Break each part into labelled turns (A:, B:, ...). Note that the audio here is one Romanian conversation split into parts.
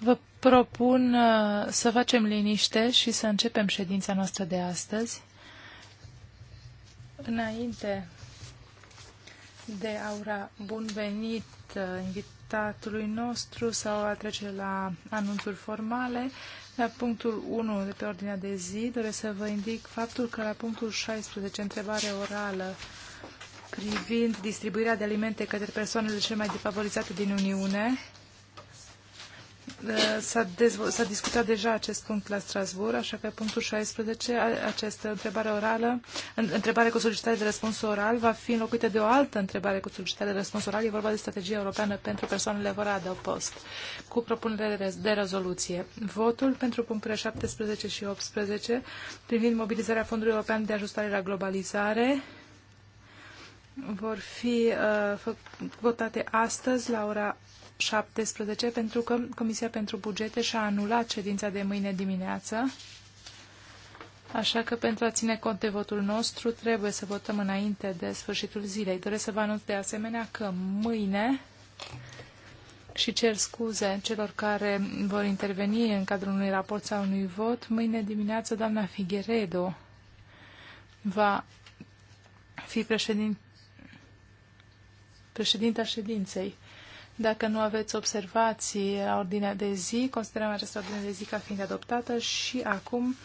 A: Vă propun uh, să facem liniște și să începem ședința noastră de astăzi. Înainte de Aura, bun venit uh, invitatului nostru sau a trece la anunțuri formale, la punctul 1 de pe ordinea de zi doresc să vă indic faptul că la punctul 16, întrebare orală privind distribuirea de alimente către persoanele cele mai defavorizate din Uniune. Eh, s-a, discutat deja acest punct la Strasbourg, așa că punctul 16, această întrebare orală, întrebare cu solicitare de răspuns oral, va fi înlocuită de o altă întrebare cu solicitare de răspuns oral. E vorba de strategia europeană pentru persoanele fără adăpost, cu propunere de rezoluție. Votul pentru punctele 17 și 18, privind mobilizarea Fondului European de Ajustare la Globalizare, vor fi uh, votate astăzi la ora 17 pentru că Comisia pentru Bugete și-a anulat ședința de mâine dimineață. Așa că pentru a ține cont de votul nostru trebuie să votăm înainte de sfârșitul zilei. Doresc să vă anunț de asemenea că mâine și cer scuze celor care vor interveni în cadrul unui raport sau unui vot. Mâine dimineață doamna Figueredo va fi președinte președinta ședinței. Dacă nu aveți observații la ordinea de zi, considerăm această ordine de zi ca fiind adoptată și acum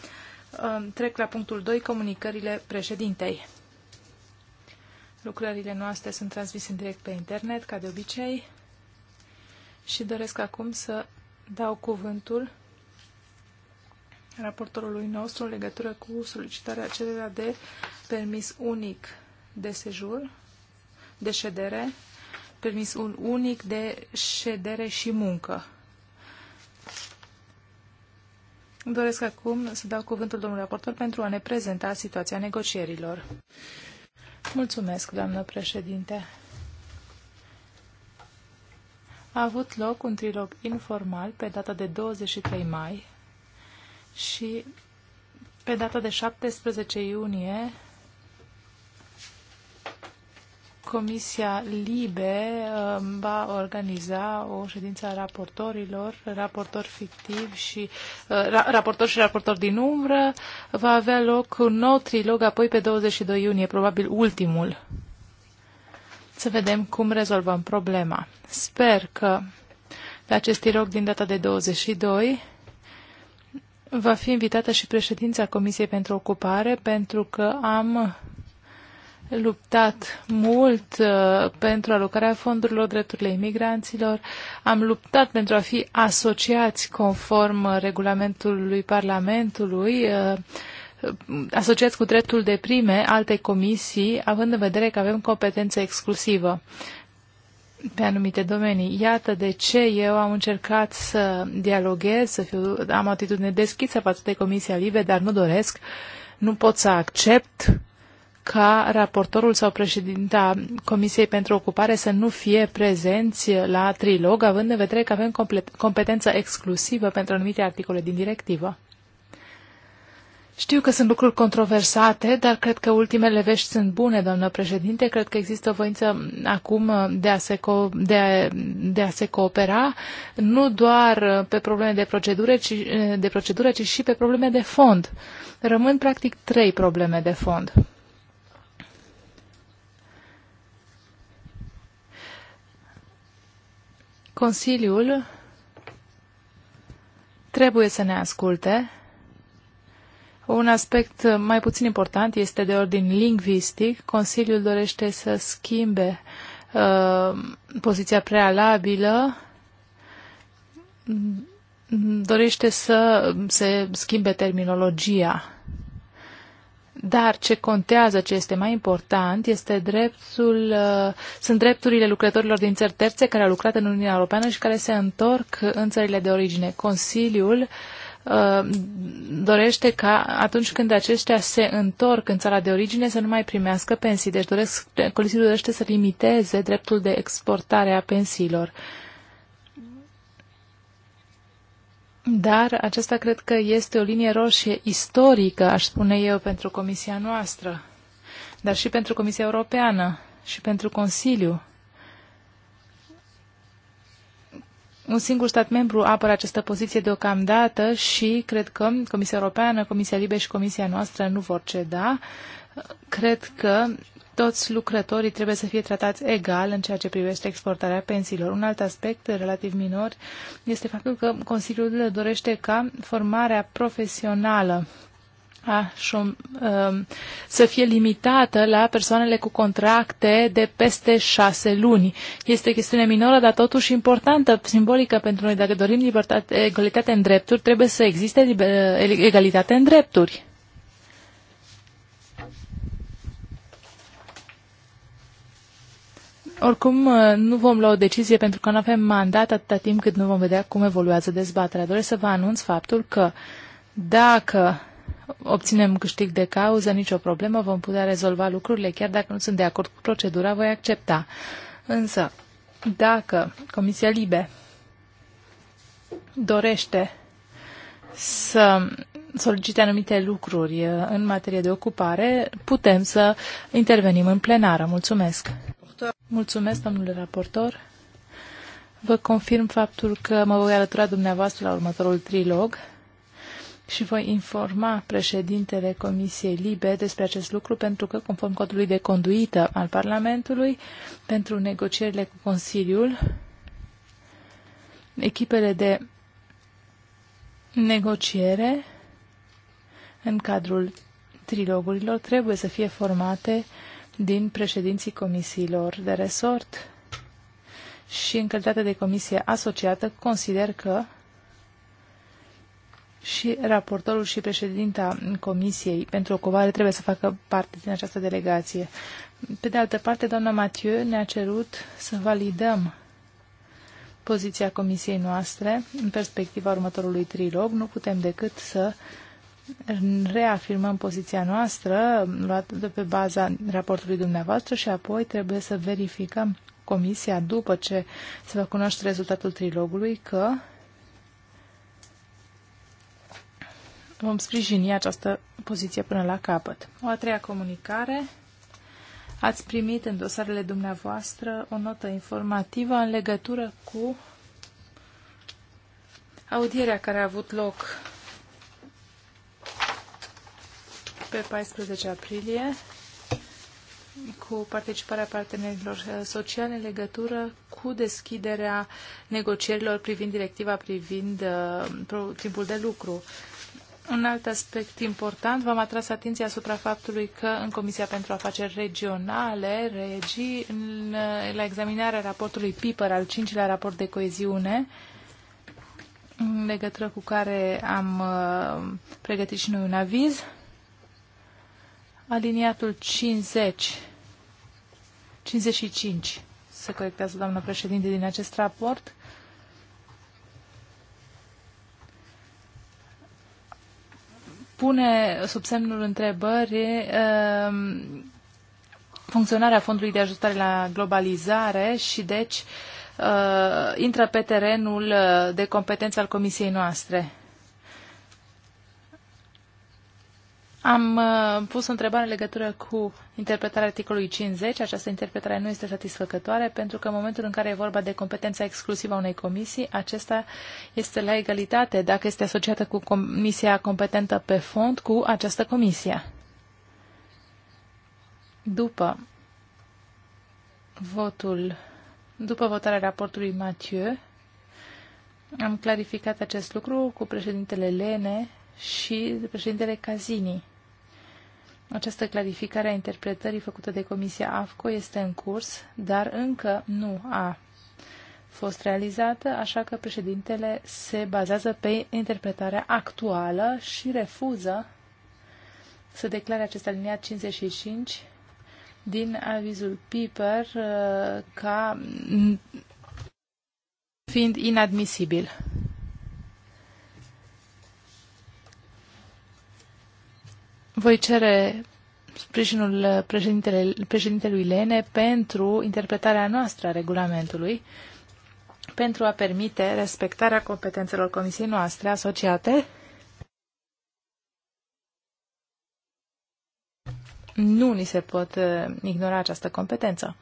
A: um, trec la punctul 2, comunicările președintei. Lucrările noastre sunt transmise în direct pe internet, ca de obicei, și doresc acum să dau cuvântul raportorului nostru în legătură cu solicitarea acelea de permis unic de sejur de ședere, permisul unic de ședere și muncă. Îmi doresc acum să dau cuvântul domnului raportor pentru a ne prezenta situația negocierilor. Mulțumesc, doamnă președinte. A avut loc un trilog informal pe data de 23 mai și pe data de 17 iunie Comisia Libe um, va organiza o ședință a raportorilor, raportor fictiv și uh, raportor și raportor din umbră. Va avea loc un nou trilog apoi pe 22 iunie, probabil ultimul. Să vedem cum rezolvăm problema. Sper că la acest trilog din data de 22 va fi invitată și președința Comisiei pentru Ocupare pentru că am luptat mult uh, pentru alocarea fondurilor drepturile imigranților. Am luptat pentru a fi asociați conform regulamentului Parlamentului, uh, asociați cu dreptul de prime alte comisii, având în vedere că avem competență exclusivă pe anumite domenii. Iată de ce eu am încercat să dialoghez, să fiu, am o atitudine deschisă față de Comisia Libe, dar nu doresc, nu pot să accept ca raportorul sau președinta Comisiei pentru Ocupare să nu fie prezenți la trilog, având în vedere că avem competență exclusivă pentru anumite articole din directivă. Știu că sunt lucruri controversate, dar cred că ultimele vești sunt bune, doamnă președinte. Cred că există voință acum de a, se co- de, a, de a se coopera, nu doar pe probleme de procedură, ci, de procedură, ci și pe probleme de fond. Rămân practic trei probleme de fond. Consiliul trebuie să ne asculte. Un aspect mai puțin important este de ordin lingvistic. Consiliul dorește să schimbe uh, poziția prealabilă, mm, dorește să se schimbe terminologia dar ce contează, ce este mai important, este dreptul, uh, sunt drepturile lucrătorilor din țări terțe care au lucrat în Uniunea Europeană și care se întorc în țările de origine. Consiliul uh, dorește ca atunci când aceștia se întorc în țara de origine să nu mai primească pensii. Deci doresc, Consiliul dorește să limiteze dreptul de exportare a pensiilor. Uh, Dar acesta cred că este o linie roșie istorică, aș spune eu, pentru Comisia noastră, dar și pentru Comisia Europeană și pentru Consiliu. Un singur stat membru apără această poziție deocamdată și cred că Comisia Europeană, Comisia Libe și Comisia noastră nu vor ceda. Cred că toți lucrătorii trebuie să fie tratați egal în ceea ce privește exportarea pensiilor. Un alt aspect relativ minor este faptul că Consiliul dorește ca formarea profesională a șom, um, să fie limitată la persoanele cu contracte de peste șase luni. Este o chestiune minoră, dar totuși importantă, simbolică pentru noi. Dacă dorim libertate, egalitate în drepturi, trebuie să existe liber, egalitate în drepturi. Oricum, uh, nu vom lua o decizie pentru că nu avem mandat atâta timp cât nu vom vedea cum evoluează dezbaterea. Doresc să vă anunț faptul că dacă obținem câștig de cauză, nicio problemă, vom putea rezolva lucrurile, chiar dacă nu sunt de acord cu procedura, voi accepta. Însă, dacă Comisia Libe dorește să solicite anumite lucruri uh, în materie de ocupare, putem să intervenim în plenară. Mulțumesc! Mulțumesc, domnule raportor. Vă confirm faptul că mă voi alătura dumneavoastră la următorul trilog și voi informa președintele Comisiei Libe despre acest lucru pentru că, conform codului de conduită al Parlamentului, pentru negocierile cu Consiliul, echipele de negociere în cadrul trilogurilor trebuie să fie formate din președinții comisiilor de resort și în calitate de comisie asociată, consider că și raportorul și președinta Comisiei pentru Ocupare trebuie să facă parte din această delegație. Pe de altă parte, doamna Mathieu ne-a cerut să validăm poziția Comisiei noastre în perspectiva următorului trilog. Nu putem decât să uh, reafirmăm poziția noastră luată de pe baza raportului dumneavoastră și apoi trebuie să verificăm comisia după ce se va cunoaște rezultatul trilogului că vom sprijini această poziție până la capăt. O a treia comunicare. Ați primit în dosarele dumneavoastră o notă informativă în legătură cu audierea care a avut loc pe 14 aprilie cu participarea partenerilor uh, sociale în legătură cu deschiderea negocierilor privind directiva privind uh, timpul de lucru. Un alt aspect important, v-am atras atenția asupra faptului că în Comisia pentru Afaceri Regionale, regii, în, uh, la examinarea raportului PIPER, al cincilea raport de coeziune, în legătură cu care am uh, pregătit și noi un aviz, uh, Aliniatul 50, 55, se corectează doamna președinte din acest raport. Pune sub semnul întrebări ehm, funcționarea Fondului de Ajustare la Globalizare și deci eh, intră pe terenul de competență al comisiei noastre. Am uh, pus o întrebare în legătură cu interpretarea articolului 50. Această interpretare nu este satisfăcătoare pentru că în momentul în care e vorba de competența exclusivă a unei comisii, acesta este la egalitate dacă este asociată cu comisia competentă pe fond cu această comisie. După votul, după votarea raportului Mathieu, am clarificat acest lucru cu președintele Lene și președintele Casini. Această clarificare a interpretării făcută de Comisia AFCO este în curs, dar încă nu a fost realizată, așa că președintele se bazează pe interpretarea actuală și refuză să declare acest aliniat 55 din avizul Piper uh, ca fiind inadmisibil. Voi cere sprijinul președintelui Lene pentru interpretarea noastră a regulamentului, pentru a permite respectarea competențelor comisiei noastre asociate, nu ni se pot uh, ignora această competență.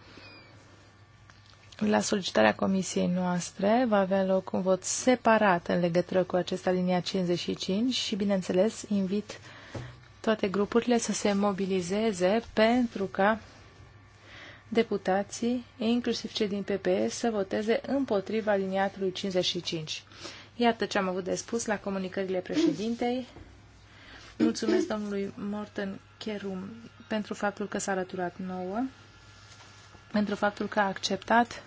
A: La solicitarea comisiei noastre va avea loc un vot separat în legătură cu acesta linia 55 și, bineînțeles, invit uh, toate grupurile să se mobilizeze pentru ca deputații, inclusiv cei din PPE, să voteze împotriva aliniatului 55. Iată ce am avut de spus la comunicările președintei. Mulțumesc domnului Morten Kerum pentru faptul că s-a alăturat nouă, pentru faptul că a acceptat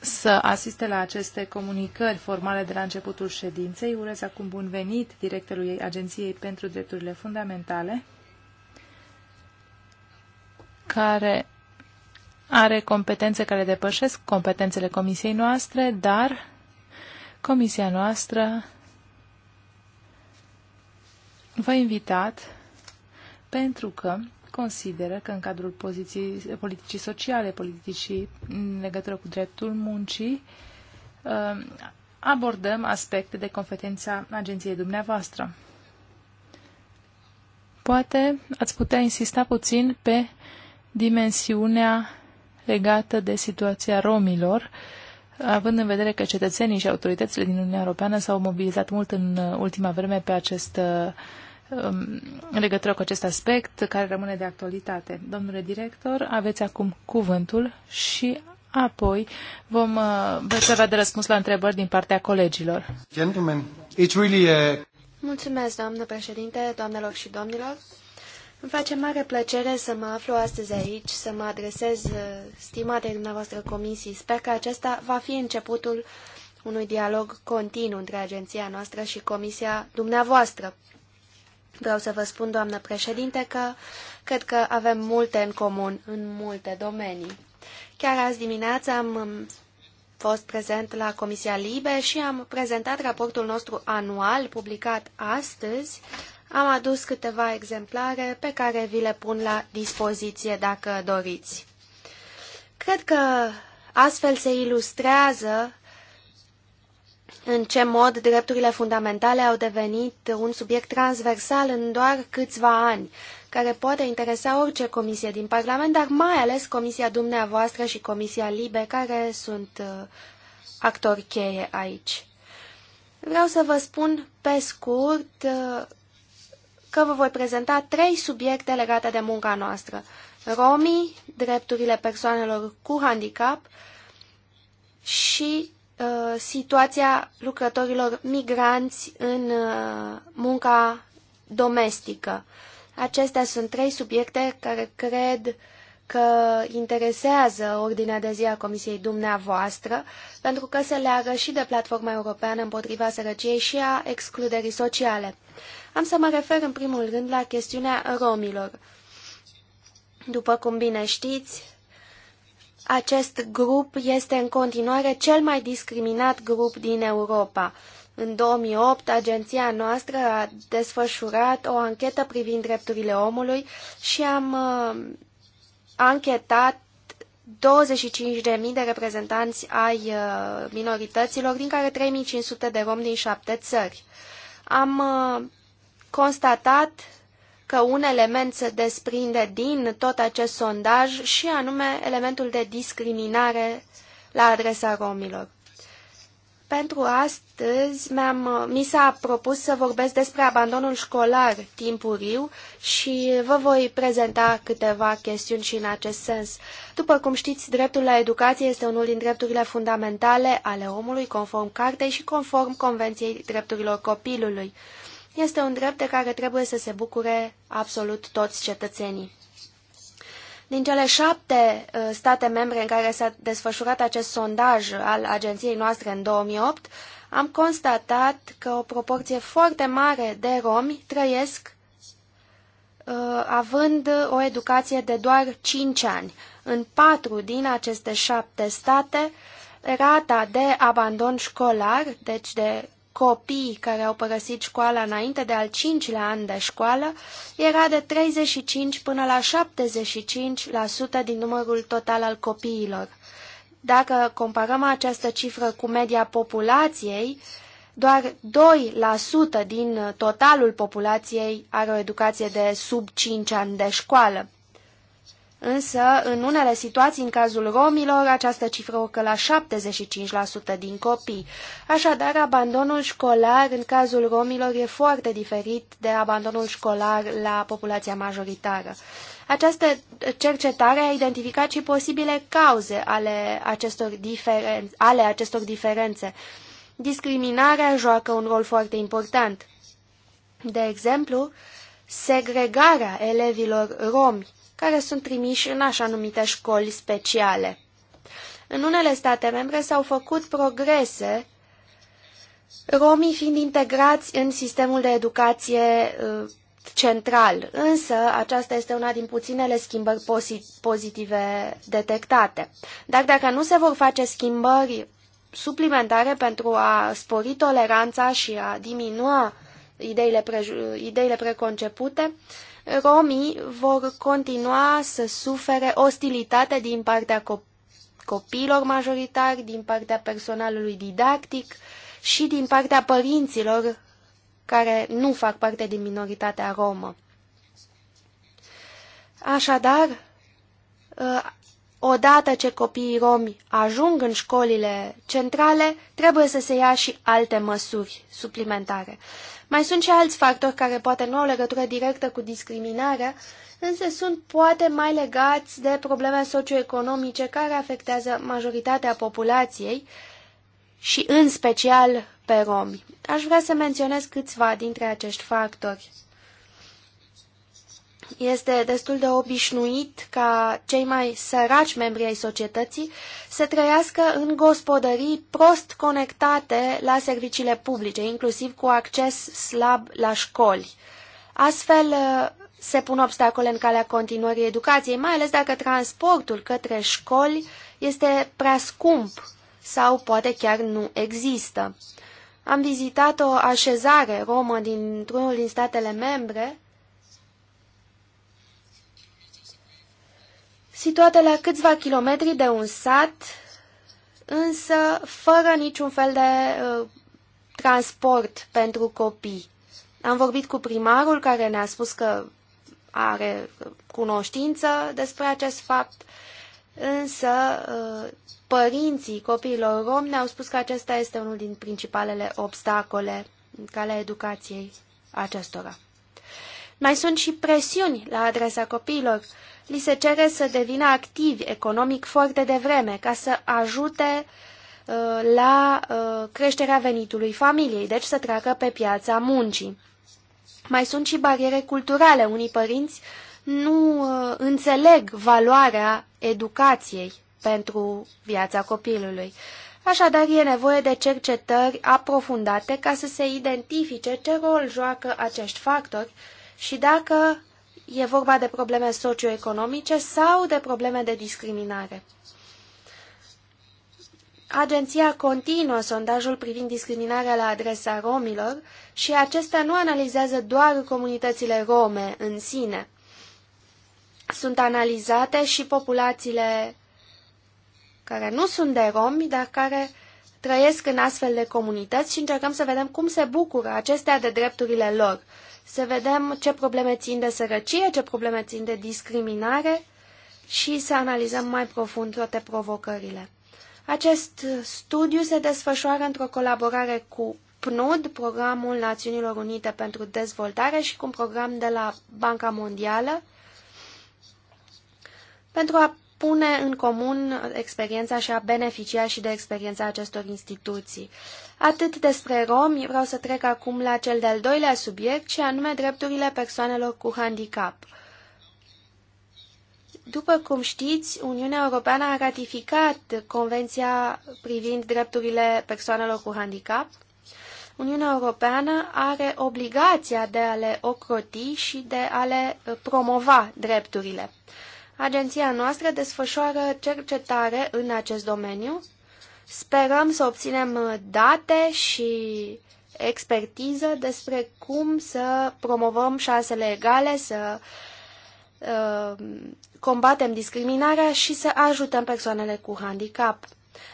A: să asiste la aceste comunicări formale de la începutul ședinței. Urez acum bun venit directorului Agenției pentru Drepturile Fundamentale, care are competențe care depășesc competențele comisiei noastre, dar comisia noastră v-a invitat pentru că consideră că în cadrul poziției, politicii sociale, politicii în legătură cu dreptul muncii, um, abordăm aspecte de competența agenției dumneavoastră. Poate ați putea insista puțin pe dimensiunea legată de situația romilor, având în vedere că cetățenii și autoritățile din Uniunea Europeană s-au mobilizat mult în ultima vreme pe acest uh, Um, în legătură cu acest aspect care rămâne de actualitate. Domnule director, aveți acum cuvântul și apoi vom să uh, avea de răspuns la întrebări din partea colegilor. Gentlemen,
B: it's really a...
C: Mulțumesc, doamnă președinte, doamnelor și domnilor. Îmi face mare plăcere să mă aflu astăzi aici, să mă adresez uh, stimatei dumneavoastră comisii. Sper că acesta va fi începutul unui dialog continuu între agenția noastră și comisia dumneavoastră Vreau să vă spun, doamnă președinte, că cred că avem multe în comun în multe domenii. Chiar azi dimineață am um, fost prezent la Comisia Libe și am prezentat raportul nostru anual publicat astăzi. Am adus câteva exemplare pe care vi le pun la dispoziție dacă doriți. Cred că astfel se ilustrează în ce mod drepturile fundamentale au devenit un subiect transversal în doar câțiva ani, care poate interesa orice comisie din Parlament, dar mai ales comisia dumneavoastră și comisia LIBE, care sunt uh, actori cheie aici. Vreau să vă spun pe scurt uh, că vă voi prezenta trei subiecte legate de munca noastră. Romii, drepturile persoanelor cu handicap și Uh, situația lucrătorilor migranți în uh, munca domestică. Acestea sunt trei subiecte care cred că interesează ordinea de zi a Comisiei dumneavoastră, pentru că se leagă și de platforma europeană împotriva sărăciei și a excluderii sociale. Am să mă refer în primul rând la chestiunea romilor. După cum bine știți, acest grup este în continuare cel mai discriminat grup din Europa. În 2008, agenția noastră a desfășurat o anchetă privind drepturile omului și am uh, anchetat 25.000 de reprezentanți ai uh, minorităților, din care 3.500 de romi din șapte țări. Am uh, constatat că un element se desprinde din tot acest sondaj și anume elementul de discriminare la adresa romilor. Pentru astăzi mi-am, mi s-a propus să vorbesc despre abandonul școlar timpuriu și vă voi prezenta câteva chestiuni și în acest sens. După cum știți, dreptul la educație este unul din drepturile fundamentale ale omului conform cartei și conform Convenției Drepturilor Copilului este un drept de care trebuie să se bucure absolut toți cetățenii. Din cele șapte uh, state membre în care s-a desfășurat acest sondaj al agenției noastre în 2008, am constatat că o proporție foarte mare de romi trăiesc uh, având o educație de doar 5 ani. În patru din aceste șapte state, rata de abandon școlar, deci de copii care au părăsit școala înainte de al cincilea an de școală era de 35 până la 75% din numărul total al copiilor. Dacă comparăm această cifră cu media populației, doar 2% din totalul populației are o educație de sub 5 ani de școală. Însă, în unele situații, în cazul romilor, această cifră urcă la 75% din copii. Așadar, abandonul școlar în cazul romilor e foarte diferit de abandonul școlar la populația majoritară. Această cercetare a identificat și posibile cauze ale acestor, diferen ale acestor diferențe. Discriminarea joacă un rol foarte important. De exemplu, segregarea elevilor romi care sunt trimiși în așa numite școli speciale. În unele state membre s-au făcut progrese, romii fiind integrați în sistemul de educație uh, central, însă aceasta este una din puținele schimbări pozitive detectate. Dar dacă nu se vor face schimbări suplimentare pentru a spori toleranța și a diminua ideile, ideile preconcepute, uh, romii vor continua să sufere ostilitate din partea copiilor majoritari, din partea personalului didactic și din partea părinților care nu fac parte din minoritatea romă. Așadar, ă, odată ce copiii romi ajung în școlile centrale, trebuie să se ia și alte măsuri suplimentare. Mai sunt și alți factori care poate nu au legătură directă cu discriminarea, însă sunt poate mai legați de probleme socioeconomice care afectează majoritatea populației și în special pe romi. Aș vrea să menționez câțiva dintre acești factori. Este destul de obișnuit ca cei mai săraci membri ai societății să trăiască în gospodării prost conectate la serviciile publice, inclusiv cu acces slab la școli. Astfel, uh, se pun obstacole în calea continuării educației, mai ales dacă transportul către școli este prea scump sau poate chiar nu există. Am vizitat o așezare romă dintr-unul din statele membre Situată la câțiva kilometri de un sat, însă fără niciun fel de uh, transport pentru copii. Am vorbit cu primarul care ne-a spus că are cunoștință despre acest fapt, însă uh, părinții copiilor romi ne-au spus că acesta este unul din principalele obstacole în calea educației acestora. Mai sunt și presiuni la adresa copiilor. Li se cere să devină activi economic foarte devreme ca să ajute uh, la uh, creșterea venitului familiei, deci să treacă pe piața muncii. Mai sunt și bariere culturale. Unii părinți nu uh, înțeleg valoarea educației pentru viața copilului. Așadar, e nevoie de cercetări aprofundate ca să se identifice ce rol joacă acești factori și dacă e vorba de probleme socioeconomice sau de probleme de discriminare. Agenția continuă sondajul privind discriminarea la adresa romilor și acesta nu analizează doar comunitățile rome în sine. Sunt analizate și populațiile care nu sunt de romi, dar care trăiesc în astfel de comunități și încercăm să vedem cum se bucură acestea de drepturile lor să vedem ce probleme țin de sărăcie, ce probleme țin de discriminare și să analizăm mai profund toate provocările. Acest studiu se desfășoară într-o colaborare cu PNUD, Programul Națiunilor Unite pentru Dezvoltare și cu un program de la Banca Mondială pentru a pune în comun experiența și a beneficia și de experiența acestor instituții. Atât despre romi, vreau să trec acum la cel de-al doilea subiect, și anume drepturile persoanelor cu handicap. După cum știți, Uniunea Europeană a ratificat Convenția privind drepturile persoanelor cu handicap. Uniunea Europeană are obligația de a le ocroti și de a le promova drepturile. Agenția noastră desfășoară cercetare în acest domeniu Sperăm să obținem uh, date și expertiză despre cum să promovăm șansele egale, să uh, combatem discriminarea și să ajutăm persoanele cu handicap.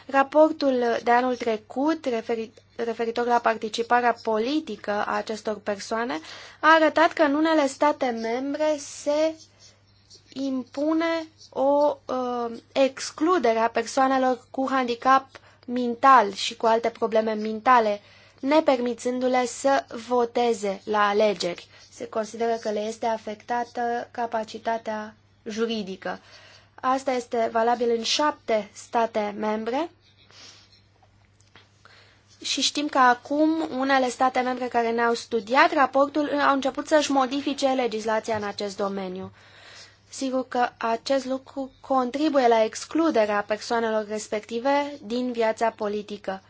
C: Raportul de anul trecut, referit, referitor la participarea politică a acestor persoane, a arătat că în unele state membre se impune o uh, excludere a persoanelor cu handicap mental și cu alte probleme mentale, nepermițându-le să voteze la alegeri. Se consideră că le este afectată capacitatea juridică. Asta este valabil în șapte state membre și știm că acum unele state membre care ne-au studiat raportul au început să-și modifice legislația în acest domeniu. Sigur că acest lucru contribuie la excluderea persoanelor respective din viața politică.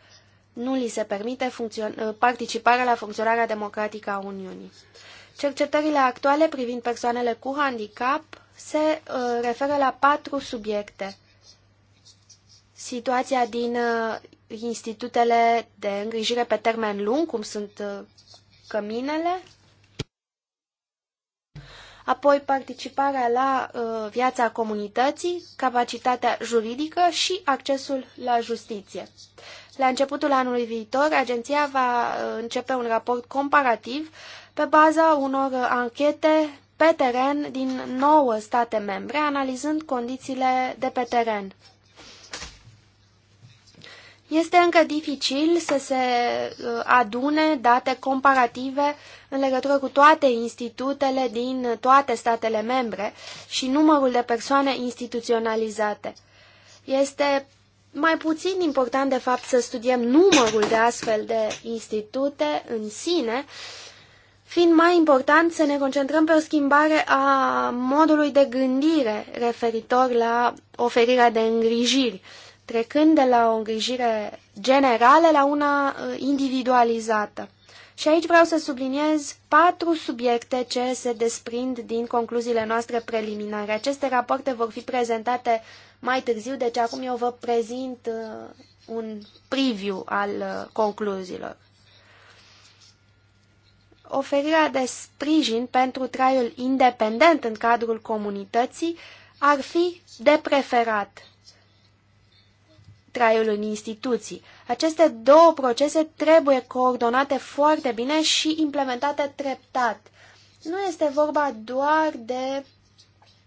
C: Nu li se permite uh, participarea la funcționarea democratică a Uniunii. Cercetările actuale privind persoanele cu handicap se uh, referă la patru subiecte. Situația din uh, institutele de îngrijire pe termen lung, cum sunt uh, căminele, apoi participarea la uh, viața comunității, capacitatea juridică și accesul la justiție. La începutul anului viitor, agenția va uh, începe un raport comparativ pe baza unor anchete pe teren din 9 state membre, analizând condițiile de pe teren. Este încă dificil să se uh, adune date comparative în legătură cu toate institutele din toate statele membre și numărul de persoane instituționalizate. Este mai puțin important, de fapt, să studiem numărul de astfel de institute în sine, fiind mai important să ne concentrăm pe o schimbare a modului de gândire referitor la oferirea de îngrijiri, trecând de la o îngrijire generală la una uh, individualizată. Și aici vreau să subliniez patru subiecte ce se desprind din concluziile noastre preliminare. Aceste rapoarte vor fi prezentate mai târziu, deci acum eu vă prezint uh, un preview al uh, concluziilor. Oferirea de sprijin pentru traiul independent în cadrul comunității ar fi de preferat traiul în instituții. Aceste două procese trebuie coordonate foarte bine și implementate treptat. Nu este vorba doar de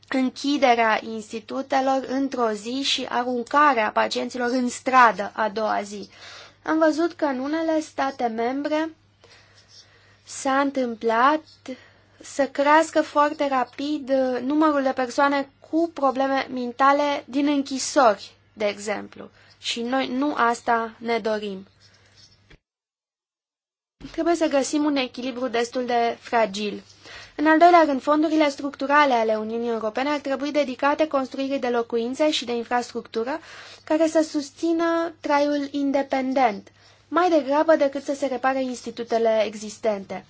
C: închiderea institutelor într-o zi și aruncarea pacienților în stradă a doua zi. Am văzut că în unele state membre s-a întâmplat să crească foarte rapid uh, numărul de persoane cu probleme mentale din închisori, de exemplu. Și noi nu asta ne dorim. Trebuie să găsim un echilibru destul de fragil. În al doilea rând, fondurile structurale ale Uniunii Europene ar trebui dedicate construirii de locuințe și de infrastructură care să susțină traiul independent, mai degrabă decât să se repare institutele existente.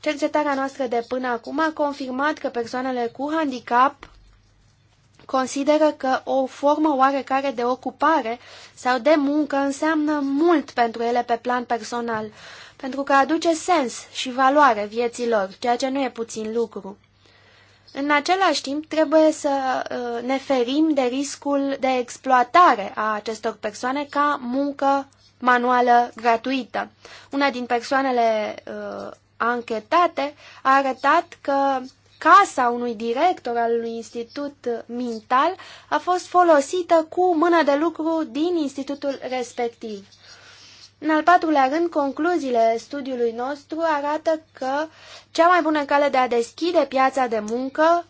C: Cercetarea noastră de până acum a confirmat că persoanele cu handicap consideră că o formă oarecare de ocupare sau de muncă înseamnă mult pentru ele pe plan personal, pentru că aduce sens și valoare vieții lor, ceea ce nu e puțin lucru. În același timp, trebuie să uh, ne ferim de riscul de exploatare a acestor persoane ca muncă manuală gratuită. Una din persoanele uh, anchetate a arătat că casa unui director al unui institut mental a fost folosită cu mână de lucru din institutul respectiv. În al patrulea rând, concluziile studiului nostru arată că cea mai bună cale de a deschide piața de muncă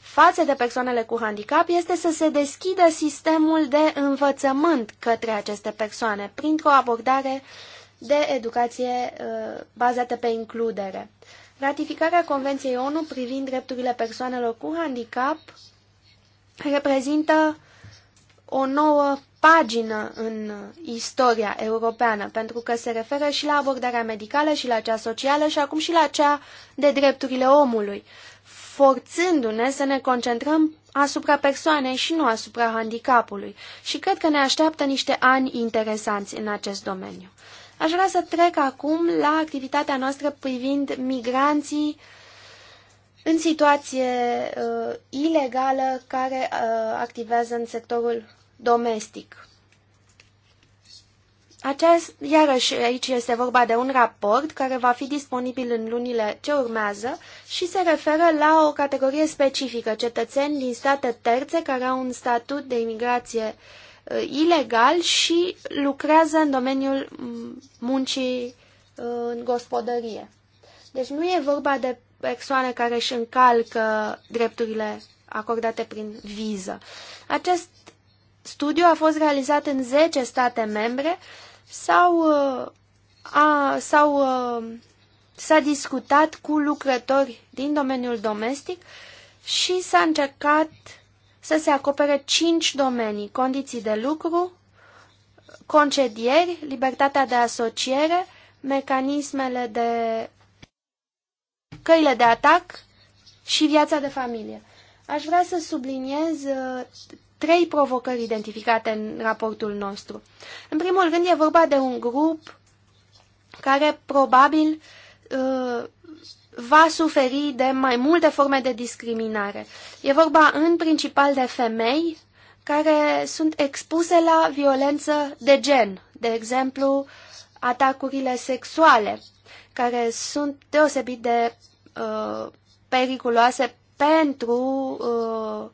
C: față de persoanele cu handicap este să se deschidă sistemul de învățământ către aceste persoane printr-o abordare de educație uh, bazată pe includere. Ratificarea Convenției ONU privind drepturile persoanelor cu handicap reprezintă o nouă pagină în istoria europeană, pentru că se referă și la abordarea medicală și la cea socială și acum și la cea de drepturile omului, forțându-ne să ne concentrăm asupra persoanei și nu asupra handicapului. Și cred că ne așteaptă niște ani interesanți în acest domeniu. Aș vrea să trec acum la activitatea noastră privind migranții în situație uh, ilegală care uh, activează în sectorul domestic. Aceast, iarăși, aici este vorba de un raport care va fi disponibil în lunile ce urmează și se referă la o categorie specifică, cetățeni din state terțe care au un statut de imigrație uh, Uh, ilegal și lucrează în domeniul muncii uh, în gospodărie. Deci nu e vorba de persoane care își încalcă drepturile acordate prin viză. Acest studiu a fost realizat în 10 state membre sau uh, a, sau s-a discutat cu lucrători din domeniul domestic și s-a încercat să se acopere cinci domenii, condiții de lucru, concedieri, libertatea de asociere, mecanismele de căile de atac și viața de familie. Aș vrea să subliniez uh, trei provocări identificate în raportul nostru. În primul rând e vorba de un grup care probabil uh, va suferi de mai multe forme de discriminare. E vorba în principal de femei care sunt expuse la violență de gen, de exemplu atacurile sexuale, care sunt deosebit de uh, periculoase pentru, uh,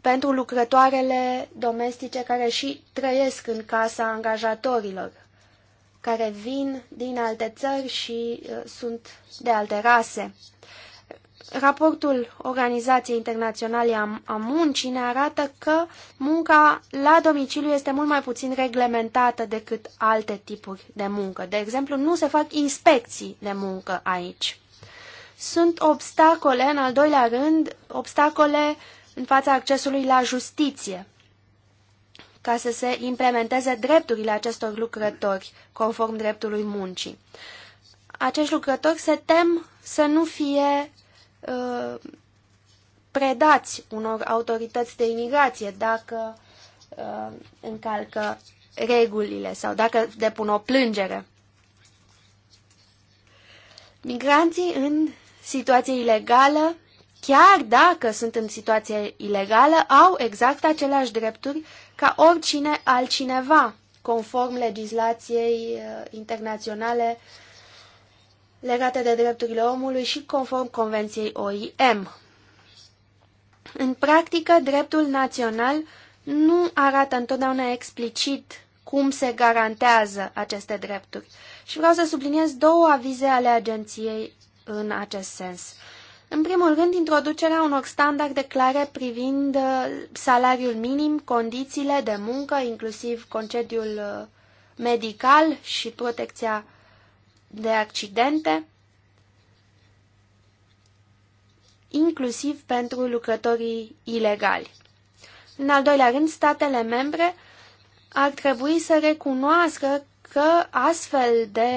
C: pentru lucrătoarele domestice care și trăiesc în casa angajatorilor care vin din alte țări și uh, sunt de alte rase. Raportul Organizației Internaționale a Muncii ne arată că munca la domiciliu este mult mai puțin reglementată decât alte tipuri de muncă. De exemplu, nu se fac inspecții de muncă aici. Sunt obstacole, în al doilea rând, obstacole în fața accesului la justiție ca să se implementeze drepturile acestor lucrători, conform dreptului muncii. Acești lucrători se tem să nu fie uh, predați unor autorități de imigrație dacă uh, încalcă regulile sau dacă depun o plângere. Migranții în situație ilegală chiar dacă sunt în situație ilegală, au exact aceleași drepturi ca oricine altcineva, conform legislației uh, internaționale legate de drepturile omului și conform Convenției OIM. În practică, dreptul național nu arată întotdeauna explicit cum se garantează aceste drepturi. Și vreau să subliniez două avize ale agenției în acest sens. În primul rând, introducerea unor standarde clare privind uh, salariul minim, condițiile de muncă, inclusiv concediul uh, medical și protecția de accidente, inclusiv pentru lucrătorii ilegali. În al doilea rând, statele membre ar trebui să recunoască că astfel de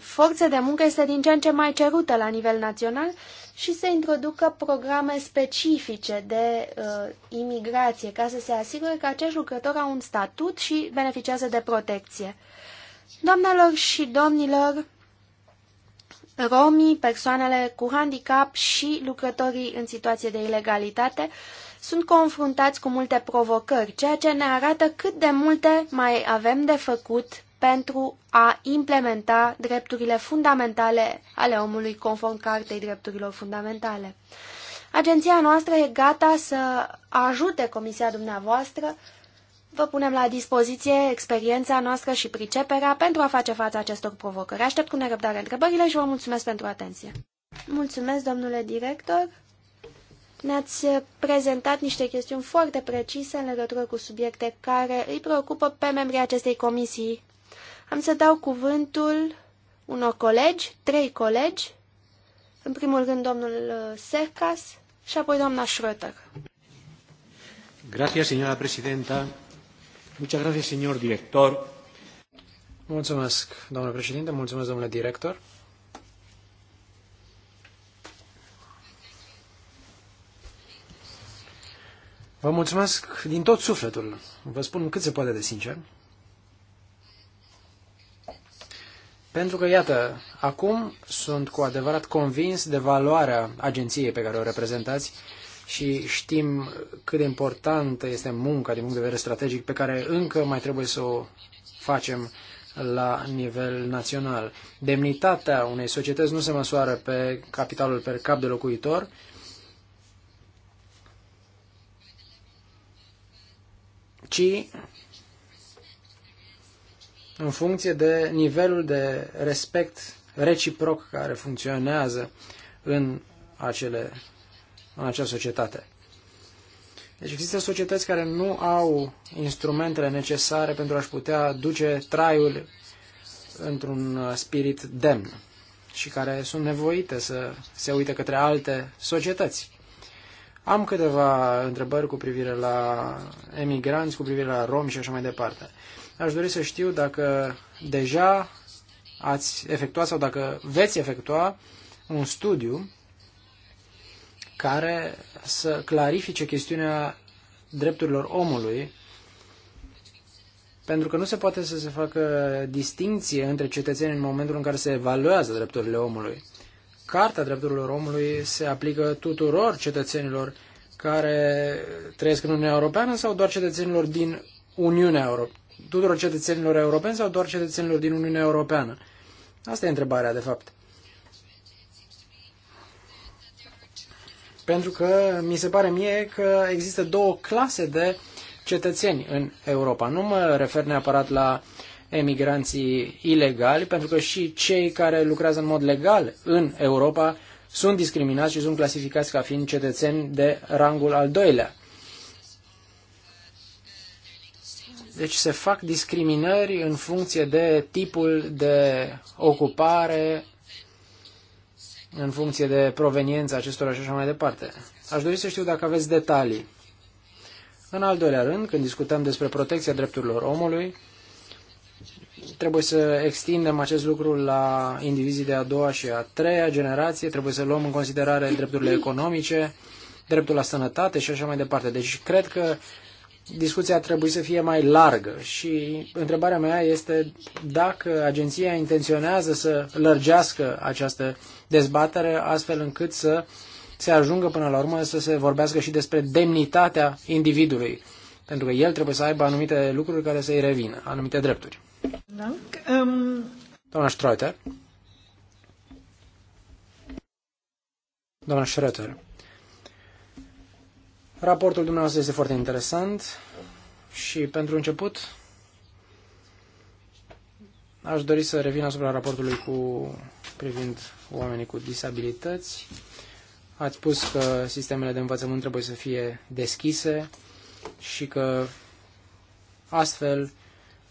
C: forță de muncă este din ce în ce mai cerută la nivel național și să introducă programe specifice de uh, imigrație ca să se asigure că acești lucrători au un statut și beneficiază de protecție. Doamnelor și domnilor, romii, persoanele cu handicap și lucrătorii în situație de ilegalitate sunt confruntați cu multe provocări, ceea ce ne arată cât de multe mai avem de făcut pentru a implementa drepturile fundamentale ale omului conform Cartei Drepturilor Fundamentale. Agenția noastră e gata să ajute comisia dumneavoastră. Vă punem la dispoziție experiența noastră și priceperea pentru a face față acestor provocări. Aștept cu nerăbdare întrebările și vă mulțumesc pentru atenție. Mulțumesc, domnule director. Ne-ați prezentat niște chestiuni foarte precise în legătură cu subiecte care îi preocupă pe membrii acestei comisii am să dau cuvântul unor colegi, trei colegi, în primul rând domnul uh, Sercas și apoi doamna Schröter.
B: Gracias, señora presidenta. Muchas gracias, señor director. Mulțumesc, domnule președinte, mulțumesc, domnule director. Vă mulțumesc din tot sufletul. Vă spun cât se poate de sincer. Pentru că, iată, acum sunt cu adevărat convins de valoarea agenției pe care o reprezentați și știm cât de importantă este munca din punct de vedere strategic pe care încă mai trebuie să o facem la nivel național. Demnitatea unei societăți nu se măsoară pe capitalul per cap de locuitor, ci în funcție de nivelul de respect reciproc care funcționează în, acele, în acea societate. Deci există societăți care nu au instrumentele necesare pentru a-și putea duce traiul într-un spirit demn și care sunt nevoite să se uite către alte societăți. Am câteva întrebări cu privire la emigranți, cu privire la romi și așa mai departe. Aș dori să știu dacă deja ați efectuat sau dacă veți efectua un studiu care să clarifice chestiunea drepturilor omului, pentru că nu se poate să se facă distinție între cetățeni în momentul în care se evaluează drepturile omului. Carta drepturilor omului se aplică tuturor cetățenilor care trăiesc în Uniunea Europeană sau doar cetățenilor din Uniunea Europeană? tuturor cetățenilor europeni sau doar cetățenilor din Uniunea Europeană? Asta e întrebarea, de fapt. Pentru că mi se pare mie că există două clase de cetățeni în Europa. Nu mă refer neapărat la emigranții ilegali, pentru că și cei care lucrează în mod legal în Europa sunt discriminați și sunt clasificați ca fiind cetățeni de rangul al doilea. Deci se fac discriminări în funcție de tipul de ocupare, în funcție de proveniența acestora și așa mai departe. Aș dori să știu dacă aveți detalii. În al doilea rând, când discutăm despre protecția drepturilor omului, trebuie să extindem acest lucru la indivizii de a doua și a treia generație, trebuie să luăm în considerare drepturile economice, dreptul la sănătate și așa mai departe. Deci cred că discuția trebuie să fie mai largă și întrebarea mea este dacă agenția intenționează să lărgească această dezbatere astfel încât să se ajungă până la urmă să se vorbească și despre demnitatea individului, pentru că el trebuie să aibă anumite lucruri care să-i revină, anumite drepturi. Um... Doamna Streuter. Doamna Schröter. Raportul dumneavoastră este foarte interesant și pentru început aș dori să revin asupra raportului cu privind oamenii cu disabilități. Ați spus că sistemele de învățământ trebuie să fie deschise și că astfel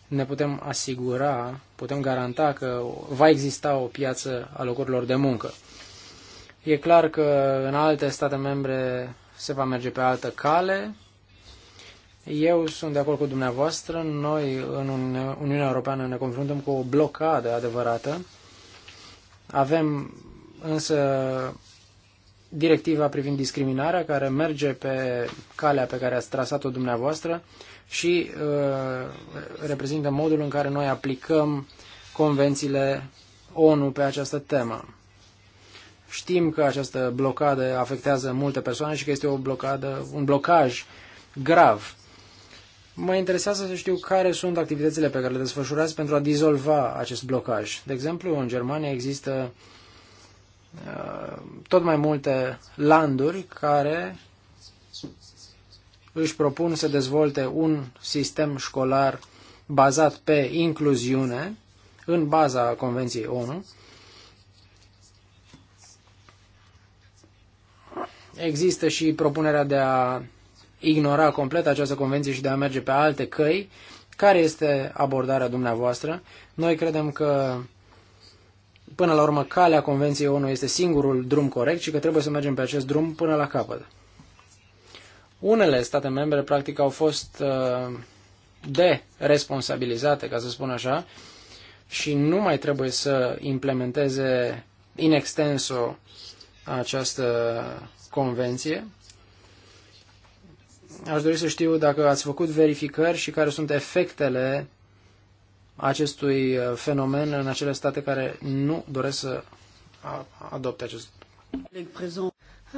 B: ne putem asigura, putem garanta că va exista o piață a locurilor de muncă. E clar că în alte state membre se va merge pe altă cale. Eu sunt de acord cu dumneavoastră. Noi, în Uniunea Europeană, ne confruntăm cu o blocadă adevărată. Avem însă directiva privind discriminarea, care merge pe calea pe care ați trasat-o dumneavoastră și uh, reprezintă modul în care noi aplicăm convențiile ONU pe această temă. Știm că această blocadă afectează multe persoane și că este o blocadă, un blocaj grav. Mă interesează să știu care sunt activitățile pe care le desfășurați pentru a dizolva acest blocaj. De exemplu, în Germania există uh, tot mai multe landuri care își propun să dezvolte un sistem școlar bazat pe incluziune în baza Convenției ONU Există și propunerea de a ignora complet această convenție și de a merge pe alte căi. Care este abordarea dumneavoastră? Noi credem că până la urmă calea Convenției ONU este singurul drum corect și că trebuie să mergem pe acest drum până la capăt. Unele state membre, practic, au fost uh, de responsabilizate, ca să spun așa, și nu mai trebuie să implementeze in extenso această convenție. Aș dori să știu dacă ați făcut verificări și care sunt efectele acestui uh, fenomen în acele state care nu doresc să adopte acest.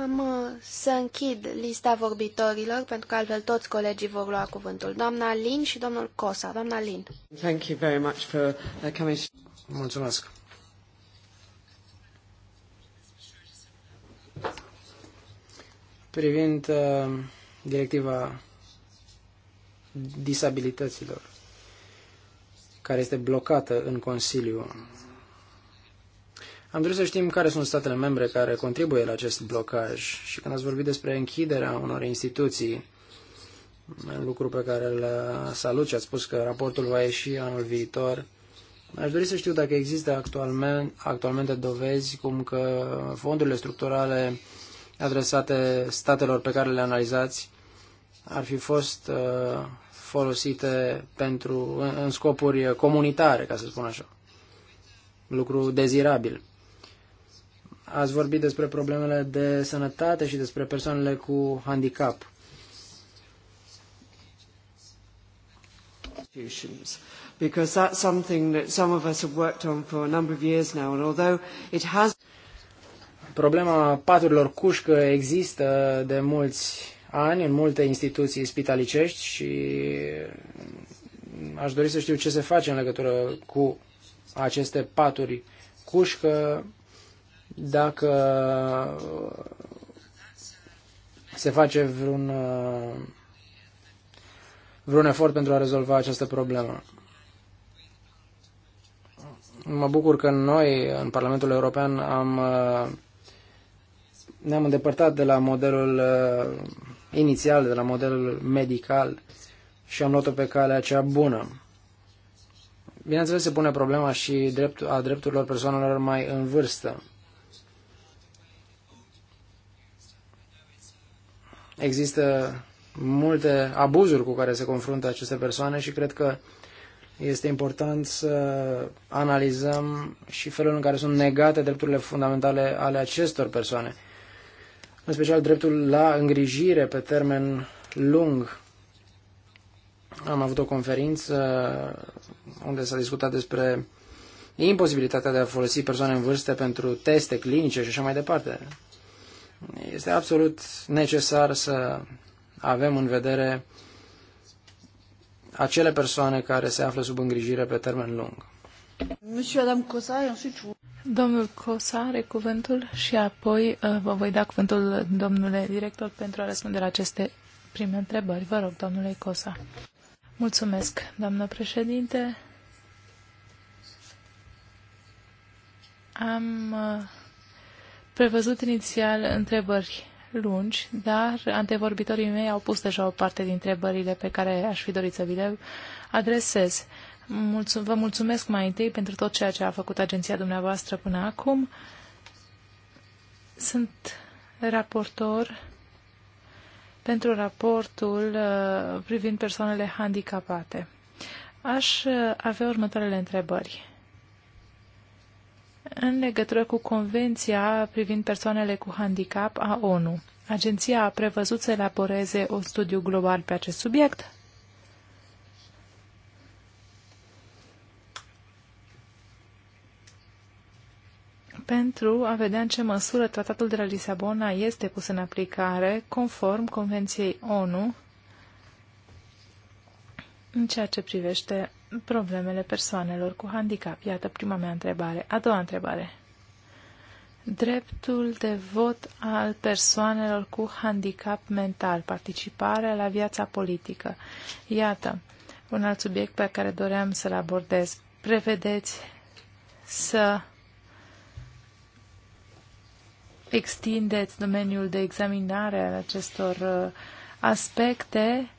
C: Am uh, să închid lista vorbitorilor, pentru că altfel toți colegii vor lua cuvântul. Doamna Lin și domnul Cosa. Doamna Lin.
B: Thank you very much for uh, coming. Mulțumesc. privind uh, directiva disabilităților, care este blocată în Consiliu. Am vrut să știm care sunt statele membre care contribuie la acest blocaj și când ați vorbit despre închiderea unor instituții, lucru pe care îl uh, salut și ați spus că raportul va ieși anul viitor, aș dori să știu dacă există actualmente, actualmente dovezi cum că fondurile structurale adresate statelor pe care le analizați ar fi fost uh, folosite pentru, în scopuri comunitare, ca să spun așa. Lucru dezirabil. Ați vorbit despre problemele de sănătate și despre persoanele cu handicap. Because that's something that some of us have worked on for a number of years now, and although it has Problema paturilor cușcă există de mulți ani în multe instituții spitalicești și aș dori să știu ce se face în legătură cu aceste paturi cușcă, dacă se face vreun, vreun efort pentru a rezolva această problemă. Mă bucur că noi, în Parlamentul European, am ne-am îndepărtat de la modelul uh, inițial, de la modelul medical și am luat-o pe calea cea bună. Bineînțeles, se pune problema și drept, a drepturilor persoanelor mai în vârstă. Există multe abuzuri cu care se confruntă aceste persoane și cred că este important să analizăm și felul în care sunt negate drepturile fundamentale ale acestor persoane în special dreptul la îngrijire pe termen lung. Am avut o conferință unde s-a discutat despre imposibilitatea de a folosi persoane în vârstă pentru teste clinice și așa mai departe. Este absolut necesar să avem în vedere acele persoane care se află sub îngrijire pe termen lung.
A: Monsieur Adam Cosa, ensuite vous... Domnul Cosa are cuvântul și apoi uh, vă voi da cuvântul domnule director pentru a răspunde la aceste prime întrebări. Vă rog, domnule Cosa. Mulțumesc, doamnă președinte. Am uh, prevăzut inițial întrebări lungi, dar antevorbitorii mei au pus deja o parte din întrebările pe care aș fi dorit să vi le adresez. Mulțum- vă mulțumesc mai întâi pentru tot ceea ce a făcut agenția dumneavoastră până acum. Sunt raportor pentru raportul uh, privind persoanele handicapate. Aș uh, avea următoarele întrebări. În legătură cu Convenția privind persoanele cu handicap a ONU, agenția a prevăzut să elaboreze un studiu global pe acest subiect? pentru a vedea în ce măsură tratatul de la Lisabona este pus în aplicare conform Convenției ONU în ceea ce privește problemele persoanelor cu handicap. Iată prima mea întrebare. A doua întrebare. Dreptul de vot al persoanelor cu handicap mental, participarea la viața politică. Iată, un alt subiect pe care doream să-l abordez. Prevedeți să extindeți domeniul de examinare al acestor uh, aspecte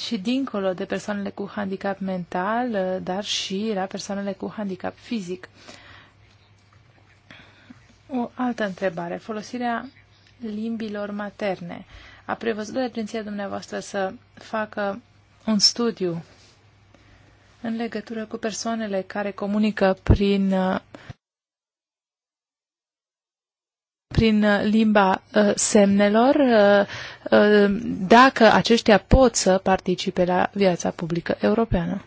A: și dincolo de persoanele cu handicap mental, uh, dar și la persoanele cu handicap fizic. O altă întrebare. Folosirea limbilor materne. A prevăzut agenția dumneavoastră să facă un studiu în legătură cu persoanele care comunică prin uh, prin uh, limba uh, semnelor uh, dacă aceștia pot să participe la viața publică europeană.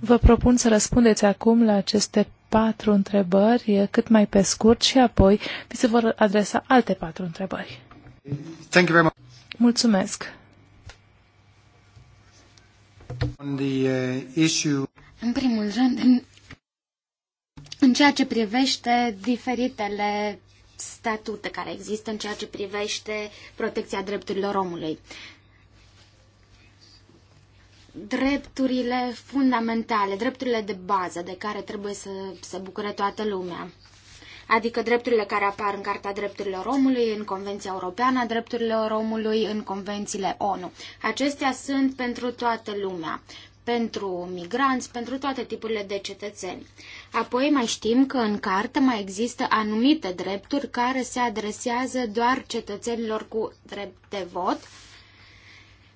A: Vă propun să răspundeți acum la aceste patru întrebări cât mai pe scurt și apoi vi se vor adresa alte patru întrebări. Thank you very much. Mulțumesc.
B: On the, uh, issue...
A: În primul rând,
D: în în ceea ce privește diferitele statute care există în ceea ce privește protecția drepturilor omului. Drepturile fundamentale, drepturile de bază de care trebuie să se bucure toată lumea, adică drepturile care apar în Carta Drepturilor Omului, în Convenția Europeană a Drepturilor Omului, în convențiile ONU. Acestea sunt pentru toată lumea, pentru migranți, pentru toate tipurile de cetățeni. Apoi mai știm că în cartă mai există anumite drepturi care se adresează doar cetățenilor cu drept de vot,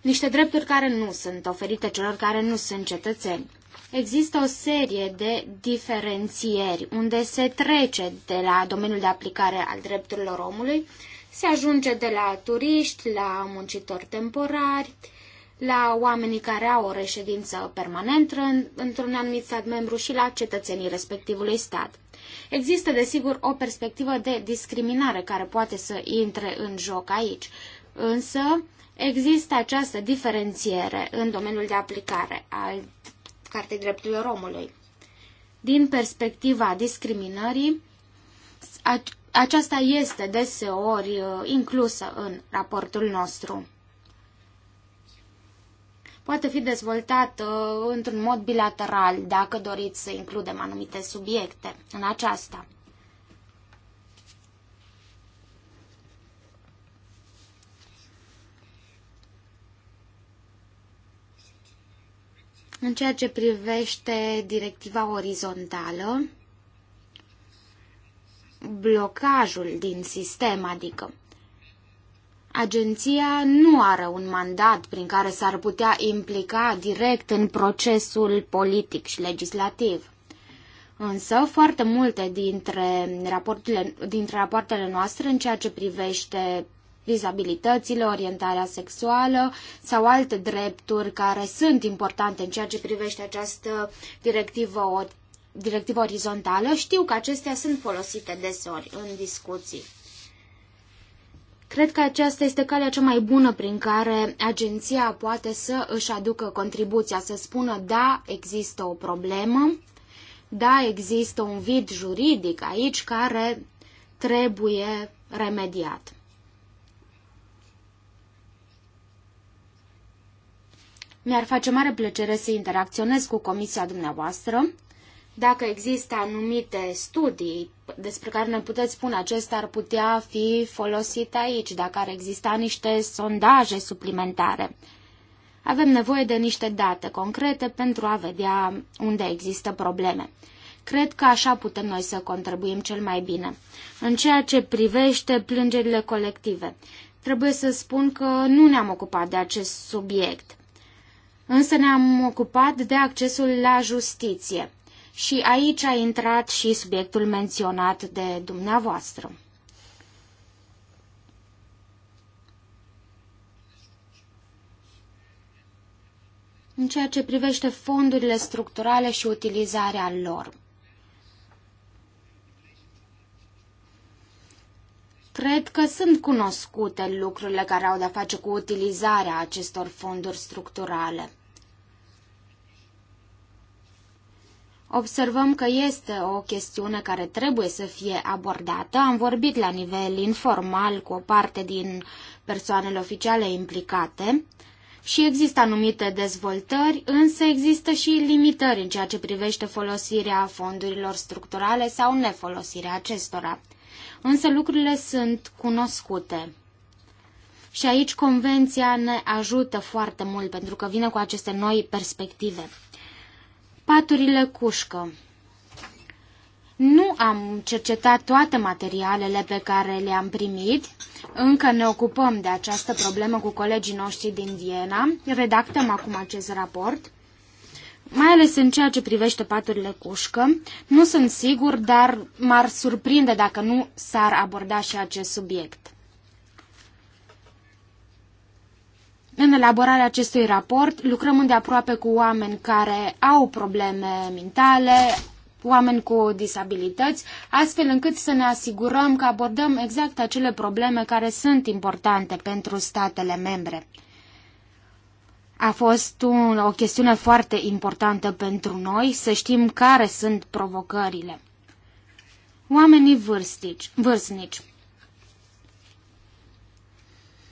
D: niște drepturi care nu sunt oferite celor care nu sunt cetățeni. Există o serie de diferențieri unde se trece de la domeniul de aplicare al drepturilor omului, se ajunge de la turiști la muncitori temporari, la oamenii care au o reședință permanentă într-un anumit stat membru și la cetățenii respectivului stat. Există, desigur, o perspectivă de discriminare care poate să intre în joc aici, însă există această diferențiere în domeniul de aplicare al Cartei Drepturilor Omului. Din perspectiva discriminării, aceasta este deseori uh, inclusă în raportul nostru poate fi dezvoltat uh, într-un mod bilateral, dacă doriți să includem anumite subiecte în aceasta. În ceea ce privește directiva orizontală, blocajul din sistem, adică Agenția nu are un mandat prin care s-ar putea implica direct în procesul politic și legislativ. Însă, foarte multe dintre rapoartele, dintre rapoartele noastre în ceea ce privește vizabilitățile, orientarea sexuală sau alte drepturi care sunt importante în ceea ce privește această directivă, directivă orizontală, știu că acestea sunt folosite deseori în discuții. Cred că aceasta este calea cea mai bună prin care agenția poate să își aducă contribuția, să spună da, există o problemă, da, există un vid juridic aici care trebuie remediat. Mi-ar face mare plăcere să interacționez cu comisia dumneavoastră dacă există anumite studii despre care ne puteți spune acesta ar putea fi folosit aici, dacă ar exista niște sondaje suplimentare. Avem nevoie de niște date concrete pentru a vedea unde există probleme. Cred că așa putem noi să contribuim cel mai bine. În ceea ce privește plângerile colective, trebuie să spun că nu ne-am ocupat de acest subiect. Însă ne-am ocupat de accesul la justiție. Și aici a intrat și subiectul menționat de dumneavoastră. în ceea ce privește fondurile structurale și utilizarea lor. Cred că sunt cunoscute lucrurile care au de-a face cu utilizarea acestor fonduri structurale. Observăm că este o chestiune care trebuie să fie abordată. Am vorbit la nivel informal cu o parte din persoanele oficiale implicate și există anumite dezvoltări, însă există și limitări în ceea ce privește folosirea fondurilor structurale sau nefolosirea acestora. Însă lucrurile sunt cunoscute. Și aici convenția ne ajută foarte mult pentru că vine cu aceste noi perspective. Paturile cușcă nu am cercetat toate materialele pe care le-am primit. Încă ne ocupăm de această problemă cu colegii noștri din Viena. Redactăm acum acest raport. Mai ales în ceea ce privește paturile cușcă, nu sunt sigur, dar m-ar surprinde dacă nu s-ar aborda și acest subiect. În elaborarea acestui raport lucrăm îndeaproape cu oameni care au probleme mentale, oameni cu disabilități, astfel încât să ne asigurăm că abordăm exact acele probleme care sunt importante pentru statele membre. A fost un, o chestiune foarte importantă pentru noi să știm care sunt provocările. Oamenii vârstici, vârstnici.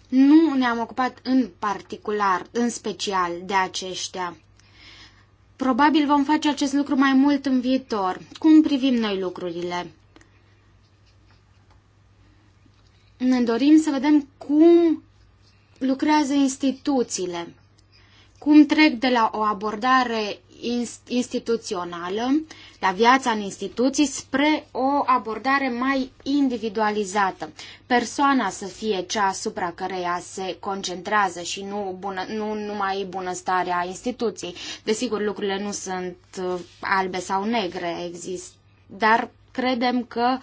D: Nu ne-am ocupat în particular, în special, de aceștia. Probabil vom face acest lucru mai mult în viitor. Cum privim noi lucrurile? Ne dorim să vedem cum lucrează instituțiile, cum trec de la o abordare instituțională la viața în instituții spre o abordare mai individualizată. Persoana să fie cea asupra căreia se concentrează și nu, bună, nu numai bunăstarea instituției. Desigur, lucrurile nu sunt uh, albe sau negre, există, dar credem că uh,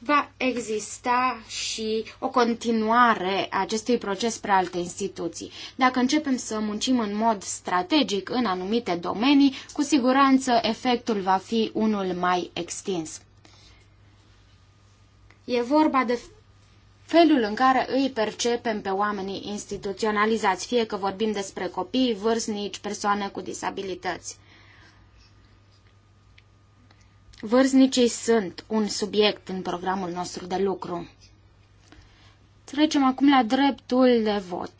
D: va exista și o continuare a acestui proces spre alte instituții. Dacă începem să muncim în mod strategic în anumite domenii, cu siguranță efectul va fi unul mai extins. E vorba de felul în care îi percepem pe oamenii instituționalizați, fie că vorbim despre copii, vârstnici, persoane cu disabilități. Vârznicii sunt un subiect în programul nostru de lucru. Trecem acum la dreptul de vot.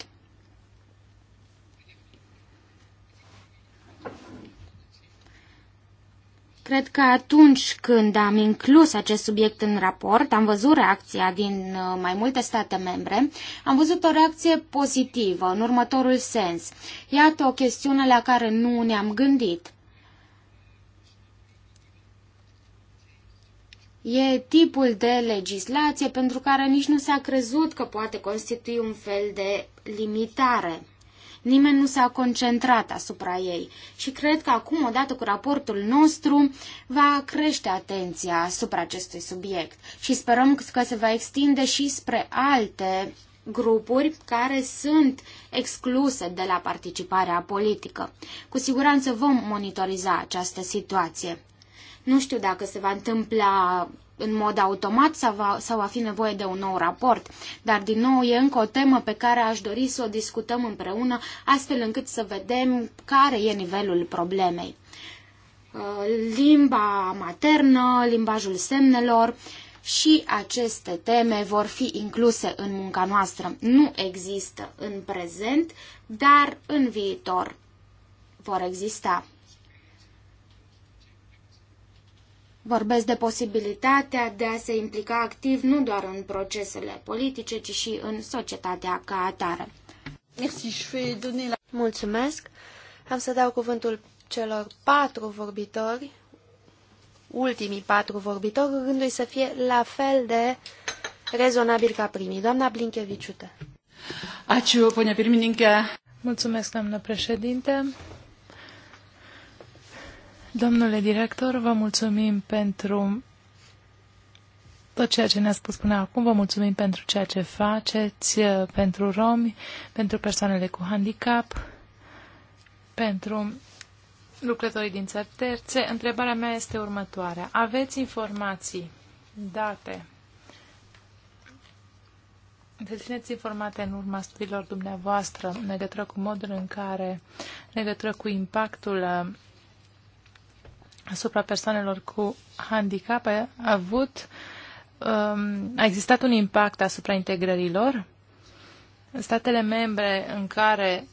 D: Cred că atunci când am inclus acest subiect în raport, am văzut reacția din uh, mai multe state membre, am văzut o reacție pozitivă, în următorul sens. Iată o chestiune la care nu ne-am gândit. E tipul de legislație pentru care nici nu s-a crezut că poate constitui un fel de limitare. Nimeni nu s-a concentrat asupra ei și cred că acum, odată cu raportul nostru, va crește atenția asupra acestui subiect și sperăm că se va extinde și spre alte grupuri care sunt excluse de la participarea politică. Cu siguranță vom monitoriza această situație. Nu știu dacă se va întâmpla în mod automat sau va, sau va fi nevoie de un nou raport, dar din nou e încă o temă pe care aș dori să o discutăm împreună, astfel încât să vedem care e nivelul problemei. Uh, limba maternă, limbajul semnelor și aceste teme vor fi incluse în munca noastră. Nu există în prezent, dar în viitor vor exista. Vorbesc de posibilitatea de a se implica activ nu doar în procesele politice, ci și în societatea ca atare.
C: Mulțumesc. Am să dau cuvântul celor patru vorbitori, ultimii patru vorbitori, rându să fie la fel de rezonabil ca primii. Doamna Blincheviciută.
A: Aciu, pune pirmininche. Mulțumesc, doamnă președinte. Domnule director, vă mulțumim pentru tot ceea ce ne-a spus până acum. Vă mulțumim pentru ceea ce faceți, eh, pentru romi, pentru persoanele cu handicap, pentru lucrătorii din țări terțe. Întrebarea mea este următoarea. Aveți informații, date, Dețineți informate în urma studiilor dumneavoastră în legătură cu modul în care, în legătură cu impactul eh, asupra persoanelor cu handicap a avut, um, a existat un impact asupra integrării lor? Statele membre în care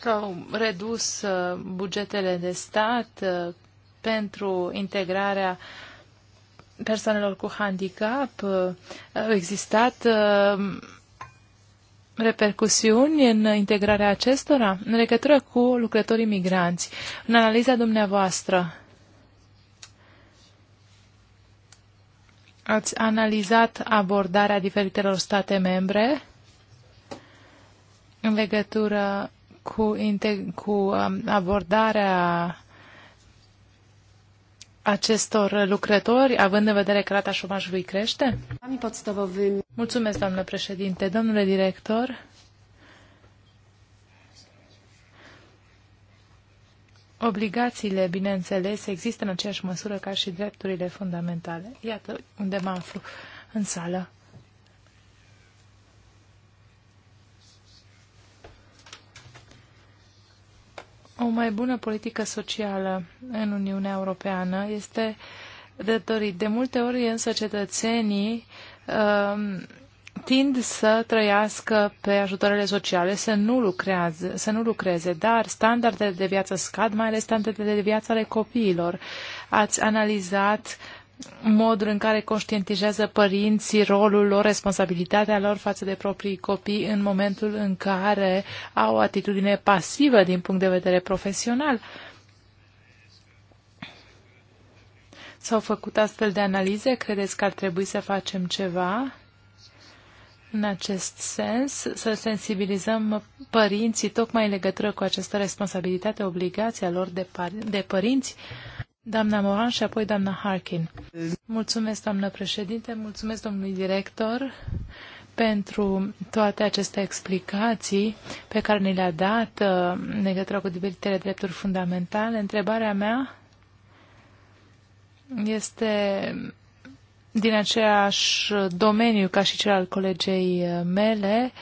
A: s-au redus uh, bugetele de stat uh, pentru integrarea persoanelor cu handicap, uh, au existat repercusiuni în integrarea acestora în legătură cu lucrătorii migranți. În analiza dumneavoastră, ați analizat abordarea diferitelor state membre în legătură cu, cu um, abordarea acestor lucrători, având în vedere că rata șomajului crește? Mulțumesc, doamnă președinte. Domnule director, Obligațiile, bineînțeles, există în aceeași măsură ca și drepturile fundamentale. Iată unde mă aflu în sală. O mai bună politică socială în Uniunea Europeană este de dorit. De multe ori însă cetățenii uh, tind să trăiască pe ajutoarele sociale, să nu, lucrează, să nu lucreze, dar standardele de viață scad, mai ales standardele de viață ale copiilor. Ați analizat modul în care conștientizează părinții rolul lor, responsabilitatea lor față de proprii copii în momentul în care au o atitudine pasivă din punct de vedere profesional. S-au făcut astfel de analize? Credeți că ar trebui să facem ceva? în acest sens, să sensibilizăm părinții tocmai în legătură cu această responsabilitate, obligația lor de, de părinți, doamna Moran și apoi doamna Harkin. Mulțumesc, doamnă președinte, mulțumesc domnului director pentru toate aceste explicații pe care ne le-a dat uh, în legătură cu diferitele drepturi fundamentale. Întrebarea mea este din aceeași domeniu ca și cel al colegei uh, mele.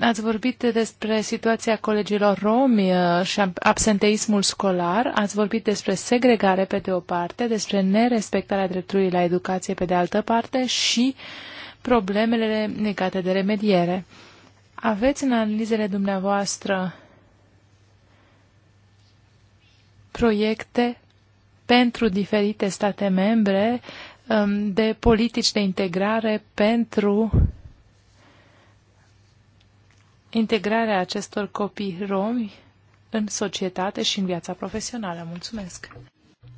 A: Ați vorbit despre situația colegilor romi uh, și absenteismul scolar, ați vorbit despre segregare pe de o parte, despre nerespectarea dreptului la educație pe de altă parte și problemele legate de remediere. Aveți în analizele dumneavoastră proiecte pentru diferite state membre Um, de politici de integrare pentru integrarea acestor copii romi în societate și în viața profesională. Mulțumesc.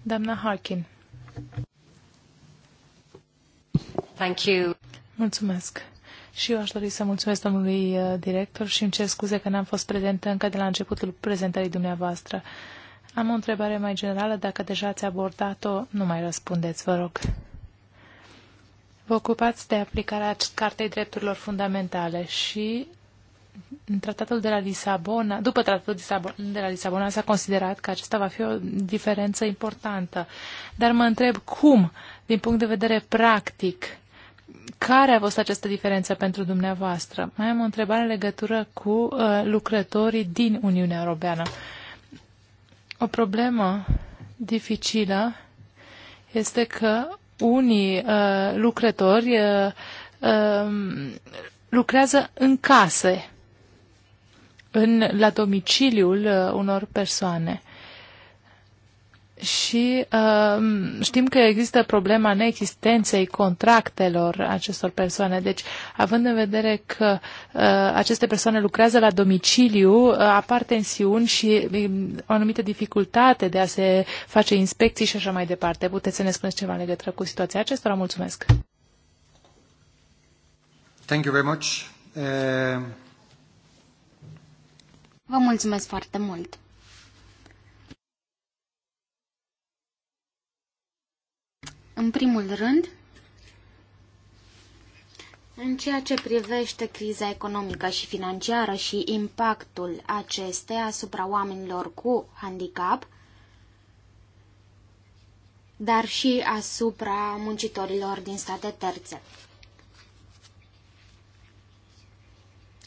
A: Doamna Harkin. Thank you. Mulțumesc. Și eu aș dori să mulțumesc domnului uh, director și îmi cer scuze că n-am fost prezentă încă de la începutul prezentării dumneavoastră. Am o întrebare mai generală, dacă deja ați abordat-o, nu mai răspundeți, vă rog vă ocupați de aplicarea Cartei Drepturilor Fundamentale și în tratatul de la Lisabona, după tratatul de la Lisabona s-a considerat că acesta va fi o diferență importantă. Dar mă întreb cum, din punct de vedere practic, care a fost această diferență pentru dumneavoastră? Mai am o întrebare în legătură cu uh, lucrătorii din Uniunea Europeană. O problemă dificilă este că unii uh, lucrători uh, uh, lucrează în case, în, la domiciliul uh, unor persoane și um, știm că există problema neexistenței contractelor acestor persoane. Deci, având în vedere că uh, aceste persoane lucrează la domiciliu, uh, apar tensiuni și um, o anumită dificultate de a se face inspecții și așa mai departe. Puteți să ne spuneți ceva în legătură cu situația acestora? Mulțumesc!
B: Thank you very much. Uh...
D: Vă mulțumesc foarte mult! În primul rând, în ceea ce privește criza economică și financiară și impactul acesteia asupra oamenilor cu handicap, dar și asupra muncitorilor din state terțe.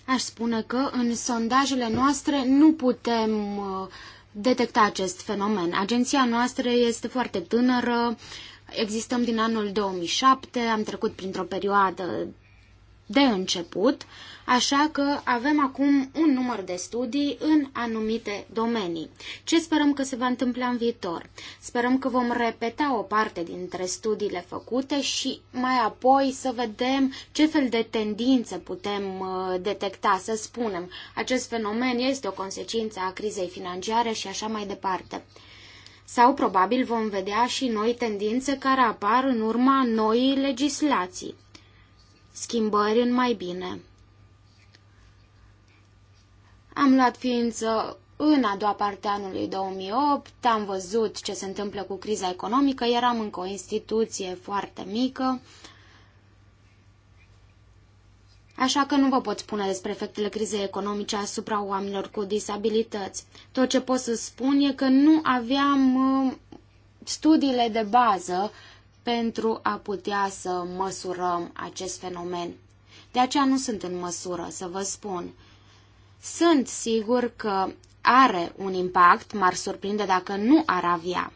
D: Aș spune că în sondajele noastre nu putem uh, detecta acest fenomen. Agenția noastră este foarte tânără, uh, Existăm din anul 2007, am trecut printr-o perioadă de început, așa că avem acum un număr de studii în anumite domenii. Ce sperăm că se va întâmpla în viitor? Sperăm că vom repeta o parte dintre studiile făcute și mai apoi să vedem ce fel de tendințe putem uh, detecta, să spunem. Acest fenomen este o consecință a crizei financiare și așa mai departe sau probabil vom vedea și noi tendințe care apar în urma noii legislații. Schimbări în mai bine. Am luat ființă în a doua parte anului 2008, am văzut ce se întâmplă cu criza economică, eram încă o instituție foarte mică, Așa că nu vă pot spune despre efectele crizei economice asupra oamenilor cu disabilități. Tot ce pot să spun e că nu aveam uh, studiile de bază pentru a putea să măsurăm acest fenomen. De aceea nu sunt în măsură să vă spun. Sunt sigur că are un impact, m-ar surprinde dacă nu ar avea.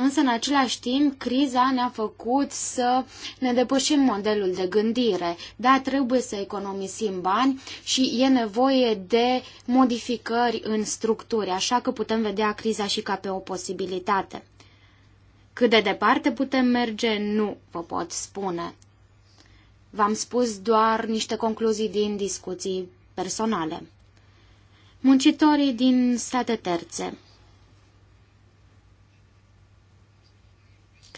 D: Însă, în același timp, criza ne-a făcut să ne depășim modelul de gândire. Da, trebuie să economisim bani și e nevoie de modificări în structuri, așa că putem vedea criza și ca pe o posibilitate. Cât de departe putem merge, nu vă pot spune. V-am spus doar niște concluzii din discuții personale. Muncitorii din state terțe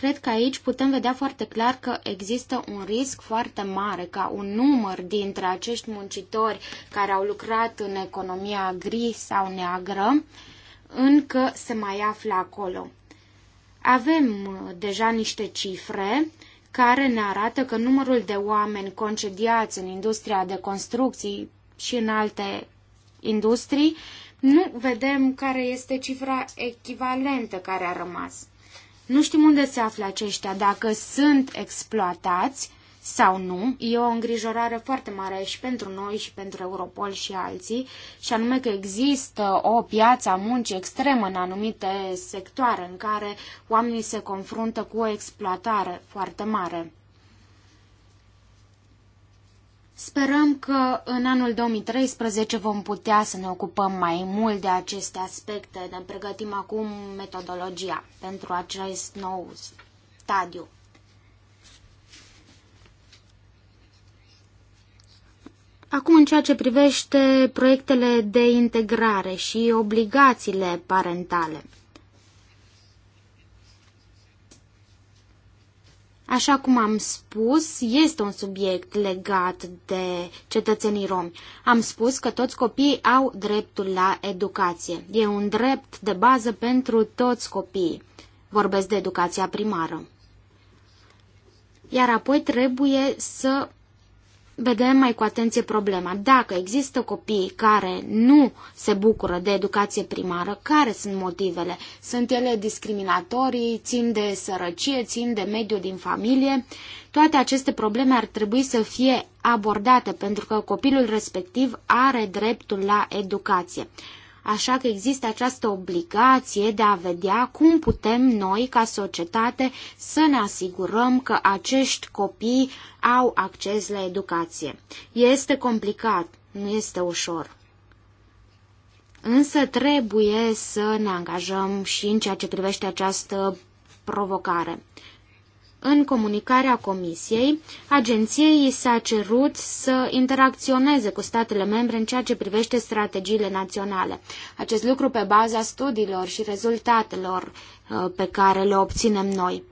D: Cred că aici putem vedea foarte clar că există un risc foarte mare ca un număr dintre acești muncitori care au lucrat în economia gri sau neagră încă se mai află acolo. Avem uh, deja niște cifre care ne arată că numărul de oameni concediați în industria de construcții și în alte industrii, nu vedem care este cifra echivalentă care a rămas. Nu știm unde se află aceștia, dacă sunt exploatați sau nu. E o îngrijorare foarte mare și pentru noi și pentru Europol și alții, și anume că există o piață a muncii extremă în anumite sectoare în care oamenii se confruntă cu o exploatare foarte mare. Sperăm că în anul 2013 vom putea să ne ocupăm mai mult de aceste aspecte. Ne pregătim acum metodologia pentru acest nou stadiu. Acum, în ceea ce privește proiectele de integrare și obligațiile parentale. Așa cum am spus, este un subiect legat de cetățenii romi. Am spus că toți copiii au dreptul la educație. E un drept de bază pentru toți copiii. Vorbesc de educația primară. Iar apoi trebuie să vedem mai cu atenție problema. Dacă există copii care nu se bucură de educație primară, care sunt motivele? Sunt ele discriminatorii, țin de sărăcie, țin de mediu din familie? Toate aceste probleme ar trebui să fie abordate pentru că copilul respectiv are dreptul la educație. Așa că există această obligație de a vedea cum putem noi, ca societate, să ne asigurăm că acești copii au acces la educație. Este complicat, nu este ușor. Însă trebuie să ne angajăm și în ceea ce privește această provocare. În comunicarea Comisiei, agenției i s-a cerut să interacționeze cu statele membre în ceea ce privește strategiile naționale. Acest lucru pe baza studiilor și rezultatelor uh, pe care le obținem noi.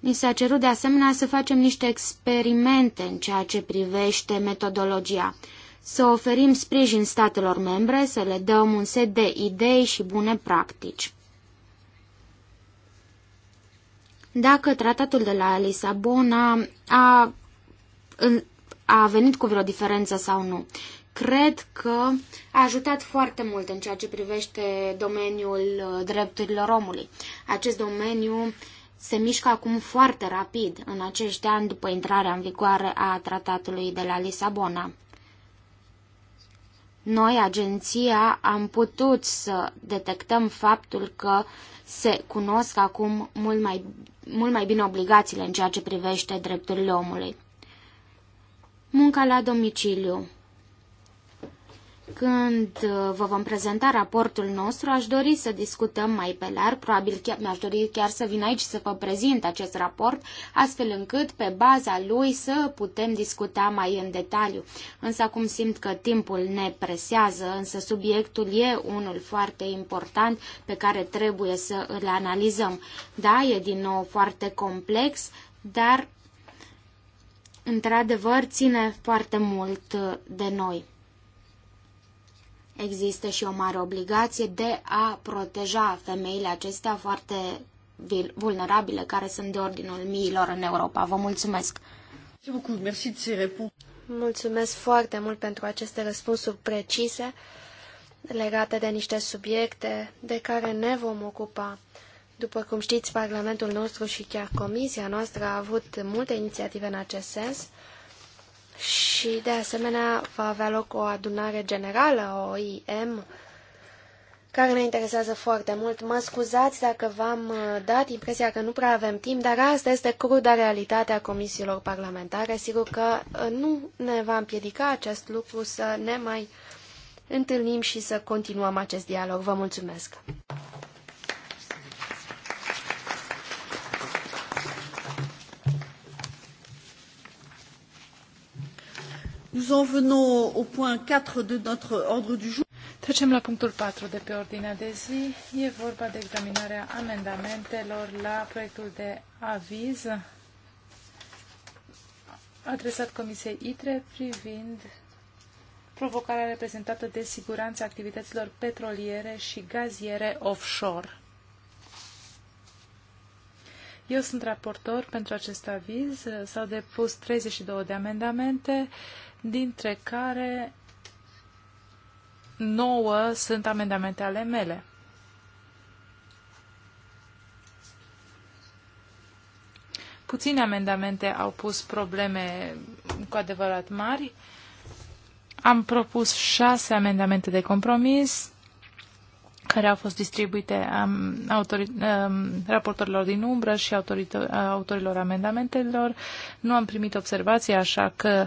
D: Ni s-a cerut de asemenea să facem niște experimente în ceea ce privește metodologia, să oferim sprijin statelor membre, să le dăm un set de idei și bune practici. dacă tratatul de la Lisabona a, a venit cu vreo diferență sau nu. Cred că a ajutat foarte mult în ceea ce privește domeniul uh, drepturilor omului. Acest domeniu se mișcă acum foarte rapid în acești ani după intrarea în vigoare a tratatului de la Lisabona. Noi, agenția, am putut să detectăm faptul că uh, se cunosc acum mult mai, mult mai bine obligațiile în ceea ce privește drepturile omului. Munca la domiciliu când uh, vă vom prezenta raportul nostru, aș dori să discutăm mai pe larg, probabil chiar, mi-aș dori chiar să vin aici să vă prezint acest raport, astfel încât pe baza lui să putem discuta mai în detaliu. Însă acum simt că timpul ne presează, însă subiectul e unul foarte important pe care trebuie să îl analizăm. Da, e din nou foarte complex, dar într-adevăr ține foarte mult uh, de noi. Există și o mare obligație de a proteja femeile acestea foarte vulnerabile, care sunt de ordinul miilor în Europa. Vă mulțumesc!
C: Mulțumesc foarte mult pentru aceste răspunsuri precise legate de niște subiecte de care ne vom ocupa. După cum știți, Parlamentul nostru și chiar Comisia noastră a avut multe inițiative în acest sens și de asemenea va avea loc o adunare generală o I.M. care ne interesează foarte mult. Mă scuzați dacă v-am uh, dat impresia că nu prea avem timp, dar asta este cruda realitate a comisiilor parlamentare. Sigur că uh, nu ne va împiedica acest lucru să ne mai întâlnim și să continuăm acest dialog. Vă mulțumesc!
A: Nous en venons au point 4 de notre ordre du jour. Trecem la punctul 4 de pe ordinea de zi. E vorba de examinarea amendamentelor la proiectul de aviz adresat Comisiei ITRE privind provocarea reprezentată de siguranța activităților petroliere și gaziere offshore. Eu sunt raportor pentru acest aviz. S-au depus 32 de amendamente dintre care nouă sunt amendamente ale mele. Puține amendamente au pus probleme cu adevărat mari. Am propus șase amendamente de compromis, care au fost distribuite um, autori, um, raportorilor din umbră și autorito- autorilor amendamentelor. Nu am primit observații, așa că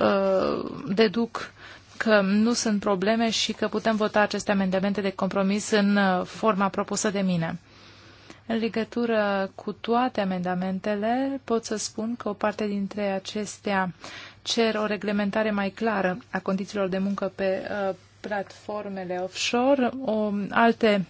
A: uh, deduc că nu sunt probleme și că putem vota aceste amendamente de compromis în uh, forma propusă de mine. În legătură cu toate amendamentele, pot să spun că o parte dintre acestea cer o reglementare mai clară a condițiilor de muncă pe uh, platformele offshore. O, alte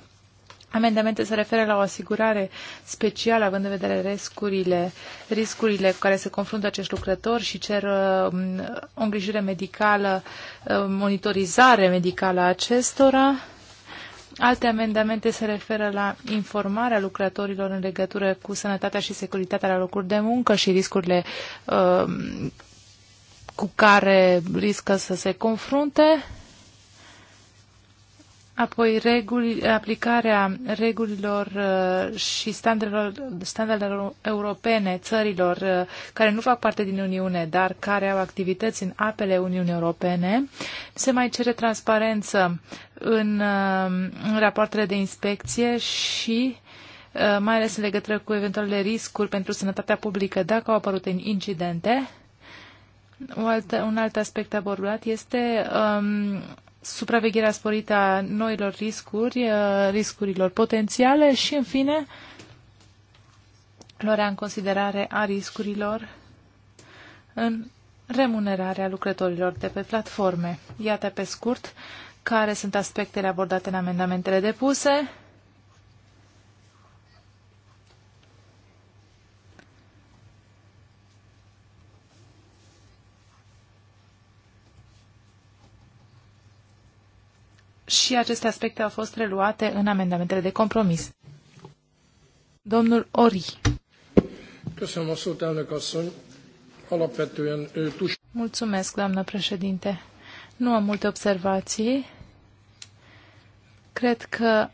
A: amendamente se referă la o asigurare specială, având în vedere riscurile, riscurile cu care se confruntă acești lucrători și cer um, o îngrijire medicală, um, monitorizare medicală a acestora. Alte amendamente se referă la informarea lucrătorilor în legătură cu sănătatea și securitatea la locuri de muncă și riscurile uh, cu care riscă să se confrunte. Apoi reguli, aplicarea regulilor uh, și standardelor, standardelor europene țărilor uh, care nu fac parte din Uniune, dar care au activități în apele Uniunii Europene. Se mai cere transparență în, uh, în rapoartele de inspecție și mai ales în legătură cu eventualele riscuri pentru sănătatea publică dacă au apărut incidente. Un alt, un alt aspect abordat este um, supravegherea sporită a noilor riscuri, uh, riscurilor potențiale și, în fine, luarea în considerare a riscurilor în remunerarea lucrătorilor de pe platforme. Iată pe scurt care sunt aspectele abordate în amendamentele depuse. și aceste aspecte au fost reluate în amendamentele de compromis. Domnul Ori. Mulțumesc, doamnă președinte. Nu am multe observații. Cred că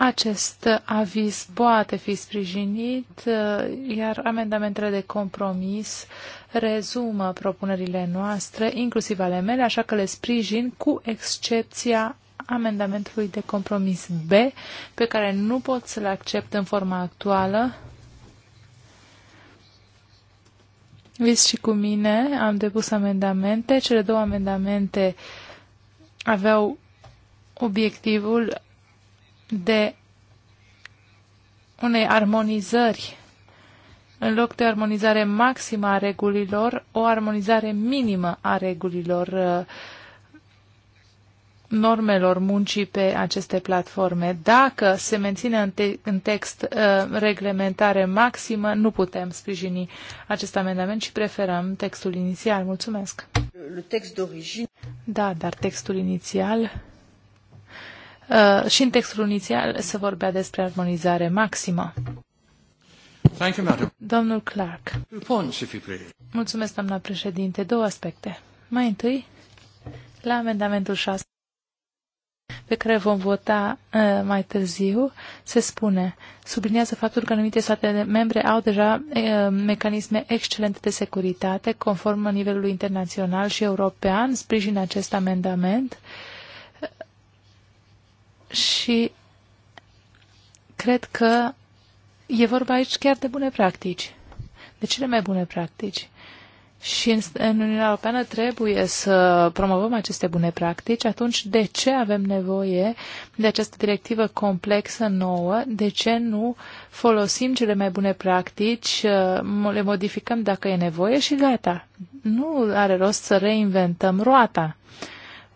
A: Acest aviz poate fi sprijinit, uh, iar amendamentele de compromis rezumă propunerile noastre, inclusiv ale mele, așa că le sprijin cu excepția amendamentului de compromis B, pe care nu pot să-l accept în forma actuală. Vis și cu mine am depus amendamente. Cele două amendamente aveau obiectivul de unei armonizări în loc de armonizare maximă a regulilor, o armonizare minimă a regulilor uh, normelor muncii pe aceste platforme. Dacă se menține în, te- în text uh, reglementare maximă, nu putem sprijini acest amendament și preferăm textul inițial. Mulțumesc. Text da, dar textul inițial Uh, și în textul inițial se vorbea despre armonizare maximă. Thank you, madam. Domnul Clark. Mulțumesc, doamna președinte. Două aspecte. Mai întâi, la amendamentul 6 pe care vom vota uh, mai târziu, se spune, subliniază faptul că anumite state membre au deja uh, mecanisme excelente de securitate, conform nivelului internațional și european, sprijin acest amendament uh, și cred că e vorba aici chiar de bune practici, de cele mai bune practici. Și în, în Uniunea Europeană trebuie să promovăm aceste bune practici, atunci de ce avem nevoie de această directivă complexă nouă? De ce nu folosim cele mai bune practici, uh, le modificăm dacă e nevoie și gata? Nu are rost să reinventăm roata.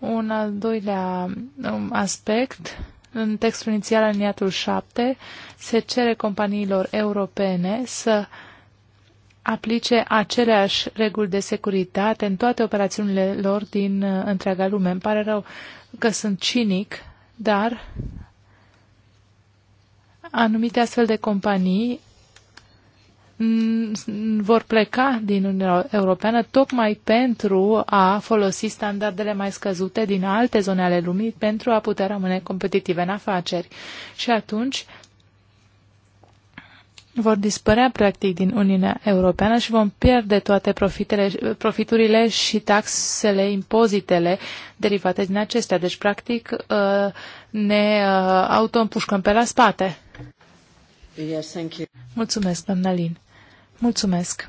A: Un al doilea um, aspect, în textul inițial aliniatul 7, se cere companiilor europene să aplice aceleași reguli de securitate în toate operațiunile lor din uh, întreaga lume. Îmi pare rău că sunt cinic, dar anumite astfel de companii vor pleca din Uniunea Europeană tocmai pentru a folosi standardele mai scăzute din alte zone ale lumii pentru a putea rămâne competitive în afaceri. Și atunci vor dispărea practic din Uniunea Europeană și vom pierde toate profitele, profiturile și taxele, impozitele derivate din acestea. Deci, practic, uh, ne uh, autoîmpușcăm pe la spate. Yes, thank you. Mulțumesc, doamna Lin. Mulțumesc.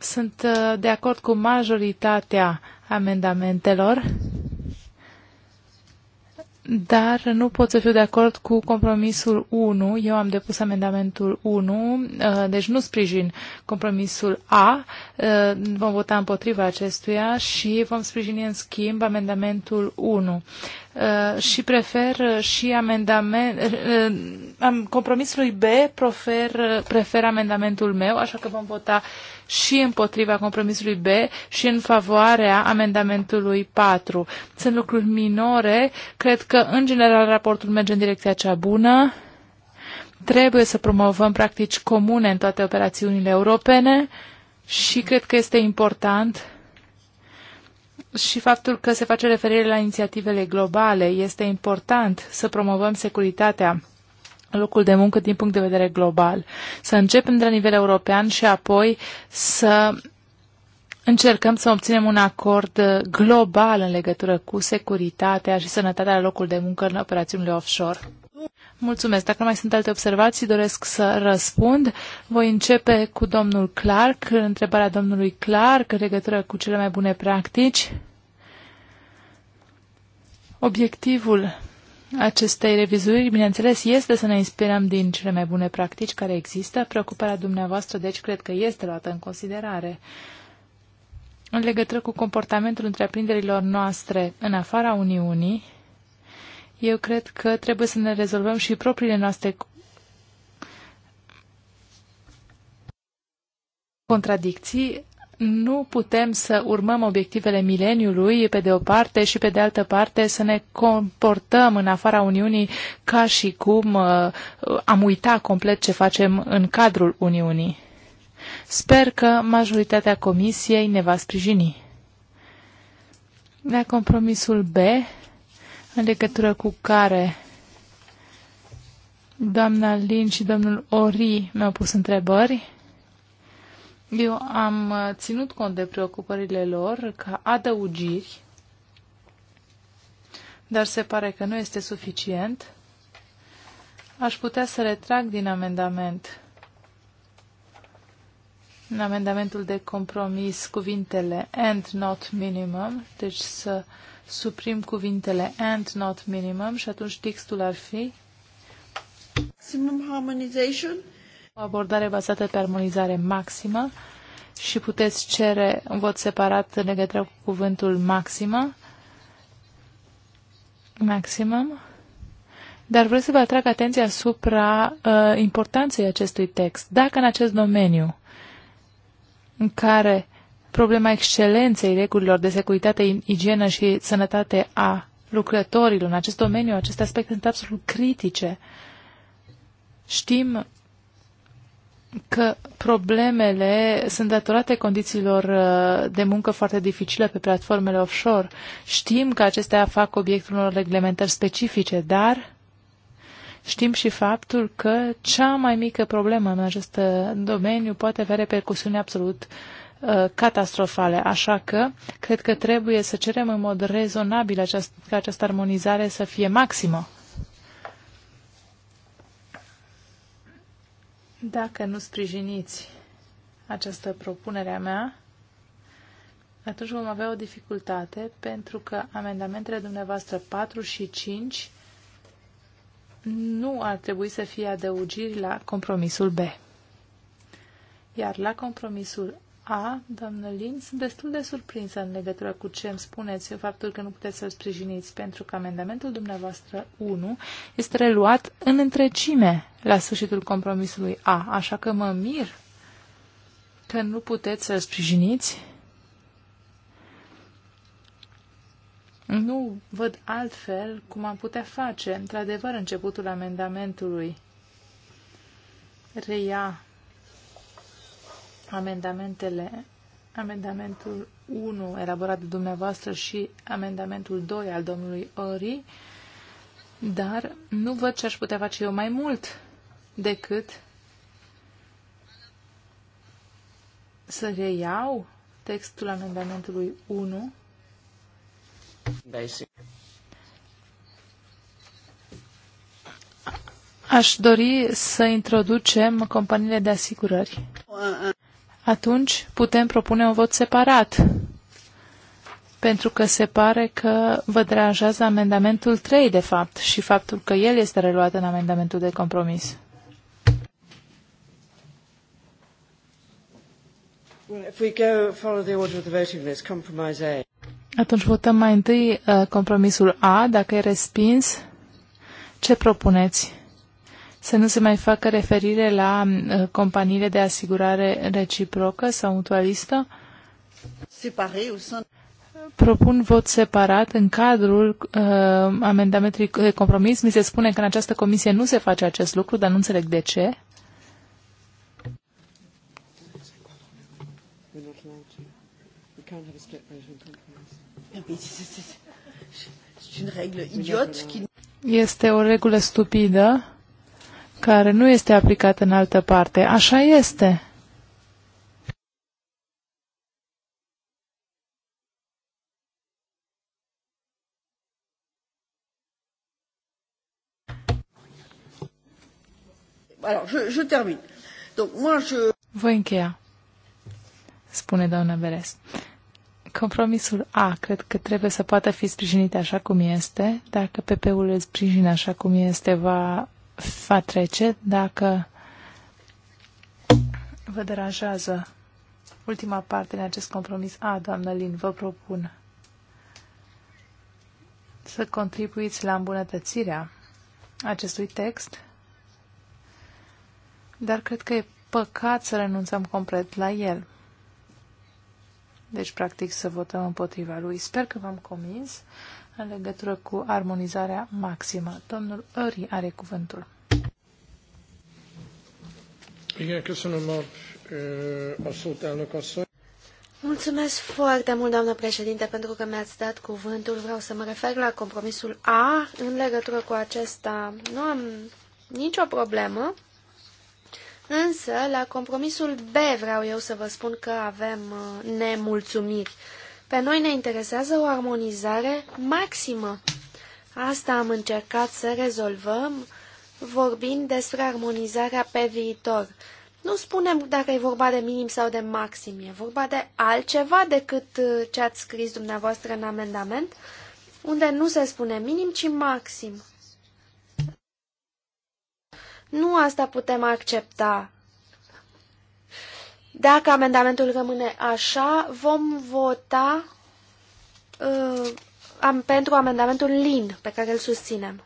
A: Sunt uh, de acord cu majoritatea amendamentelor dar nu pot să fiu de acord cu compromisul 1. Eu am depus amendamentul 1, uh, deci nu sprijin compromisul A. Uh, vom vota împotriva acestuia și vom sprijini în schimb amendamentul 1. Uh, și prefer și amendament, compromisului B, prefer, prefer amendamentul meu, așa că vom vota și împotriva compromisului B și în favoarea amendamentului 4. Sunt lucruri minore. Cred că, în general, raportul merge în direcția cea bună. Trebuie să promovăm practici comune în toate operațiunile europene și cred că este important și faptul că se face referire la inițiativele globale. Este important să promovăm securitatea locul de muncă din punct de vedere global. Să începem de la nivel european și apoi să încercăm să obținem un acord global în legătură cu securitatea și sănătatea la locul de muncă în operațiunile offshore. Mulțumesc. Dacă mai sunt alte observații, doresc să răspund. Voi începe cu domnul Clark, întrebarea domnului Clark în legătură cu cele mai bune practici. Obiectivul acestei revizuiri, bineînțeles, este să ne inspirăm din cele mai bune practici care există. Preocuparea dumneavoastră, deci, cred că este luată în considerare. În legătură cu comportamentul întreprinderilor noastre în afara Uniunii, eu cred că trebuie să ne rezolvăm și propriile noastre contradicții nu putem să urmăm obiectivele mileniului pe de o parte și pe de altă parte să ne comportăm în afara Uniunii ca și cum uh, am uitat complet ce facem în cadrul Uniunii. Sper că majoritatea Comisiei ne va sprijini. La compromisul B, în legătură cu care doamna Lin și domnul Ori mi-au pus întrebări, eu am uh, ținut cont de preocupările lor ca adăugiri, dar se pare că nu este suficient. Aș putea să retrag din amendament în amendamentul de compromis cuvintele and not minimum, deci să suprim cuvintele and not minimum și atunci textul ar fi maximum harmonization o abordare bazată pe armonizare maximă și puteți cere un vot separat în legătură cu cuvântul maximă. Maximum. Dar vreau să vă atrag atenția asupra uh, importanței acestui text. Dacă în acest domeniu în care problema excelenței regulilor de securitate, igienă și sănătate a lucrătorilor în acest domeniu, aceste aspecte sunt absolut critice. Știm că problemele sunt datorate condițiilor uh, de muncă foarte dificile pe platformele offshore. Știm că acestea fac obiectul unor reglementări specifice, dar știm și faptul că cea mai mică problemă în acest uh, domeniu poate avea repercusiuni absolut uh, catastrofale, așa că cred că trebuie să cerem în mod rezonabil aceast, ca această armonizare să fie maximă. Dacă nu sprijiniți această propunere a mea, atunci vom avea o dificultate pentru că amendamentele dumneavoastră 4 și 5 nu ar trebui să fie adăugiri la compromisul B. Iar la compromisul a, doamnă Lin, sunt destul de surprinsă în legătură cu ce îmi spuneți, faptul că nu puteți să-l sprijiniți, pentru că amendamentul dumneavoastră 1 este reluat în întrecime la sfârșitul compromisului A, așa că mă mir că nu puteți să-l sprijiniți. Nu văd altfel cum am putea face. Într-adevăr, începutul amendamentului reia Amendamentele, amendamentul 1 elaborat de dumneavoastră și amendamentul 2 al domnului Ori, dar nu văd ce aș putea face eu mai mult decât să reiau textul amendamentului 1. Basic. Aș dori să introducem companiile de asigurări. Uh, uh atunci putem propune un vot separat. Pentru că se pare că vă deranjează amendamentul 3, de fapt, și faptul că el este reluat în amendamentul de compromis. Atunci votăm mai întâi uh, compromisul A, dacă e respins. Ce propuneți? să nu se mai facă referire la uh, companiile de asigurare reciprocă sau mutualistă. Propun vot separat în cadrul uh, amendamentului de compromis. Mi se spune că în această comisie nu se face acest lucru, dar nu înțeleg de ce. Este o regulă stupidă care nu este aplicat în altă parte. Așa este. Alors, je, je termine. Donc, moi, je... Voi încheia, spune doamna Beres. Compromisul A cred că trebuie să poată fi sprijinit așa cum este. Dacă PP-ul îl sprijină așa cum este, va va trece dacă vă deranjează ultima parte din acest compromis. A, doamnă Lin, vă propun să contribuiți la îmbunătățirea acestui text, dar cred că e păcat să renunțăm complet la el. Deci, practic, să votăm împotriva lui. Sper că v-am convins în legătură cu armonizarea maximă. Domnul Ori are cuvântul.
B: Eh,
C: Mulțumesc foarte mult, doamnă președinte, pentru că mi-ați dat cuvântul. Vreau să mă refer la compromisul A în legătură cu acesta. Nu am nicio problemă, însă la compromisul B vreau eu să vă spun că avem eh, nemulțumiri. Pe noi ne interesează o armonizare maximă. Asta am încercat să rezolvăm vorbind despre armonizarea pe viitor. Nu spunem dacă e vorba de minim sau de maxim, e vorba de altceva decât uh, ce ați scris dumneavoastră în amendament, unde nu se spune minim, ci maxim. Nu asta putem accepta dacă amendamentul rămâne așa, vom vota uh, am, pentru amendamentul LIN pe care îl susținem.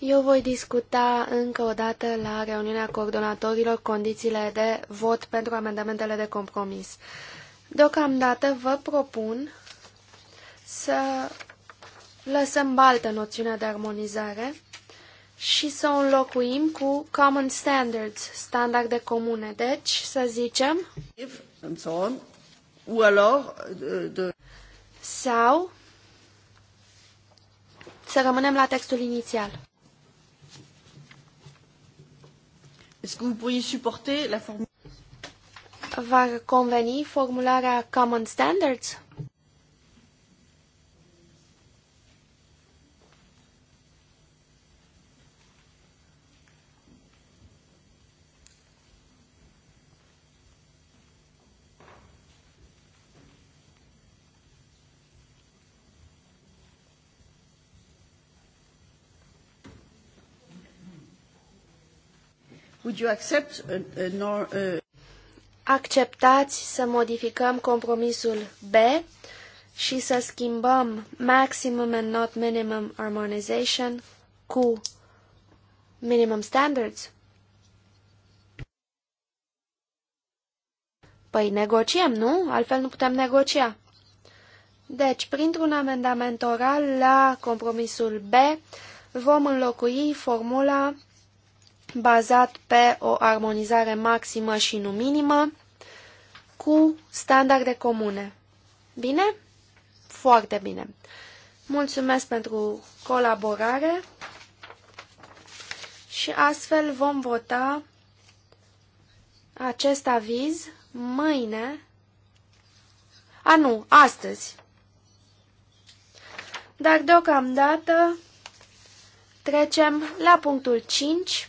C: Eu voi discuta încă o dată la reuniunea coordonatorilor condițiile de vot pentru amendamentele de compromis. Deocamdată vă propun să lăsăm baltă noțiunea de armonizare și să o înlocuim cu common standards, standarde comune. Deci, să zicem... If, and so on, ou alors, de... Sau să rămânem la textul inițial. est la Va conveni formularea Common Standards? Would you accept a, uh, a uh, nor, a... Uh, Acceptați să modificăm compromisul B și să schimbăm maximum and not minimum harmonization cu minimum standards? Păi negociem, nu? Altfel nu putem negocia. Deci, printr-un amendament oral la compromisul B, vom înlocui formula bazat pe o armonizare maximă și nu minimă, cu standarde comune. Bine? Foarte bine. Mulțumesc pentru colaborare și astfel vom vota acest aviz mâine, a nu, astăzi. Dar deocamdată trecem la punctul 5,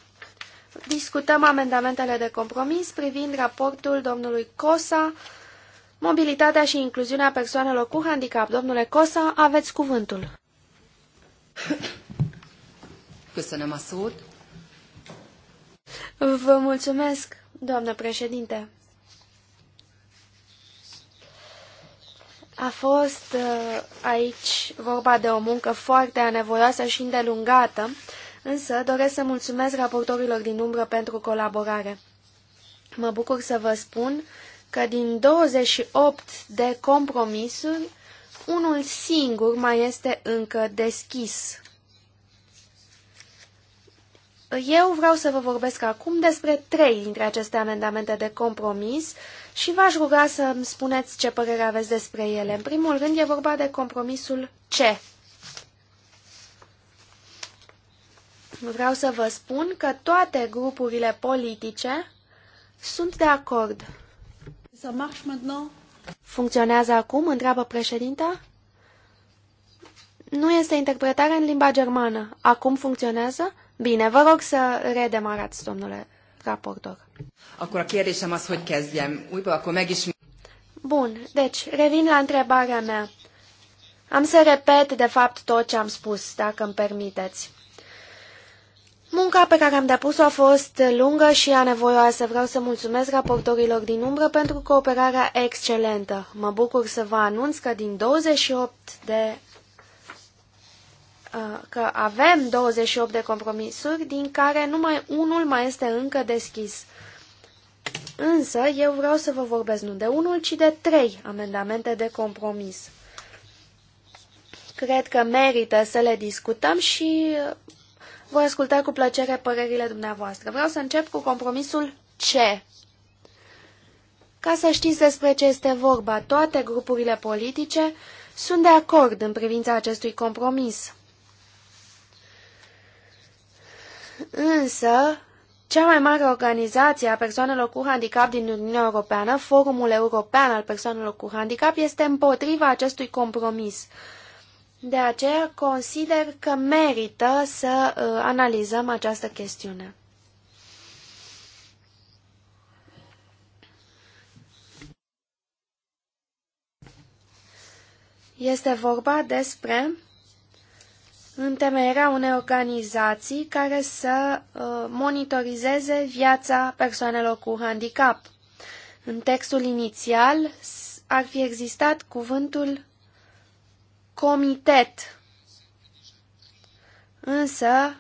C: discutăm amendamentele de compromis privind raportul domnului Cosa, mobilitatea și incluziunea persoanelor cu handicap. Domnule Cosa, aveți cuvântul. Vă mulțumesc, doamnă președinte. A fost uh, aici vorba de o muncă foarte anevoioasă și îndelungată însă doresc să mulțumesc raportorilor din umbră pentru colaborare. Mă bucur să vă spun că din 28 de compromisuri, unul singur mai este încă deschis. Eu vreau să vă vorbesc acum despre trei dintre aceste amendamente de compromis și v-aș ruga să îmi spuneți ce părere aveți despre ele. În primul rând e vorba de compromisul C. Vreau să vă spun că toate grupurile politice sunt de acord. Funcționează acum? Întreabă președinta. Nu este interpretare în limba germană. Acum funcționează? Bine, vă rog să redemarați, domnule raportor. Akkor a kérdésem
D: az, hogy kezdjem. Újból akkor megismét.
C: Bun, deci revin la întrebarea mea. Am să repet, de fapt, tot ce am spus, dacă îmi permiteți. Munca pe care am depus-o a fost lungă și anevoioasă. Vreau să mulțumesc raportorilor din umbră pentru cooperarea excelentă. Mă bucur să vă anunț că din 28 de uh, că avem 28 de compromisuri, din care numai unul mai este încă deschis. Însă, eu vreau să vă vorbesc nu de unul, ci de trei amendamente de compromis. Cred că merită să le discutăm și voi asculta cu plăcere părerile dumneavoastră. Vreau să încep cu compromisul C. Ca să știți despre ce este vorba, toate grupurile politice sunt de acord în privința acestui compromis. Însă, cea mai mare organizație a persoanelor cu handicap din Uniunea Europeană, Forumul European al Persoanelor cu Handicap, este împotriva acestui compromis. De aceea consider că merită să uh, analizăm această chestiune. Este vorba despre întemeierea unei organizații care să uh, monitorizeze viața persoanelor cu handicap. În textul inițial ar fi existat cuvântul comitet. Însă,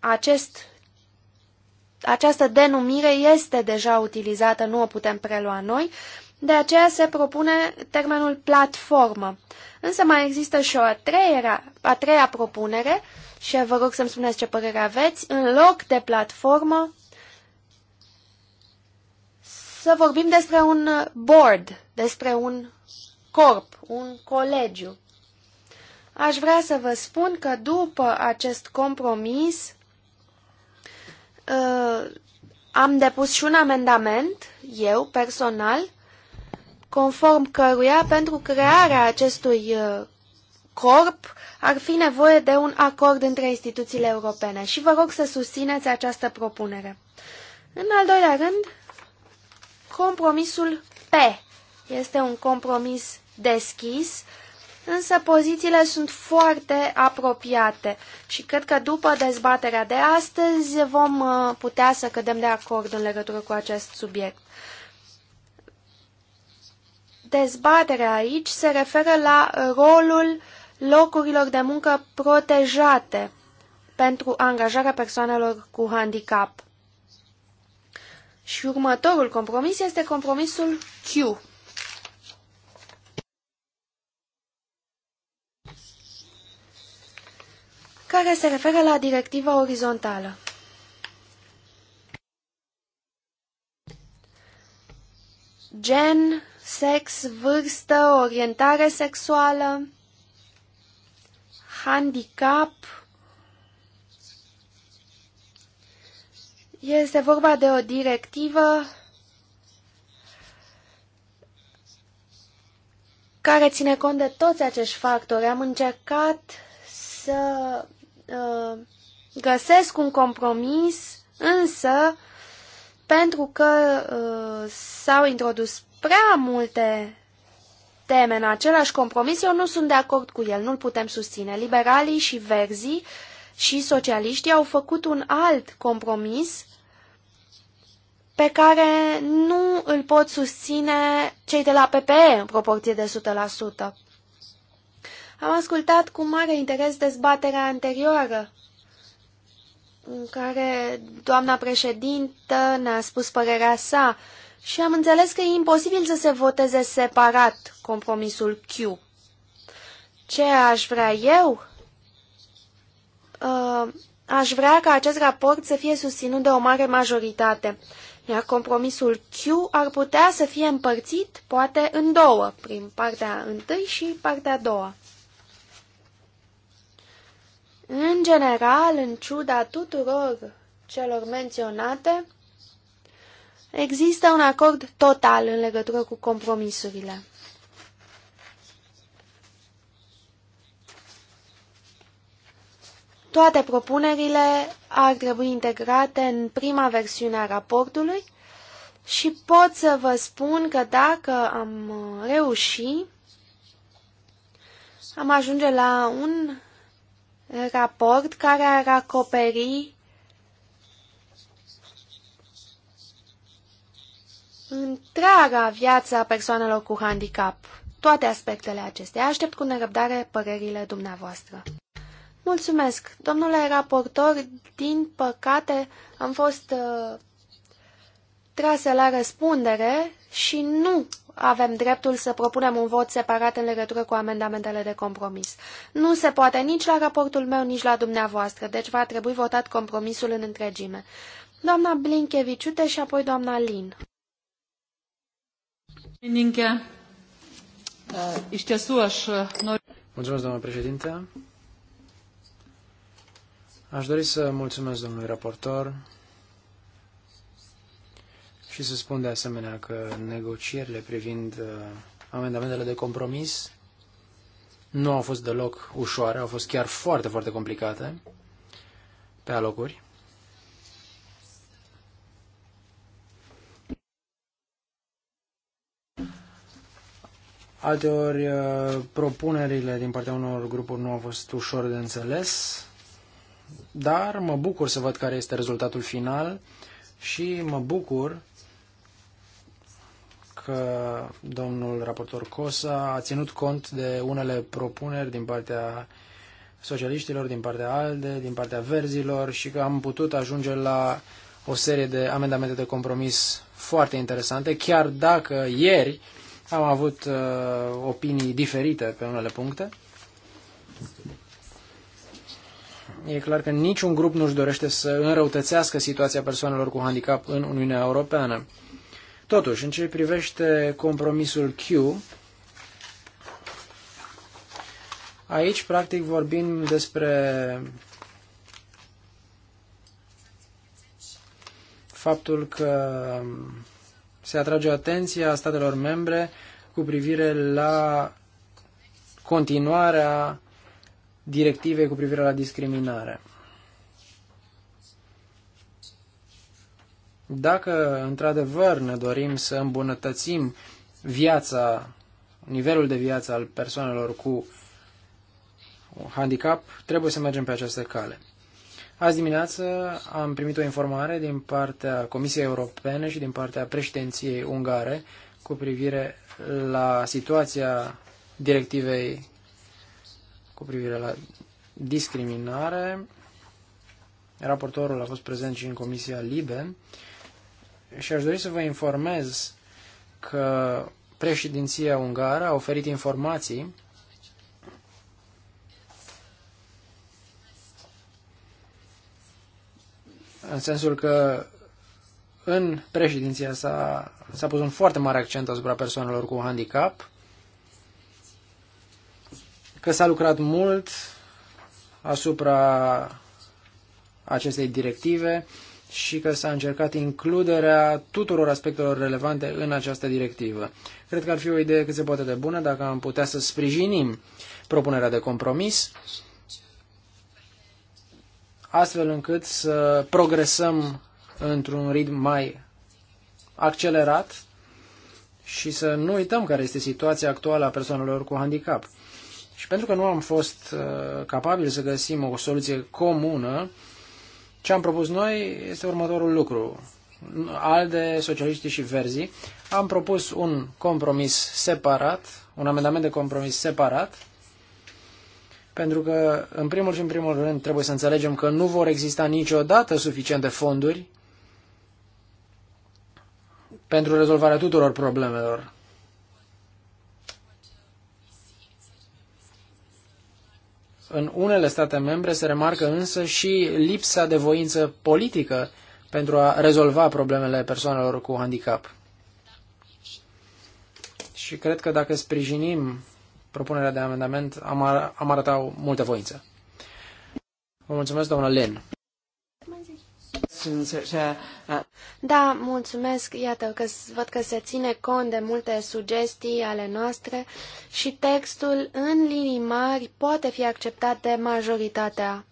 C: acest, această denumire este deja utilizată, nu o putem prelua noi, de aceea se propune termenul platformă. Însă mai există și o a treia, a treia propunere și vă rog să-mi spuneți ce părere aveți. În loc de platformă, să vorbim despre un board, despre un corp, un colegiu. Aș vrea să vă spun că după acest compromis uh, am depus și un amendament, eu personal, conform căruia pentru crearea acestui uh, corp ar fi nevoie de un acord între instituțiile europene și vă rog să susțineți această propunere. În al doilea rând, compromisul P este un compromis deschis, însă pozițiile sunt foarte apropiate și cred că după dezbaterea de astăzi vom uh, putea să cădem de acord în legătură cu acest subiect. Dezbaterea aici se referă la rolul locurilor de muncă protejate pentru angajarea persoanelor cu handicap. Și următorul compromis este compromisul Q. care se referă la directiva orizontală. Gen, sex, vârstă, orientare sexuală, handicap. Este vorba de o directivă care ține cont de toți acești factori. Am încercat să Uh, găsesc un compromis, însă pentru că uh, s-au introdus prea multe teme în același compromis, eu nu sunt de acord cu el, nu-l putem susține. Liberalii și verzii și socialiștii au făcut un alt compromis pe care nu îl pot susține cei de la PPE în proporție de 100%. Am ascultat cu mare interes dezbaterea anterioară, în care doamna președintă ne-a spus părerea sa și am înțeles că e imposibil să se voteze separat compromisul Q. Ce aș vrea eu? Uh, aș vrea ca acest raport să fie susținut de o mare majoritate iar compromisul Q ar putea să fie împărțit, poate, în două, prin partea întâi și partea a doua. În general, în ciuda tuturor celor menționate, există un acord total în legătură cu compromisurile. Toate propunerile ar trebui integrate în prima versiune a raportului și pot să vă spun că dacă am reușit, am ajunge la un raport care ar acoperi întreaga viață a persoanelor cu handicap. Toate aspectele acestea. Aștept cu nerăbdare părerile dumneavoastră. Mulțumesc, domnule raportor, din păcate am fost uh, trasă la răspundere și nu avem dreptul să propunem un vot separat în legătură cu amendamentele de compromis. Nu se poate nici la raportul meu, nici la dumneavoastră, deci va trebui votat compromisul în întregime. Doamna Blinkeviciute și apoi doamna Lin.
A: Uh, uh,
B: mulțumesc, doamna președinte. Aș dori să mulțumesc domnului raportor și să spun de asemenea că negocierile privind uh, amendamentele de compromis nu au fost deloc ușoare, au fost chiar foarte, foarte complicate pe alocuri. Alteori, uh, propunerile din partea unor grupuri nu au fost ușor de înțeles, dar mă bucur să văd care este rezultatul final și mă bucur că domnul raportor Cosa a ținut cont de unele propuneri din partea socialiștilor, din partea ALDE, din partea verzilor și că am putut ajunge la o serie de amendamente de compromis foarte interesante, chiar dacă ieri am avut uh, opinii diferite pe unele puncte. E clar că niciun grup nu-și dorește să înrăutățească situația persoanelor cu handicap în Uniunea Europeană. Totuși, în ce privește compromisul Q, aici, practic, vorbim despre faptul că se atrage atenția statelor membre cu privire la continuarea directivei cu privire la discriminare. Dacă într-adevăr ne dorim să îmbunătățim viața, nivelul de viață al persoanelor cu handicap, trebuie să mergem pe această cale. Azi dimineață am primit o informare din partea Comisiei Europene și din partea președinției ungare cu privire la situația directivei cu privire la discriminare. Raportorul a fost prezent și în Comisia Libe și aș dori să vă informez că președinția ungară a oferit informații în sensul că în președinția sa s-a pus un foarte mare accent asupra persoanelor cu handicap, că s-a lucrat mult asupra acestei directive, și că s-a încercat includerea tuturor aspectelor relevante în această directivă. Cred că ar fi o idee cât se poate de bună dacă am putea să sprijinim propunerea de compromis, astfel încât să progresăm într-un ritm mai accelerat și să nu uităm care este situația actuală a persoanelor cu handicap. Și pentru că nu am fost uh, capabili să găsim o soluție comună, ce am propus noi este următorul lucru. ALDE, Socialiștii și Verzi, am propus un compromis separat, un amendament de compromis separat, pentru că, în primul și în primul rând, trebuie să înțelegem că nu vor exista niciodată suficiente fonduri pentru rezolvarea tuturor problemelor. În unele state membre se remarcă însă și lipsa de voință politică pentru a rezolva problemele persoanelor cu handicap. Și cred că dacă sprijinim propunerea de amendament, am, ar, am arătat multă voință. Vă mulțumesc, doamna Len. Uh,
C: da, mulțumesc. Iată că văd că se ține cont de multe sugestii ale noastre și textul în linii mari poate fi acceptat de majoritatea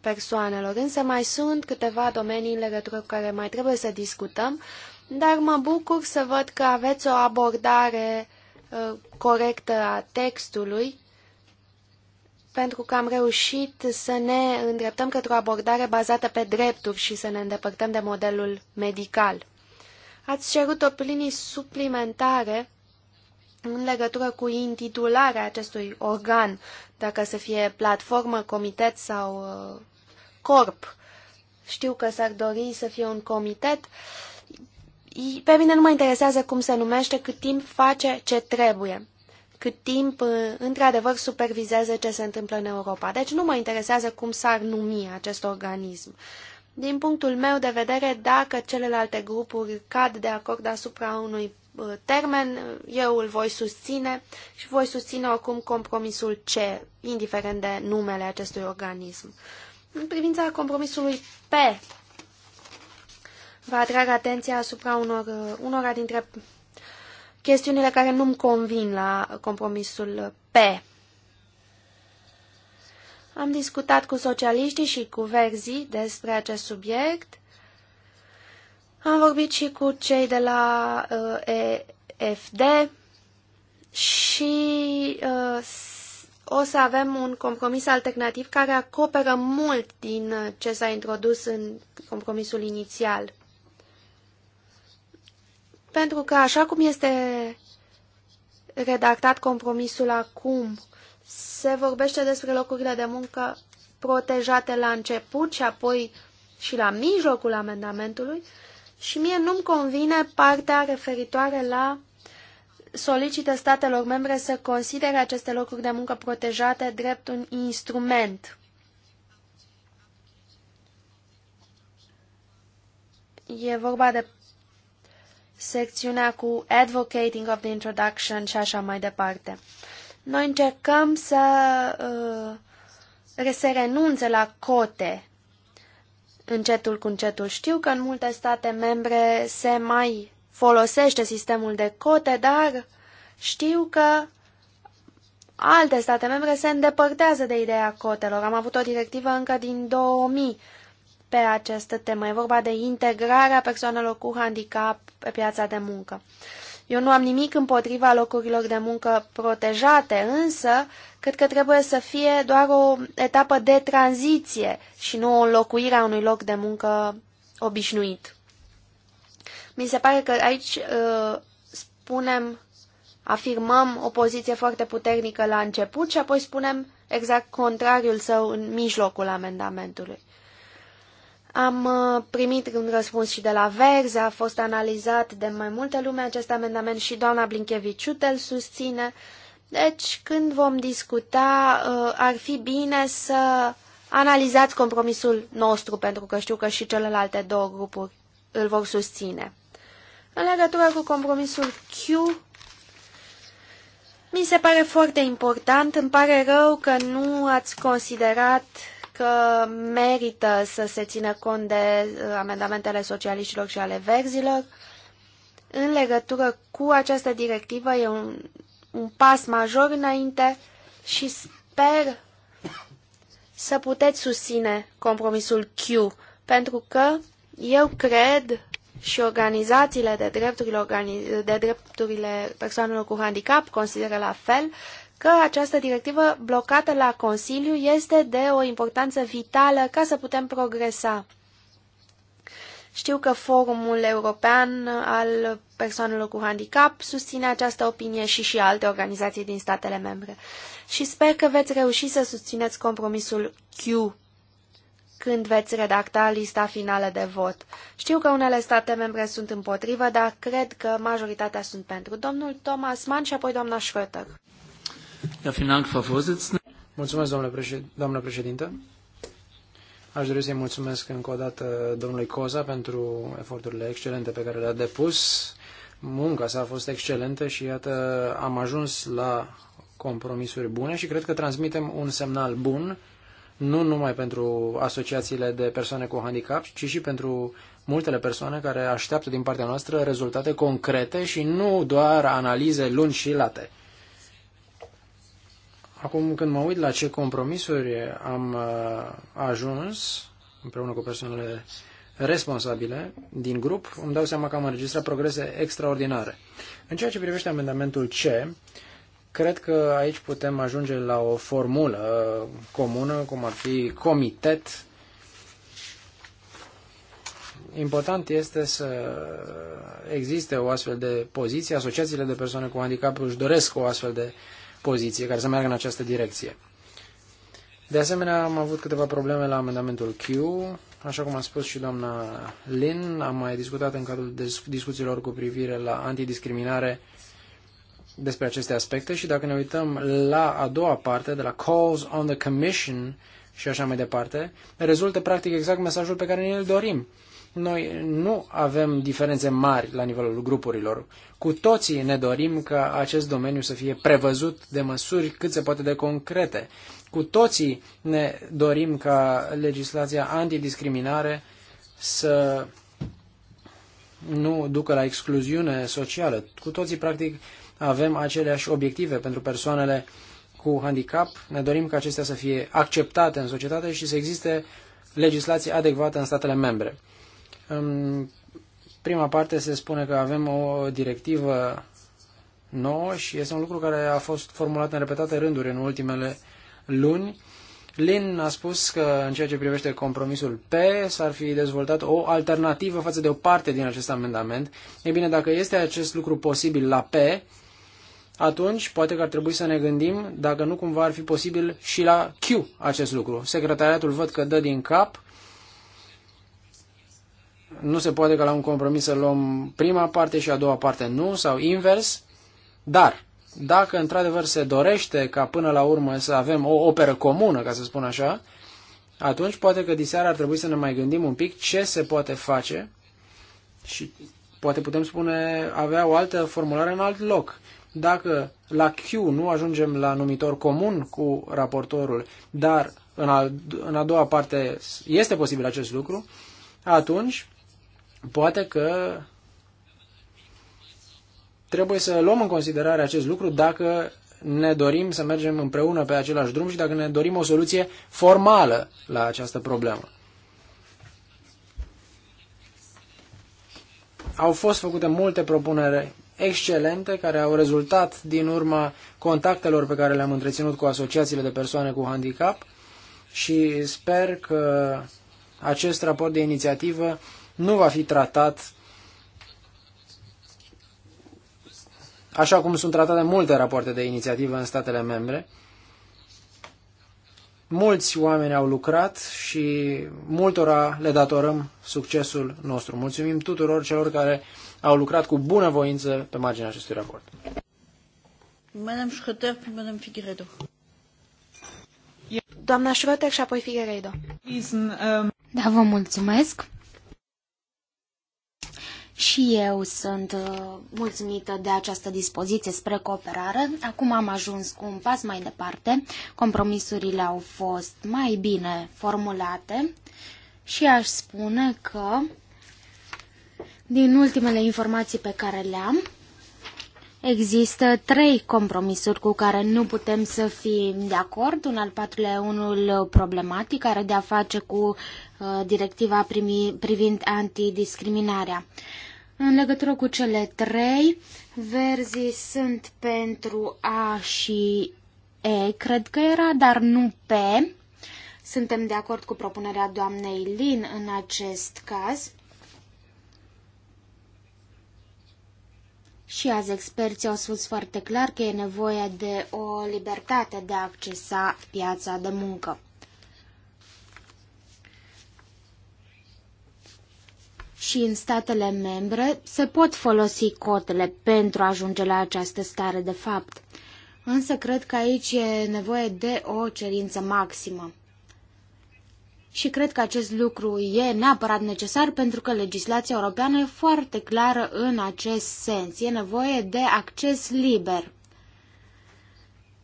C: persoanelor. Însă mai sunt câteva domenii în legătură cu care mai trebuie să discutăm, dar mă bucur să văd că aveți o abordare uh, corectă a textului pentru că am reușit să ne îndreptăm către o abordare bazată pe drepturi și să ne îndepărtăm de modelul medical. Ați cerut opinii suplimentare în legătură cu intitularea acestui organ, dacă să fie platformă, comitet sau uh, corp. Știu că s-ar dori să fie un comitet. Pe mine nu mă interesează cum se numește, cât timp face ce trebuie cât timp, uh, într-adevăr, supervizează ce se întâmplă în Europa. Deci nu mă interesează cum s-ar numi acest organism. Din punctul meu de vedere, dacă celelalte grupuri cad de acord asupra unui uh, termen, uh, eu îl voi susține și voi susține oricum compromisul C, indiferent de numele acestui organism. În privința compromisului P, vă atrag atenția asupra unor, unora dintre chestiunile care nu-mi convin la compromisul P. Am discutat cu socialiștii și cu Verzi despre acest subiect. Am vorbit și cu cei de la uh, EFD și uh, o să avem un compromis alternativ care acoperă mult din ce s-a introdus în compromisul inițial. Pentru că așa cum este redactat compromisul acum, se vorbește despre locurile de muncă protejate la început și apoi și la mijlocul amendamentului și mie nu-mi convine partea referitoare la solicită statelor membre să considere aceste locuri de muncă protejate drept un instrument. E vorba de secțiunea cu Advocating of the Introduction și așa mai departe. Noi încercăm să uh, se renunțe la cote încetul cu încetul. Știu că în multe state membre se mai folosește sistemul de cote, dar știu că alte state membre se îndepărtează de ideea cotelor. Am avut o directivă încă din 2000 pe această temă. E vorba de integrarea persoanelor cu handicap pe piața de muncă. Eu nu am nimic împotriva locurilor de muncă protejate, însă cred că trebuie să fie doar o etapă de tranziție și nu o înlocuire a unui loc de muncă obișnuit. Mi se pare că aici uh, spunem, afirmăm o poziție foarte puternică la început și apoi spunem exact contrariul său în mijlocul amendamentului. Am uh, primit un răspuns și de la Verze, a fost analizat de mai multe lume acest amendament și doamna Blinkeviciute îl susține. Deci, când vom discuta, uh, ar fi bine să analizați compromisul nostru, pentru că știu că și celelalte două grupuri îl vor susține. În legătură cu compromisul Q, mi se pare foarte important, îmi pare rău că nu ați considerat că merită să se țină cont de uh, amendamentele socialiștilor și ale verzilor. În legătură cu această directivă e un, un pas major înainte și sper să puteți susține compromisul Q, pentru că eu cred și organizațiile de drepturile, organi de drepturile persoanelor cu handicap consideră la fel că această directivă blocată la Consiliu este de o importanță vitală ca să putem progresa. Știu că Forumul European al Persoanelor cu Handicap susține această opinie și și alte organizații din statele membre. Și sper că veți reuși să susțineți compromisul Q când veți redacta lista finală de vot. Știu că unele state membre sunt împotrivă, dar cred că majoritatea sunt pentru. Domnul Thomas Mann și apoi doamna Schröter.
B: Mulțumesc, domnule președinte. Doamnă președintă. Aș dori să-i mulțumesc încă o dată domnului Coza pentru eforturile excelente pe care le-a depus. Munca sa a fost excelentă și iată am ajuns la compromisuri bune și cred că transmitem un semnal bun, nu numai pentru asociațiile de persoane cu handicap, ci și pentru multele persoane care așteaptă din partea noastră rezultate concrete și nu doar analize lungi și late. Acum, când mă uit la ce compromisuri am uh, ajuns împreună cu persoanele responsabile din grup, îmi dau seama că am înregistrat progrese extraordinare. În ceea ce privește amendamentul C, cred că aici putem ajunge la o formulă comună, cum ar fi comitet. Important este să existe o astfel de poziție. Asociațiile de persoane cu handicap își doresc o astfel de uh, poziție care să meargă în această direcție. De asemenea, am avut câteva probleme la amendamentul Q. Așa cum a spus și doamna Lin, am mai discutat în cadrul discuțiilor cu privire la antidiscriminare despre aceste aspecte și dacă ne uităm la a doua parte, de la calls on the commission și așa mai departe, rezultă practic exact mesajul pe care ne-l dorim. Noi nu avem diferențe mari la nivelul grupurilor. Cu toții ne dorim ca acest domeniu să fie prevăzut de măsuri cât se poate de concrete. Cu toții ne dorim ca legislația antidiscriminare să nu ducă la excluziune socială. Cu toții, practic, avem aceleași obiective pentru persoanele cu handicap. Ne dorim ca acestea să fie acceptate în societate și să existe legislație adecvată în statele membre. În prima parte se spune că avem o directivă nouă și este un lucru care a fost formulat în repetate rânduri în ultimele luni. Lin a spus că în ceea ce privește compromisul P s-ar fi dezvoltat o alternativă față de o parte din acest amendament. Ei bine, dacă este acest lucru posibil la P, atunci poate că ar trebui să ne gândim dacă nu cumva ar fi posibil și la Q acest lucru. Secretariatul văd că dă din cap nu se poate ca la un compromis să luăm prima parte și a doua parte nu, sau invers, dar dacă într-adevăr se dorește ca până la urmă să avem o operă comună, ca să spun așa, atunci poate că diseară ar trebui să ne mai gândim un pic ce se poate face și poate putem spune avea o altă formulare în alt loc. Dacă la Q nu ajungem la numitor comun cu raportorul, dar în, în a doua parte este posibil acest lucru, atunci Poate că trebuie să luăm în considerare acest lucru dacă ne dorim să mergem împreună pe același drum și dacă ne dorim o soluție formală la această problemă. Au fost făcute multe propuneri excelente care au rezultat din urma contactelor pe care le-am întreținut cu asociațiile de persoane cu handicap și sper că acest raport de inițiativă nu va fi tratat așa cum sunt tratate multe rapoarte de inițiativă în statele membre. Mulți oameni au lucrat și multora le datorăm succesul nostru. Mulțumim tuturor celor care au lucrat cu bună voință pe marginea acestui raport.
C: Doamna Schröter și apoi Figueredo.
B: Um,
D: da, vă mulțumesc. Și eu sunt uh, mulțumită de această dispoziție spre cooperare. Acum am ajuns cu un pas mai departe. Compromisurile au fost mai bine formulate și aș spune că din ultimele informații pe care le-am, Există trei compromisuri cu care nu putem să fim de acord. Un al patrulea e unul problematic, care de a face cu uh, directiva primi, privind antidiscriminarea. Uh, în legătură cu cele trei, verzii sunt pentru A și E, cred că era, dar nu P. Suntem de acord cu propunerea doamnei Lin în acest caz. Și azi experții au spus foarte clar că e nevoie de o libertate de a accesa piața de muncă. și în statele membre se pot folosi cotele pentru a ajunge la această stare de fapt. Însă cred că aici e nevoie de o cerință maximă. Și cred că acest lucru e neapărat necesar pentru că legislația europeană e foarte clară în acest sens. E nevoie de acces liber.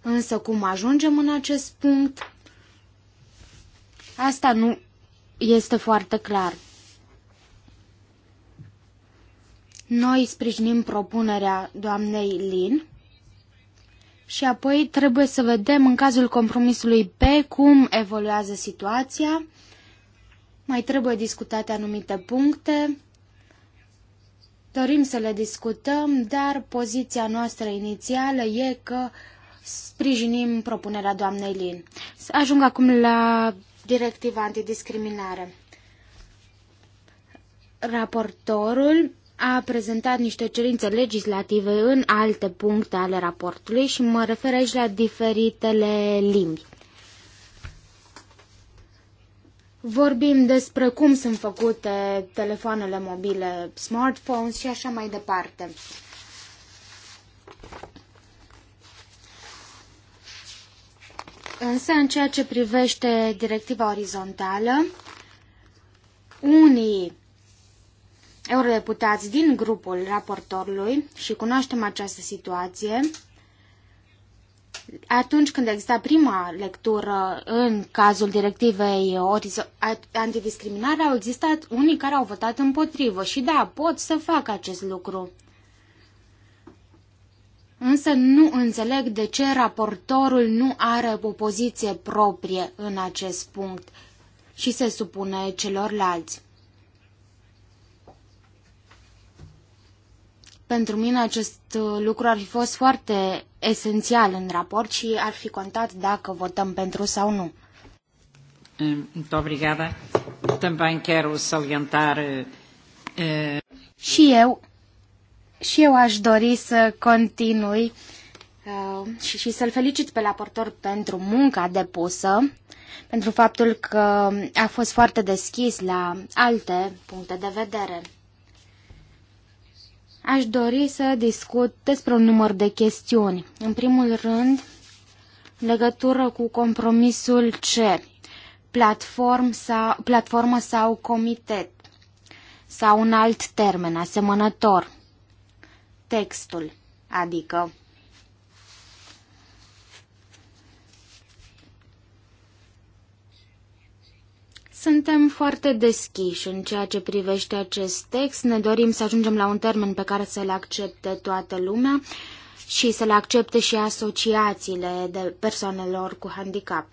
D: Însă cum ajungem în acest punct? Asta nu este foarte clar. Noi sprijinim propunerea doamnei Lin și apoi trebuie să vedem în cazul compromisului B cum evoluează situația. Mai trebuie discutate anumite puncte. Dorim să le discutăm, dar poziția noastră inițială e că sprijinim propunerea doamnei Lin. Să ajung acum la directiva antidiscriminare. Raportorul a prezentat niște cerințe legislative în alte puncte ale raportului și mă refer aici la diferitele limbi. Vorbim despre cum sunt făcute telefoanele mobile, smartphones și așa mai departe. Însă, în ceea ce privește directiva orizontală, unii eurodeputați din grupul raportorului și cunoaștem această situație. Atunci când exista prima lectură în cazul directivei antidiscriminare, au existat unii care au votat împotrivă și da, pot să fac acest lucru. Însă nu înțeleg de ce raportorul nu are o poziție proprie în acest punct și se supune celorlalți. Pentru mine acest uh, lucru ar fi fost foarte esențial în raport și ar fi contat dacă votăm pentru sau nu.
B: Muito obrigada. Também quero salientar. Eh, eh,
D: și eu, și eu aș dori să continui uh, și, și să-l felicit pe raportor pentru munca depusă, pentru faptul că a fost foarte deschis la alte puncte de vedere. Aș dori să discut despre un număr de chestiuni. În primul rând, legătură cu compromisul C, platform sau, platformă sau comitet, sau un alt termen asemănător, textul, adică Suntem foarte deschiși în ceea ce privește acest text. Ne dorim să ajungem la un termen pe care să-l accepte toată lumea și să-l accepte și asociațiile de persoanelor cu handicap.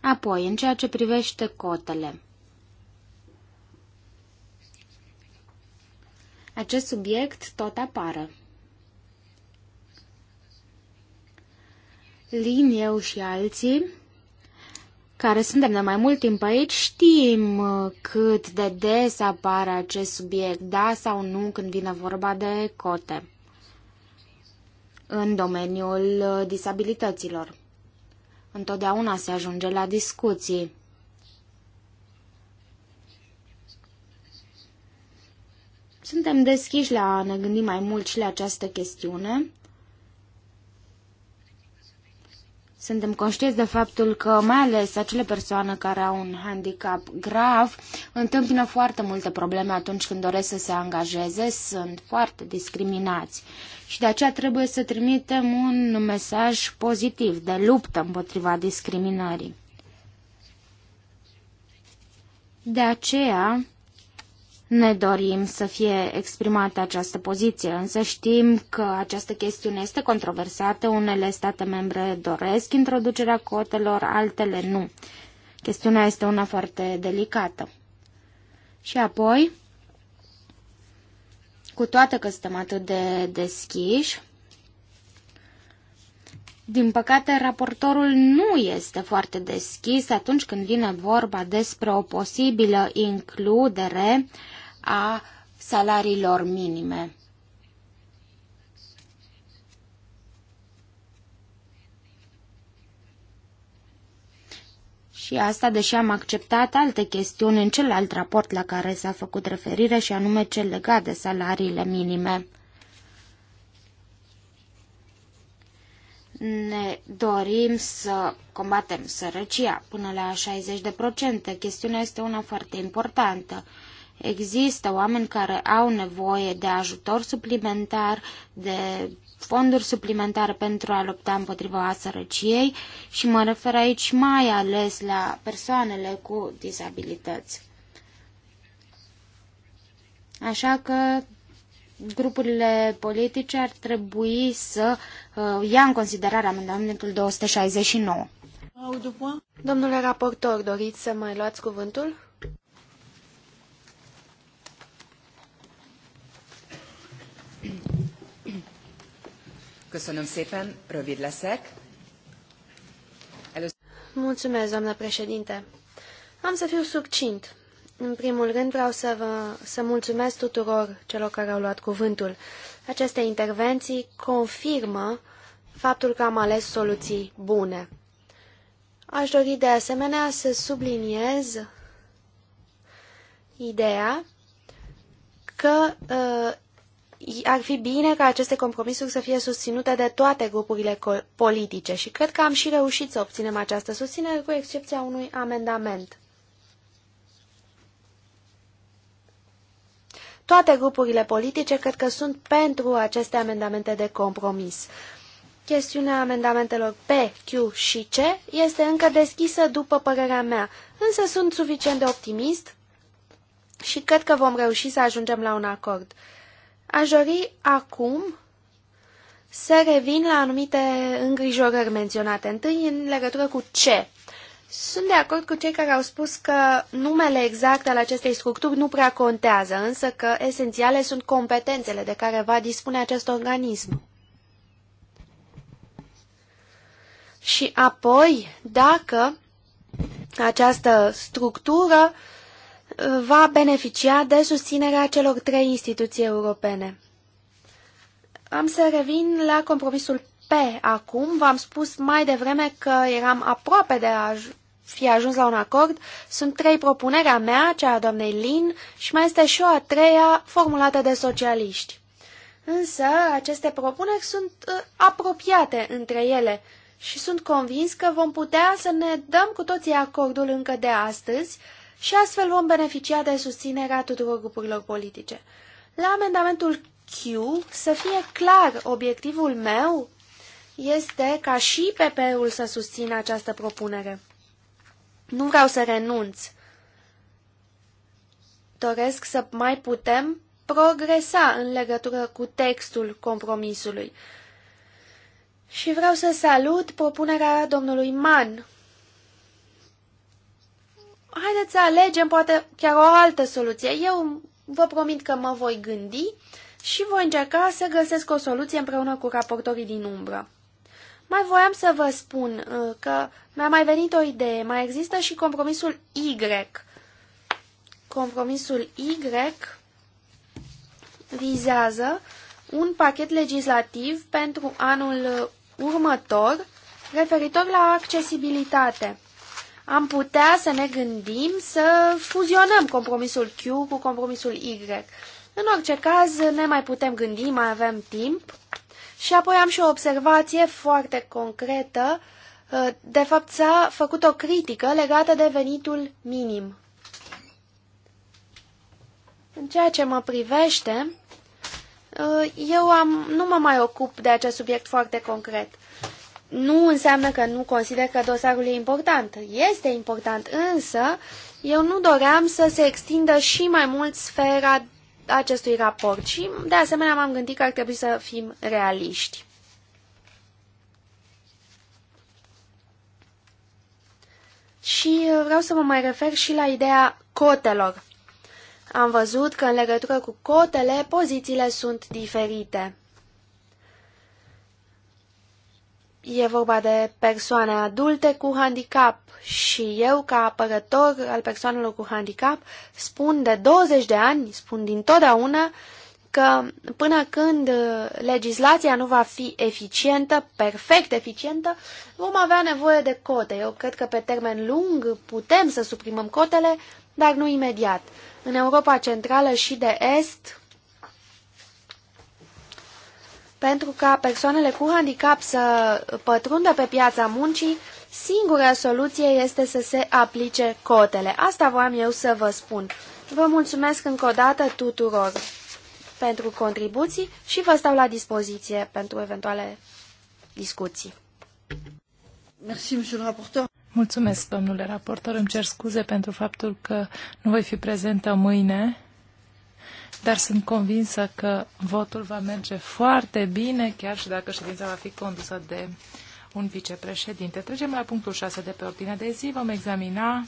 D: Apoi, în ceea ce privește cotele. Acest subiect tot apare. Lin, eu și alții, care suntem de mai mult timp aici, știm uh, cât de des apare acest subiect, da sau nu, când vine vorba de cote în domeniul uh, disabilităților. Întotdeauna se ajunge la discuții. Suntem deschiși la a ne gândi mai mult și la această chestiune Suntem conștienți de faptul că mai ales acele persoane care au un handicap grav întâmpină foarte multe probleme atunci când doresc să se angajeze, sunt foarte discriminați și de aceea trebuie să trimitem un mesaj pozitiv de luptă împotriva discriminării. De aceea, ne dorim să fie exprimată această poziție, însă știm că această chestiune este controversată, unele state membre doresc introducerea cotelor, altele nu. Chestiunea este una foarte delicată. Și apoi, cu toate că suntem atât de deschiși, din păcate, raportorul nu este foarte deschis atunci când vine vorba despre o posibilă includere uh, a salariilor minime. Și asta deși am acceptat alte chestiuni în celălalt raport la care s-a făcut referire și anume cel legat de salariile minime. ne dorim să combatem sărăcia până la 60%. Chestiunea este una foarte importantă. Există oameni care au nevoie de ajutor suplimentar, de fonduri suplimentare pentru a lupta împotriva sărăciei și mă refer aici mai ales la persoanele cu dizabilități. Așa că grupurile politice ar trebui să uh, ia în considerare amendamentul 269.
C: Domnule raportor, doriți să mai luați cuvântul?
D: Köszönöm szépen, rövid leszek.
C: Először... Mulțumesc, doamnă președinte. Am să fiu succint. În primul rând vreau să, vă, să mulțumesc tuturor celor care au luat cuvântul. Aceste intervenții confirmă faptul că am ales soluții bune. Aș dori de asemenea să subliniez ideea că uh, ar fi bine ca aceste compromisuri să fie susținute de toate grupurile politice și cred că am și reușit să obținem această susținere cu excepția unui amendament. Toate grupurile politice cred că sunt pentru aceste amendamente de compromis. Chestiunea amendamentelor P, Q și C este încă deschisă după părerea mea, însă sunt suficient de optimist și cred că vom reuși să ajungem la un acord. Aș dori acum să revin la anumite îngrijorări menționate. Întâi, în legătură cu ce. Sunt de acord cu cei care au spus că numele exact al acestei structuri nu prea contează, însă că esențiale sunt competențele de care va dispune acest organism. Și apoi, dacă această structură uh, Uh, va beneficia de susținerea celor trei instituții europene. Am să revin la compromisul P acum. V-am spus mai devreme că eram aproape de a fi ajuns la un acord. Sunt trei a mea, cea a doamnei Lin și mai este și o a treia formulată de socialiști. Însă, aceste propuneri sunt uh, apropiate între ele și sunt convins că vom putea să ne dăm cu toții acordul încă de astăzi și astfel vom beneficia de susținerea tuturor grupurilor politice. La amendamentul Q să fie clar obiectivul meu este ca și PP-ul să susțină această propunere. Nu vreau să renunț. Doresc să mai putem progresa în legătură cu textul compromisului. Și vreau să salut propunerea domnului Mann haideți să alegem poate chiar o altă soluție. Eu vă promit că mă voi gândi și voi încerca să găsesc o soluție împreună cu raportorii din umbră. Mai voiam să vă spun uh, că mi-a mai venit o idee. Mai există și compromisul Y. Compromisul Y vizează un pachet legislativ pentru anul uh, următor referitor la accesibilitate am putea să ne gândim să fuzionăm compromisul Q cu compromisul Y. În orice caz, ne mai putem gândi, mai avem timp. Și apoi am și o observație foarte concretă. De fapt, s-a făcut o critică legată de venitul minim. În ceea ce mă privește, eu am, nu mă mai ocup de acest subiect foarte concret nu înseamnă că nu consider că dosarul e important. Este important, însă eu nu doream să se extindă și mai mult sfera acestui raport și, de asemenea, m-am gândit că ar trebui să fim realiști. Și vreau să mă mai refer și la ideea cotelor. Am văzut că în legătură cu cotele, pozițiile sunt diferite. E vorba de persoane adulte cu handicap și eu, ca apărător al persoanelor cu handicap, spun de 20 de ani, spun din totdeauna, că până când uh, legislația nu va fi eficientă, perfect eficientă, vom avea nevoie de cote. Eu cred că pe termen lung putem să suprimăm cotele, dar nu imediat. În Europa Centrală și de Est, pentru ca persoanele cu handicap să pătrundă pe piața muncii, singura soluție este să se aplice cotele. Asta voiam eu să vă spun. Vă mulțumesc încă o dată tuturor pentru contribuții și vă stau la dispoziție pentru eventuale
A: discuții. Mulțumesc, domnule raportor. Îmi cer scuze pentru faptul că nu voi fi prezentă mâine dar sunt convinsă că votul va merge foarte bine, chiar și dacă ședința va fi condusă de un vicepreședinte. Trecem la punctul 6 de pe ordinea de zi. Vom examina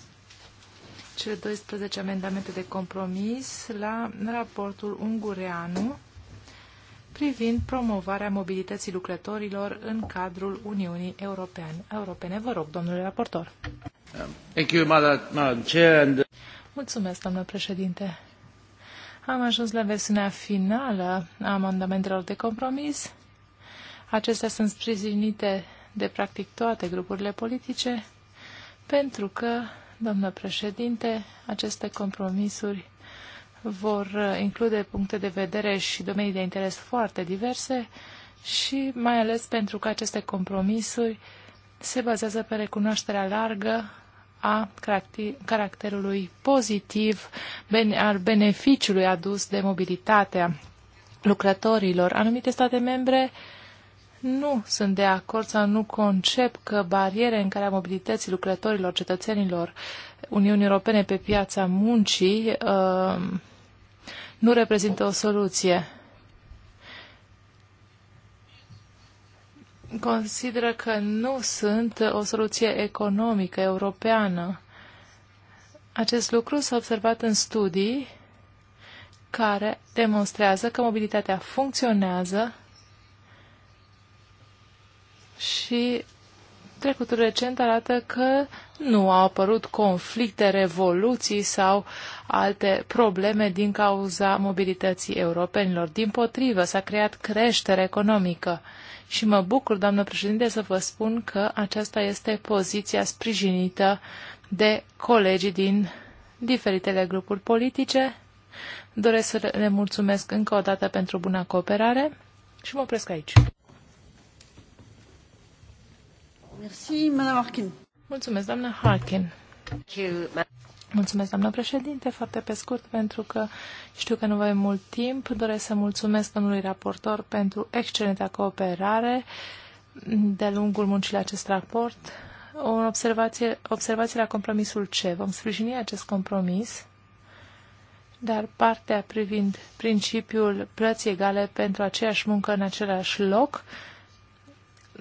A: cele 12 amendamente de compromis la raportul ungureanu privind promovarea mobilității lucrătorilor în cadrul Uniunii European. Europene. Vă rog, domnule raportor.
B: Thank you, Madam Chair.
A: Mulțumesc, doamnă președinte. Am ajuns la versiunea finală a amendamentelor de compromis. Acestea sunt sprijinite de practic toate grupurile politice, pentru că, doamnă președinte, aceste compromisuri vor include puncte de vedere și domenii de interes foarte diverse și mai ales pentru că aceste compromisuri se bazează pe recunoașterea largă a caracterului pozitiv al beneficiului adus de mobilitatea lucrătorilor. Anumite state membre nu sunt de acord sau nu concep că bariere în care a mobilității lucrătorilor, cetățenilor Uniunii Europene pe piața muncii uh, nu reprezintă o soluție. consideră că nu sunt o soluție economică europeană. Acest lucru s-a observat în studii care demonstrează că mobilitatea funcționează și trecutul recent arată că nu au apărut conflicte, revoluții sau alte probleme din cauza mobilității europenilor. Din potrivă, s-a creat creștere economică și mă bucur, doamnă președinte, să vă spun că aceasta este poziția sprijinită de colegii din diferitele grupuri politice. Doresc să le mulțumesc încă o dată pentru buna cooperare și mă opresc aici. Mulțumesc, doamnă Harkin. Mulțumesc, doamnă președinte, foarte pe scurt, pentru că știu că nu voi mult timp. Doresc să mulțumesc domnului raportor pentru excelenta cooperare de-a lungul muncii acest raport. O observație, observație la compromisul C. Vom sprijini acest compromis, dar partea privind principiul plății egale pentru aceeași muncă în același loc,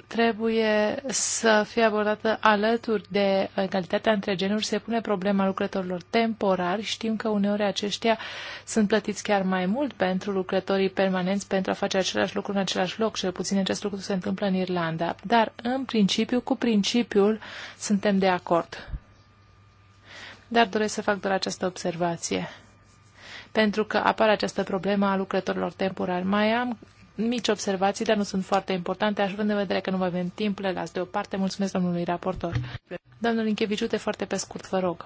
A: trebuie să fie abordată alături de egalitatea între genuri. Se pune problema lucrătorilor temporari. Știm că uneori aceștia sunt plătiți chiar mai mult pentru lucrătorii permanenți pentru a face același lucru în același loc. Cel puțin acest lucru se întâmplă în Irlanda. Dar, în principiu, cu principiul suntem de acord. Dar doresc să fac doar această observație pentru că apare această problemă a lucrătorilor temporari. Mai am mici observații, dar nu sunt foarte importante, având în vedere că nu mai avem timp, le las deoparte. Mulțumesc domnului raportor. Domnul Incheviciute, foarte pe scurt, vă rog.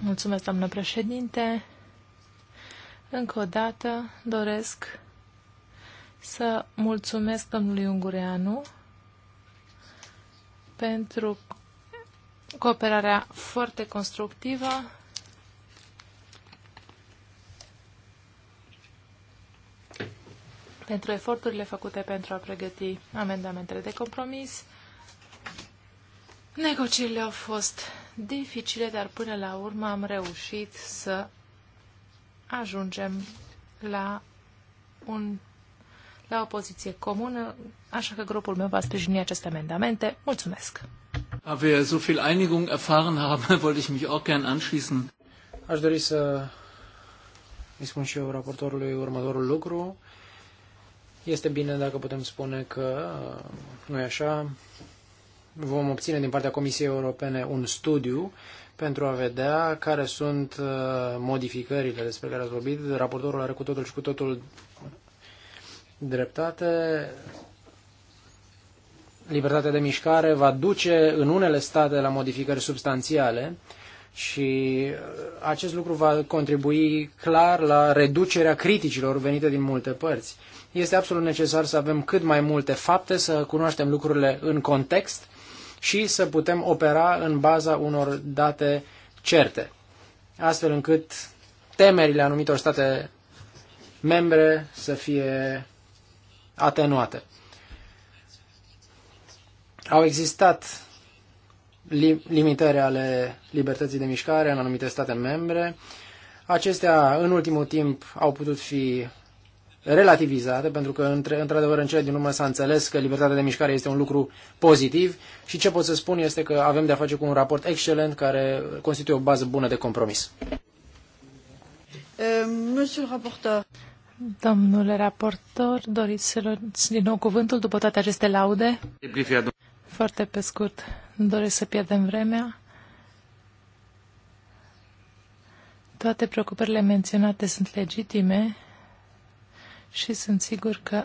A: Mulțumesc, doamnă președinte. Încă o dată doresc să mulțumesc domnului Ungureanu pentru cooperarea foarte constructivă pentru eforturile făcute pentru a pregăti amendamentele de compromis. Negocierile au fost dificile, dar până la urmă am reușit să ajungem la, un, la o poziție comună, așa că grupul meu va sprijini aceste amendamente. Mulțumesc! Da wir so viel Einigung erfahren haben, wollte ich mich auch gern anschließen.
B: Aș dori să îi spun și eu raportorului următorul lucru. Este bine dacă putem spune că, nu așa, vom obține din partea Comisiei Europene un studiu pentru a vedea care sunt uh, modificările despre care ați vorbit. Raportorul are cu totul și cu totul dreptate. Libertatea de mișcare va duce în unele state la modificări substanțiale și uh, acest lucru va contribui clar la reducerea criticilor venite din multe părți. Este absolut necesar să avem cât mai multe fapte, să cunoaștem lucrurile în context și să putem opera în baza unor date certe, astfel încât temerile anumitor state membre să fie atenuate. Au existat limitări ale libertății de mișcare în anumite state membre. Acestea, în ultimul timp, au putut fi relativizate, pentru că între, într-adevăr în cele din urmă s-a înțeles că libertatea de mișcare este un lucru pozitiv și ce pot să spun este că avem de-a face cu un raport excelent care constituie o bază bună de compromis.
A: Euh, monsieur raportor. Domnule raportor, doriți să luați din nou cuvântul după toate aceste laude? Foarte pe scurt, doresc să pierdem vremea. Toate preocupările menționate sunt legitime și sunt sigur că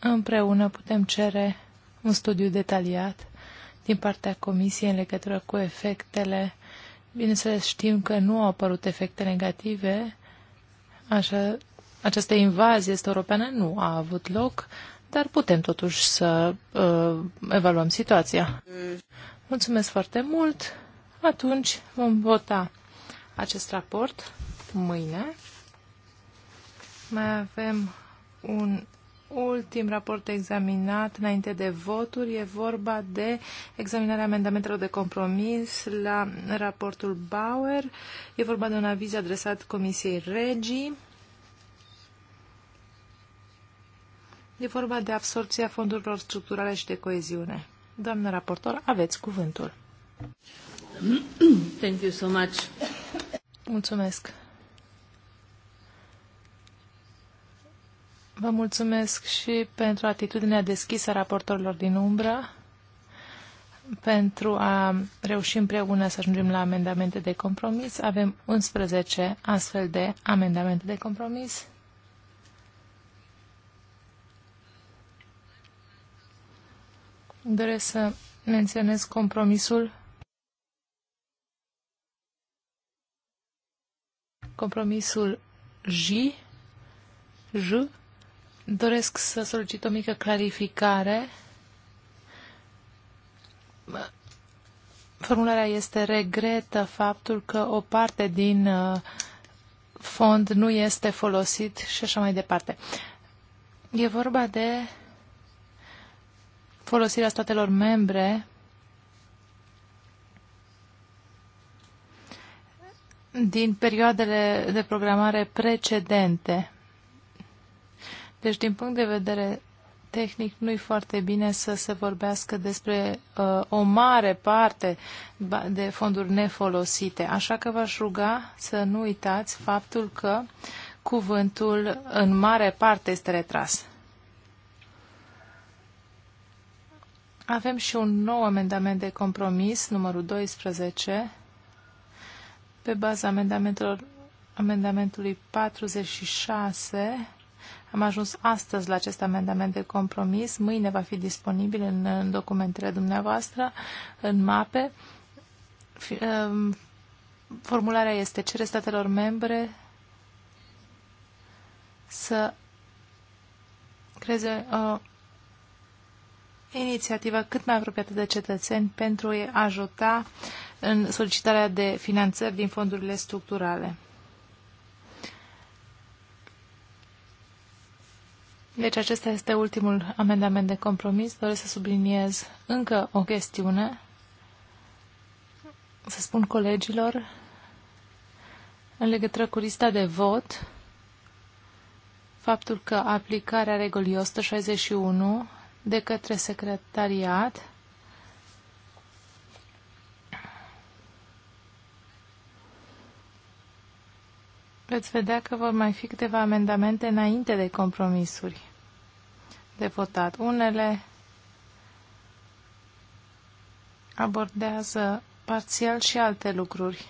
A: împreună putem cere un studiu detaliat din partea Comisiei în legătură cu efectele. Bineînțeles, știm că nu au apărut efecte negative, așa, această invazie este europeană nu a avut loc, dar putem totuși să uh, evaluăm situația. Mulțumesc foarte mult! Atunci vom vota acest raport mâine. Mai avem un ultim raport examinat înainte de voturi. E vorba de examinarea amendamentelor de compromis la raportul Bauer. E vorba de un aviz adresat Comisiei Regii. E vorba de absorpția fondurilor structurale și de coeziune. Doamnă raportor, aveți cuvântul. Thank you so much. Mulțumesc. Vă mulțumesc și pentru atitudinea deschisă a raportorilor din umbră, pentru a reuși împreună să ajungem la amendamente de compromis. Avem 11 astfel de amendamente de compromis. Doresc să menționez compromisul compromisul J, J Doresc să solicit o mică clarificare. Formularea este regretă faptul că o parte din uh, fond nu este folosit și așa mai departe. E vorba de folosirea statelor membre din perioadele de programare precedente. Deci, din punct de vedere tehnic, nu-i foarte bine să se vorbească despre uh, o mare parte de fonduri nefolosite. Așa că v-aș ruga să nu uitați faptul că cuvântul în mare parte este retras. Avem și un nou amendament de compromis, numărul 12, pe baza amendamentelor amendamentului 46 am ajuns astăzi la acest amendament de compromis. Mâine va fi disponibil în, în documentele dumneavoastră, în mape. Um, formularea este cere statelor membre să creeze o inițiativă cât mai apropiată de cetățeni pentru a ajuta în solicitarea de finanțări din fondurile structurale. Deci acesta este ultimul amendament de compromis. Doresc să subliniez încă o chestiune. Să spun colegilor, în legătură cu lista de vot, faptul că aplicarea regulii 161 de către secretariat veți vedea că vor mai fi câteva amendamente înainte de compromisuri de votat. Unele abordează parțial și alte lucruri.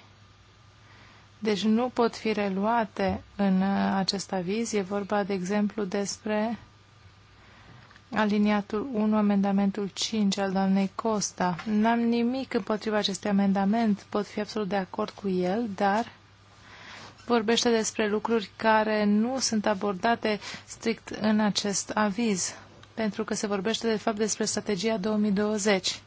A: Deci nu pot fi reluate în uh, acest aviz. E vorba, de exemplu, despre aliniatul 1, amendamentul 5 al doamnei Costa. N-am nimic împotriva acestui amendament, pot fi absolut de acord cu el, dar vorbește despre lucruri care nu sunt abordate strict în acest aviz, pentru că se vorbește de fapt despre strategia 2020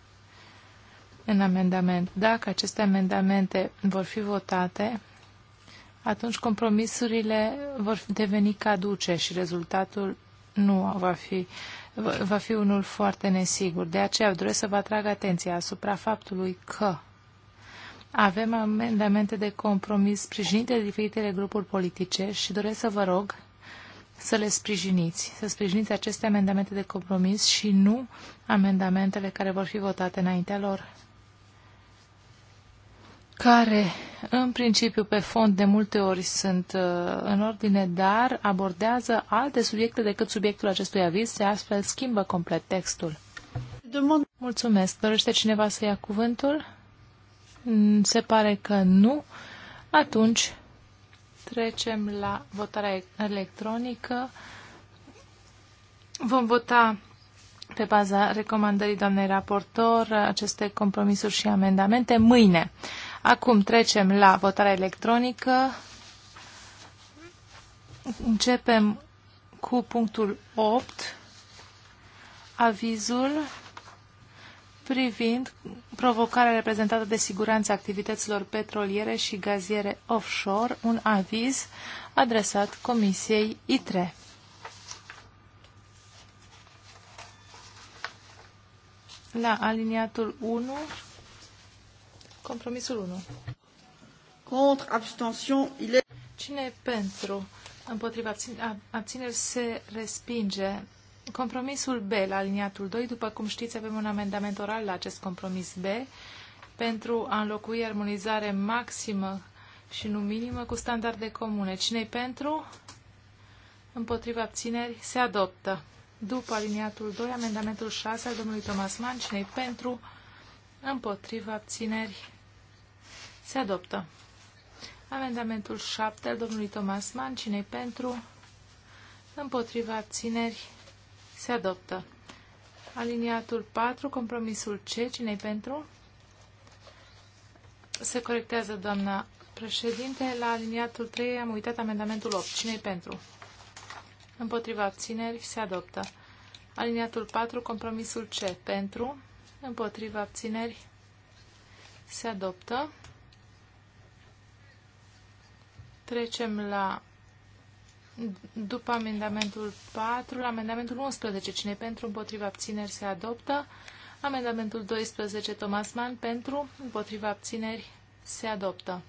A: în amendament. Dacă aceste amendamente vor fi votate, atunci compromisurile vor deveni caduce și rezultatul nu va fi, va fi unul foarte nesigur. De aceea doresc să vă atrag atenția asupra faptului că avem amendamente de compromis sprijinite de diferitele grupuri politice și doresc să vă rog să le sprijiniți, să sprijiniți aceste amendamente de compromis și nu amendamentele care vor fi votate înaintea lor, care, în principiu, pe fond, de multe ori sunt uh, în ordine, dar abordează alte subiecte decât subiectul acestui aviz, se astfel schimbă complet textul. Mulțumesc. Dorește cineva să ia cuvântul? Mm, se pare că nu. Atunci trecem la votarea electronică. Vom vota pe baza recomandării doamnei raportor aceste compromisuri și amendamente mâine. Acum trecem la votarea electronică. Începem cu punctul 8, avizul privind provocarea reprezentată de siguranța activităților petroliere și gaziere offshore, un aviz adresat Comisiei ITRE. La aliniatul 1, compromisul 1. Contre, abstention, il est... Cine pentru? Împotriva abțineri se respinge. Compromisul B la aliniatul 2, după cum știți, avem un amendament oral la acest compromis B pentru a înlocui armonizare maximă și nu minimă cu standarde comune. Cine-i pentru? Împotriva abțineri se adoptă. După aliniatul 2, amendamentul 6 al domnului Thomas Mann, cine pentru? Împotriva abțineri se adoptă. Amendamentul 7 al domnului Thomas Mann, cine pentru? Împotriva abțineri se adoptă. Aliniatul 4, compromisul C, cine pentru? Se corectează, doamna președinte. La aliniatul 3 am uitat amendamentul 8. cine pentru? Împotriva abțineri, se adoptă. Aliniatul 4, compromisul C, pentru? Împotriva abțineri, se adoptă. Trecem la după amendamentul 4, amendamentul 11, cine pentru, împotriva abțineri se adoptă. Amendamentul 12, Thomas Mann, pentru, împotriva abțineri se adoptă.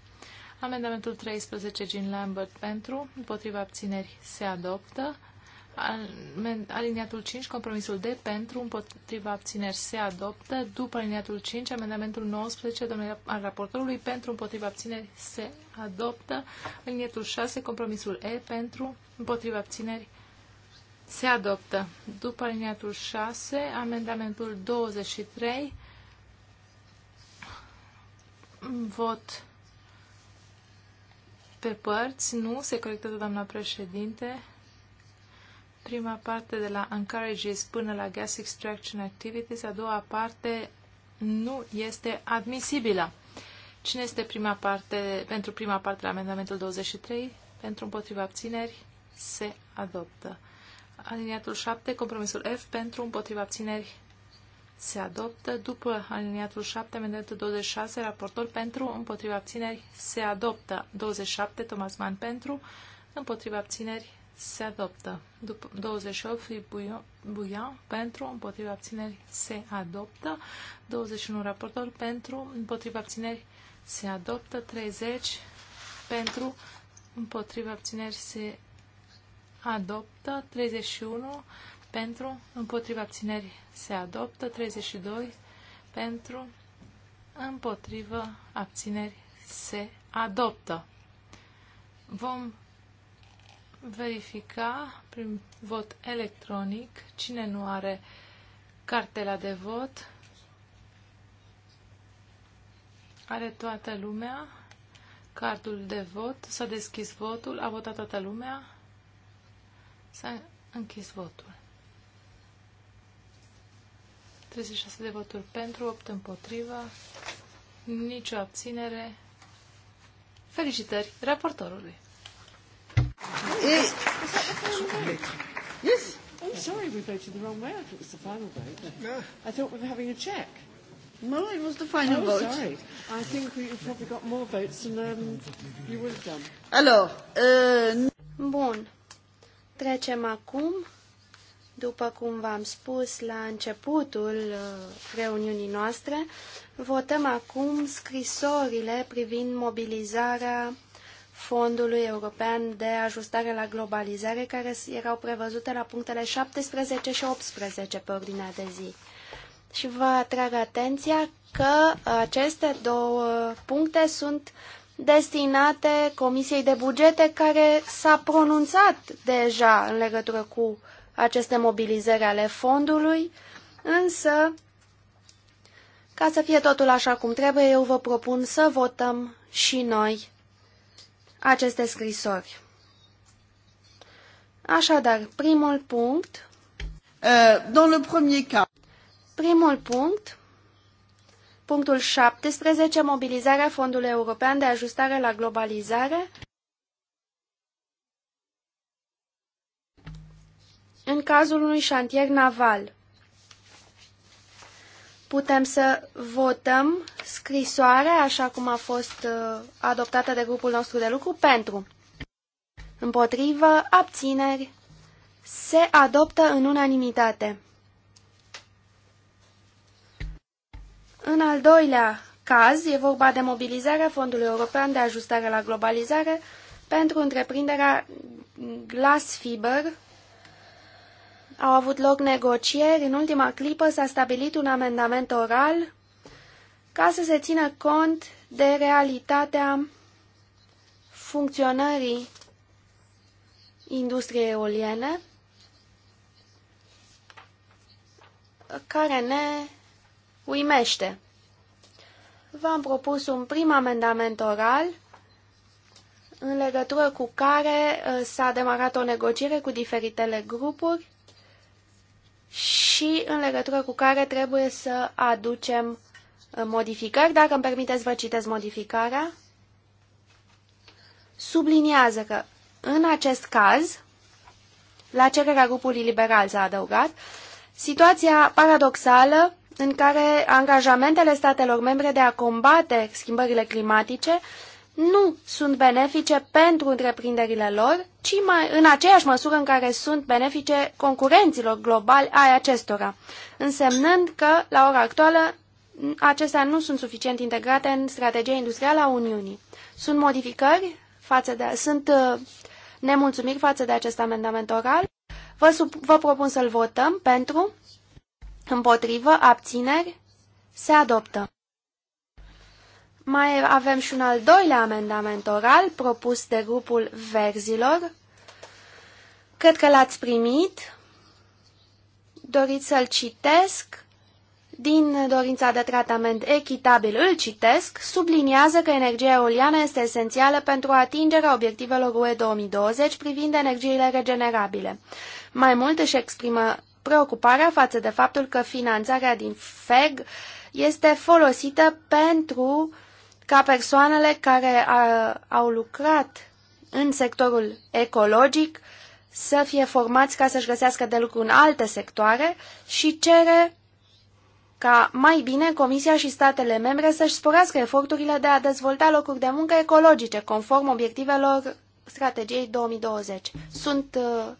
A: Amendamentul 13, Jean Lambert, pentru, împotriva abțineri se adoptă. Aliniatul 5, compromisul de pentru, împotriva abțineri se adoptă. După aliniatul 5, amendamentul 19, domnule al raportorului, pentru, împotriva abțineri se adoptă. Aliniatul 6, compromisul E, pentru, împotriva abțineri se adoptă. După aliniatul 6, amendamentul 23, vot pe părți, nu, se corectează doamna președinte. Prima parte de la encourages până la gas extraction activities, a doua parte nu este admisibilă. Cine este prima parte, pentru prima parte la amendamentul 23? Pentru împotriva abțineri se adoptă. Aliniatul 7, compromisul F pentru împotriva abțineri se adoptă. După aliniatul 7, amendamentul 26, raportor pentru împotriva abțineri se adoptă. 27, Thomas Mann pentru împotriva abțineri se adoptă. După 28 buia, buia pentru, împotriva abțineri se adoptă. 21 raportor pentru, împotriva abțineri se adoptă. 30 pentru, împotriva abțineri se adoptă. 31 pentru, împotriva abțineri se adoptă. 32 pentru, împotriva abțineri se adoptă. Vom verifica prin vot electronic cine nu are cartela de vot. Are toată lumea cardul de vot. S-a deschis votul. A votat toată lumea. S-a închis votul. 36 de voturi pentru, 8 împotriva, nicio abținere. Felicitări raportorului! Is Yes. I'm sorry we voted the wrong way. I thought it was the final vote. No.
C: I thought we were having a check. No, it was the final oh, vote. sorry. I think we probably got more votes than um, you would have done. Alors, uh... Bun. Trecem acum, după cum v-am spus la începutul uh, reuniunii noastre, votăm acum scrisorile privind mobilizarea Fondului European de Ajustare la Globalizare, care erau prevăzute la punctele 17 și 18 pe ordinea de zi. Și vă atrag atenția că aceste două puncte sunt destinate Comisiei de Bugete, care s-a pronunțat deja în legătură cu aceste mobilizări ale fondului, însă, ca să fie totul așa cum trebuie, eu vă propun să votăm și noi aceste scrisori. Așadar, primul punct. Uh, dans le premier cas. Primul punct. Punctul 17. Mobilizarea Fondului European de Ajustare la Globalizare. În cazul unui șantier naval putem să votăm scrisoarea așa cum a fost uh, adoptată de grupul nostru de lucru pentru. Împotrivă, abțineri, se adoptă în unanimitate. În al doilea caz, e vorba de mobilizarea Fondului European de Ajustare la Globalizare pentru întreprinderea Glass Fiber au avut loc negocieri, în ultima clipă s-a stabilit un amendament oral ca să se țină cont de realitatea funcționării industriei eoliene care ne uimește. V-am propus un prim amendament oral în legătură cu care uh, s-a demarat o negociere cu diferitele grupuri și în legătură cu care trebuie să aducem uh, modificări. Dacă îmi permiteți, vă citesc modificarea. Subliniază că în acest caz, la cererea grupului liberal s-a adăugat, situația paradoxală în care angajamentele statelor membre de a combate schimbările climatice nu sunt benefice pentru întreprinderile lor, ci mai, în aceeași măsură în care sunt benefice concurenților globali ai acestora, însemnând că, la ora actuală, acestea nu sunt suficient integrate în strategia industrială a Uniunii. Sunt modificări față de... sunt uh, nemulțumiri față de acest amendament oral. Vă, sub, vă propun să-l votăm pentru, împotrivă, abțineri, se adoptă. Mai avem și un al doilea amendament oral propus de grupul Verzilor. Cred că l-ați primit. Doriți să-l citesc? Din dorința de tratament echitabil îl citesc, subliniază că energia eoliană este esențială pentru atingerea obiectivelor UE 2020 privind energiile regenerabile. Mai mult își exprimă preocuparea față de faptul că finanțarea din FEG este folosită pentru uh, ca persoanele care a, au lucrat în sectorul ecologic să fie formați ca să-și găsească de lucru în alte sectoare și cere ca mai bine Comisia și statele membre să-și sporească eforturile de a dezvolta locuri de muncă ecologice, conform obiectivelor strategiei 2020. Sunt... Uh,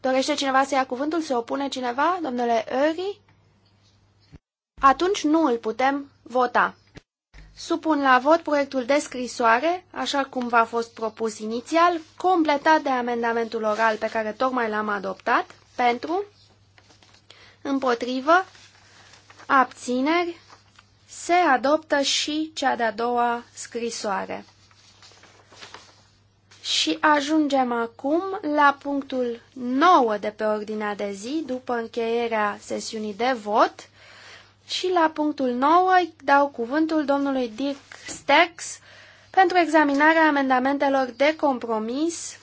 C: dorește cineva să ia cuvântul? Se opune cineva? Domnule Eri? Atunci nu îl putem vota. Supun la vot proiectul de scrisoare, așa cum v-a fost propus inițial, completat de amendamentul oral pe care tocmai l-am adoptat, pentru, împotrivă, abțineri, se adoptă și cea de-a doua scrisoare. Și ajungem acum la punctul 9 de pe ordinea de zi, după încheierea sesiunii de vot, și la punctul 9 dau cuvântul domnului Dick Stex pentru examinarea amendamentelor de compromis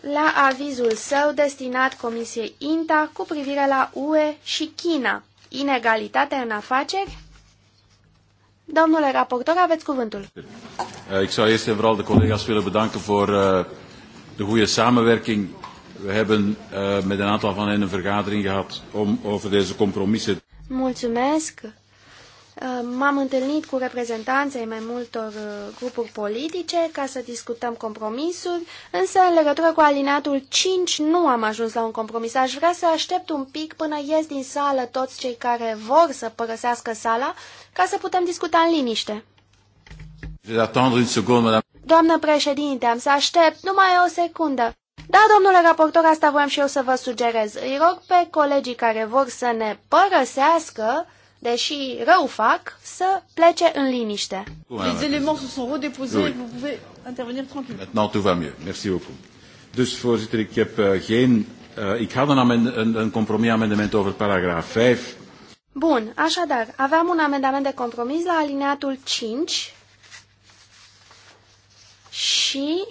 C: la avizul său destinat Comisiei INTA cu privire la UE și China. Inegalitate în afaceri? Domnule raportor, aveți cuvântul.
A: Eh, ik zou eerst en vooral de collega's willen bedanken voor eh, de goede samenwerking. We hebben eh, met een aantal van hen een vergadering gehad om over deze compromissen
C: Mulțumesc! Uh, m-am întâlnit cu reprezentanții mai multor uh, grupuri politice ca să discutăm compromisuri, însă în legătură cu alineatul 5 nu am ajuns la un compromis. Aș vrea să aștept un pic până ies din sală toți cei care vor să părăsească sala ca să putem discuta în liniște. Doamnă președinte, am să aștept numai o secundă. Da, domnule raportor, asta voiam și eu să vă sugerez. Îi rog pe colegii care vor să ne părăsească, deși rău fac, să plece în liniște. Les éléments se
A: sont redéposés, oui. vous pouvez intervenir tranquille. Maintenant tout va mieux. Merci beaucoup. Dus voorzitter, ik heb uh, geen uh, ik had een, een, een compromisamendement over paragraaf 5.
C: Bun, așadar, aveam un amendament de compromis la alineatul 5 și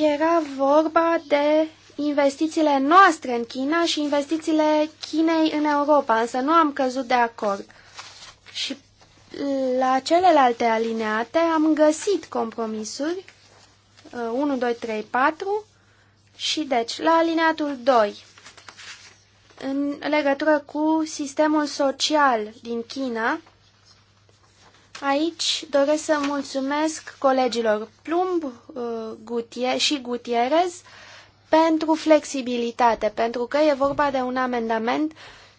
C: Era vorba de investițiile noastre în China și investițiile Chinei în Europa, însă nu am căzut de acord. Și la celelalte alineate am găsit compromisuri 1, 2, 3, 4 și deci la alineatul 2 în legătură cu sistemul social din China Aici doresc să mulțumesc colegilor Plumb uh, Gutier și Gutierrez pentru flexibilitate, pentru că e vorba de un amendament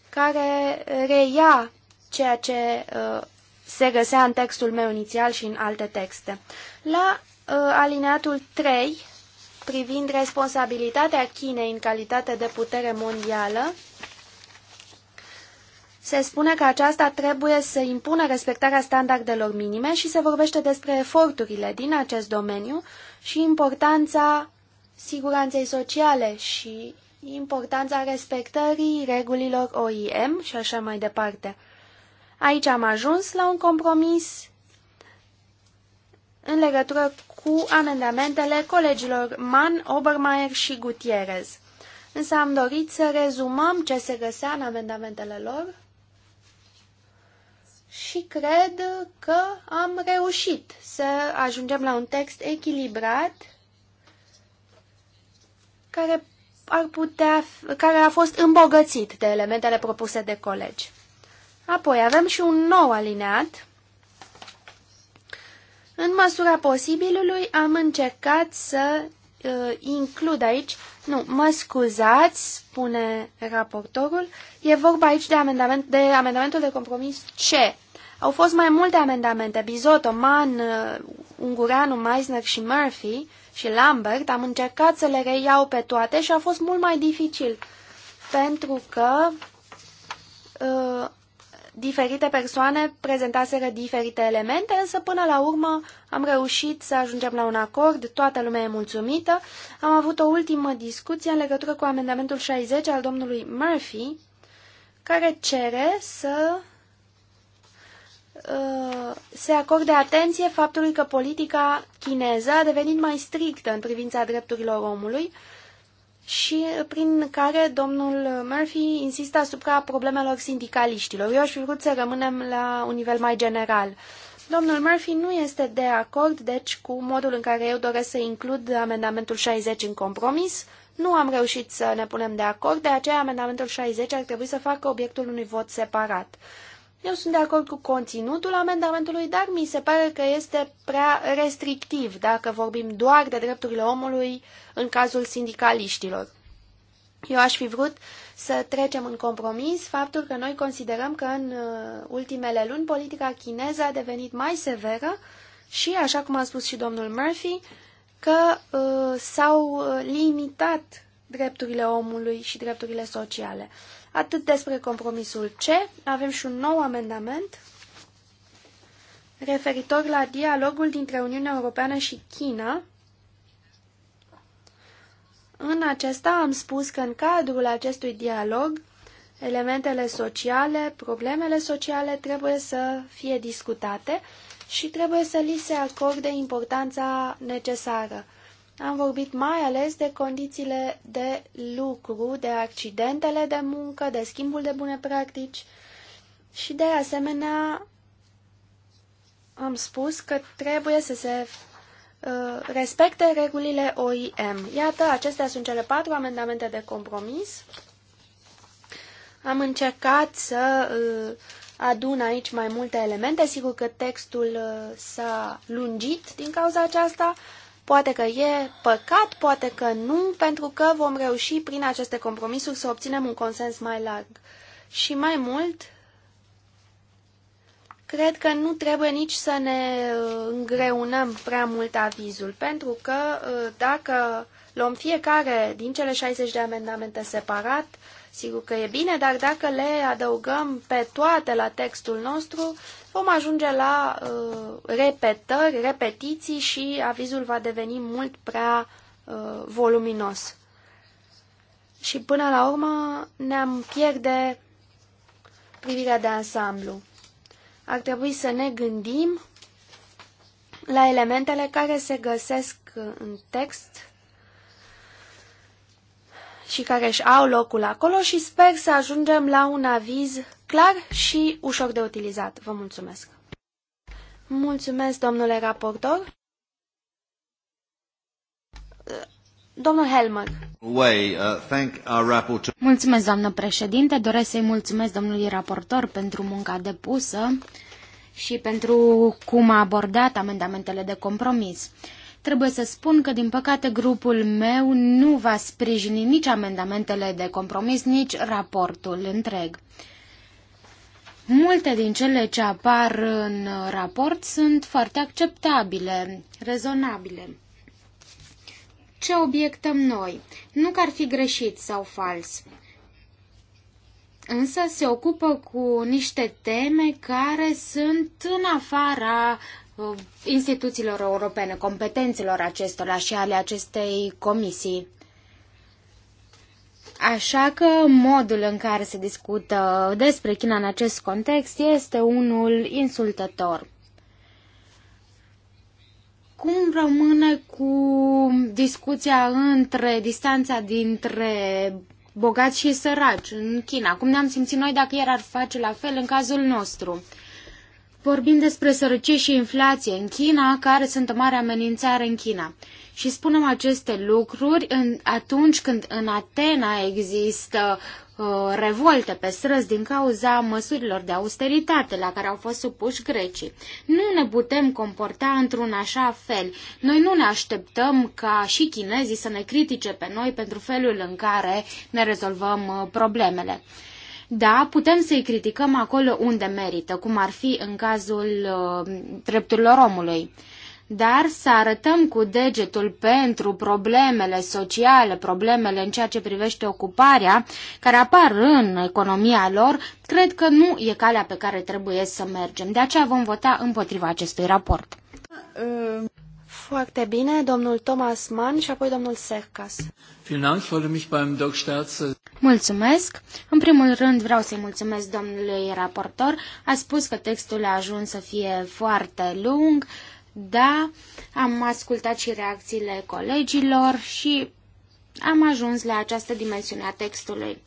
C: care reia ceea ce uh, se găsea în textul meu inițial și în alte texte. La uh, alineatul 3, privind responsabilitatea Chinei în calitate de putere mondială, se spune că aceasta trebuie să impună respectarea standardelor minime și se vorbește despre eforturile din acest domeniu și importanța siguranței sociale și importanța respectării regulilor OIM și așa mai departe. Aici am ajuns la un compromis în legătură cu amendamentele colegilor Mann, Obermeier și Gutierrez. Însă am dorit să rezumăm ce se găsea în amendamentele lor și cred că am reușit să ajungem la un text echilibrat care ar putea, care a fost îmbogățit de elementele propuse de colegi. Apoi avem și un nou alineat. În măsura posibilului am încercat să uh, includ aici. Nu, mă scuzați, spune raportorul. E vorba aici de, amendament, de amendamentul de compromis C. Au fost mai multe amendamente. Bizotto, Mann, uh, Ungureanu, Meisner și Murphy și Lambert. Am încercat să le reiau pe toate și a fost mult mai dificil. Pentru că uh, diferite persoane prezentaseră diferite elemente, însă până la urmă am reușit să ajungem la un acord, toată lumea e mulțumită. Am avut o ultimă discuție în legătură cu amendamentul 60 al domnului Murphy, care cere să uh, se acorde atenție faptului că politica chineză a devenit mai strictă în privința drepturilor omului și eh, prin care domnul Murphy insistă asupra problemelor sindicaliștilor. Eu aș fi vrut să rămânem la un nivel mai general. Domnul Murphy nu este de acord, deci, cu modul în care eu doresc să includ amendamentul 60 în compromis. Nu am reușit să ne punem de acord, de aceea amendamentul 60 ar trebui să facă obiectul unui vot separat. Eu sunt de acord cu conținutul amendamentului, dar mi se pare că este prea restrictiv dacă vorbim doar de drepturile omului în cazul sindicaliștilor. Eu aș fi vrut să trecem în compromis faptul că noi considerăm că în uh, ultimele luni politica chineză a devenit mai severă și, așa cum a spus și domnul Murphy, că uh, s-au uh, limitat drepturile omului și drepturile sociale. Uh, Atât despre compromisul C, avem și un nou amendament referitor la dialogul dintre Uniunea Europeană și China. În acesta am spus că în cadrul acestui dialog, elementele sociale, problemele sociale trebuie să fie discutate și trebuie să li se acorde importanța necesară. Am vorbit mai ales de condițiile de lucru, de accidentele de muncă, de schimbul de bune practici și de asemenea am spus că trebuie să se uh, respecte regulile OIM. Iată, acestea sunt cele patru amendamente de compromis. Am încercat să uh, adun aici mai multe elemente. Sigur că textul uh, s-a lungit din cauza aceasta, Poate că e păcat, poate că nu, pentru că vom reuși prin aceste compromisuri să obținem un consens mai larg. Și mai mult, cred că nu trebuie nici să ne uh, îngreunăm prea mult avizul, pentru că uh, dacă luăm fiecare din cele 60 de amendamente separat, Sigur că e bine, dar dacă le adăugăm pe toate la textul nostru, vom ajunge la uh, repetări, repetiții și avizul va deveni mult prea uh, voluminos. Și până la urmă ne-am pierde privirea de ansamblu. Ar trebui să ne gândim la elementele care se găsesc în text și care își au locul acolo și sper să ajungem la un aviz clar și ușor de utilizat. Vă mulțumesc! Mulțumesc, domnule raportor! Domnul Helmer.
A: Uh,
D: mulțumesc, doamnă președinte. Doresc să-i mulțumesc domnului raportor pentru munca depusă și pentru cum a abordat amendamentele de compromis. Trebuie să spun că, din păcate, grupul meu nu va sprijini nici amendamentele de compromis, nici raportul întreg. Multe din cele ce apar în raport sunt foarte acceptabile, rezonabile. Ce obiectăm noi? Nu că ar fi greșit sau fals. Însă se ocupă cu niște teme care sunt în afara Uh, instituțiilor europene, competențelor acestora și ale acestei comisii. Așa că modul în care se discută despre China în acest context este unul insultător. Cum rămâne cu discuția între distanța dintre bogați și săraci în China? Cum ne-am simțit noi dacă iar ar face la fel în cazul nostru? Vorbim despre sărăcie și inflație în China, care sunt o mare amenințare în China. Și spunem aceste lucruri în, atunci când în Atena există uh, revolte pe străzi din cauza măsurilor de austeritate la care au fost supuși grecii. Nu ne putem comporta într-un așa fel. Noi nu ne așteptăm ca și chinezii să ne critique pe noi pentru felul în care ne rezolvăm uh, problemele. Da, putem să-i criticăm acolo unde merită, cum ar fi în cazul uh, drepturilor omului dar să arătăm cu degetul pentru problemele sociale, problemele în ceea ce privește ocuparea, care apar în economia lor, cred că nu e calea pe care trebuie să mergem. De aceea
C: vom vota împotriva acestui raport. Uh, foarte bine, domnul Thomas Mann și apoi domnul Sercas. Mulțumesc.
D: În primul rând vreau să-i mulțumesc domnului raportor. A spus că textul a ajuns să fie foarte lung. Da, am ascultat și reacțiile colegilor și am ajuns la această dimensiune a textului.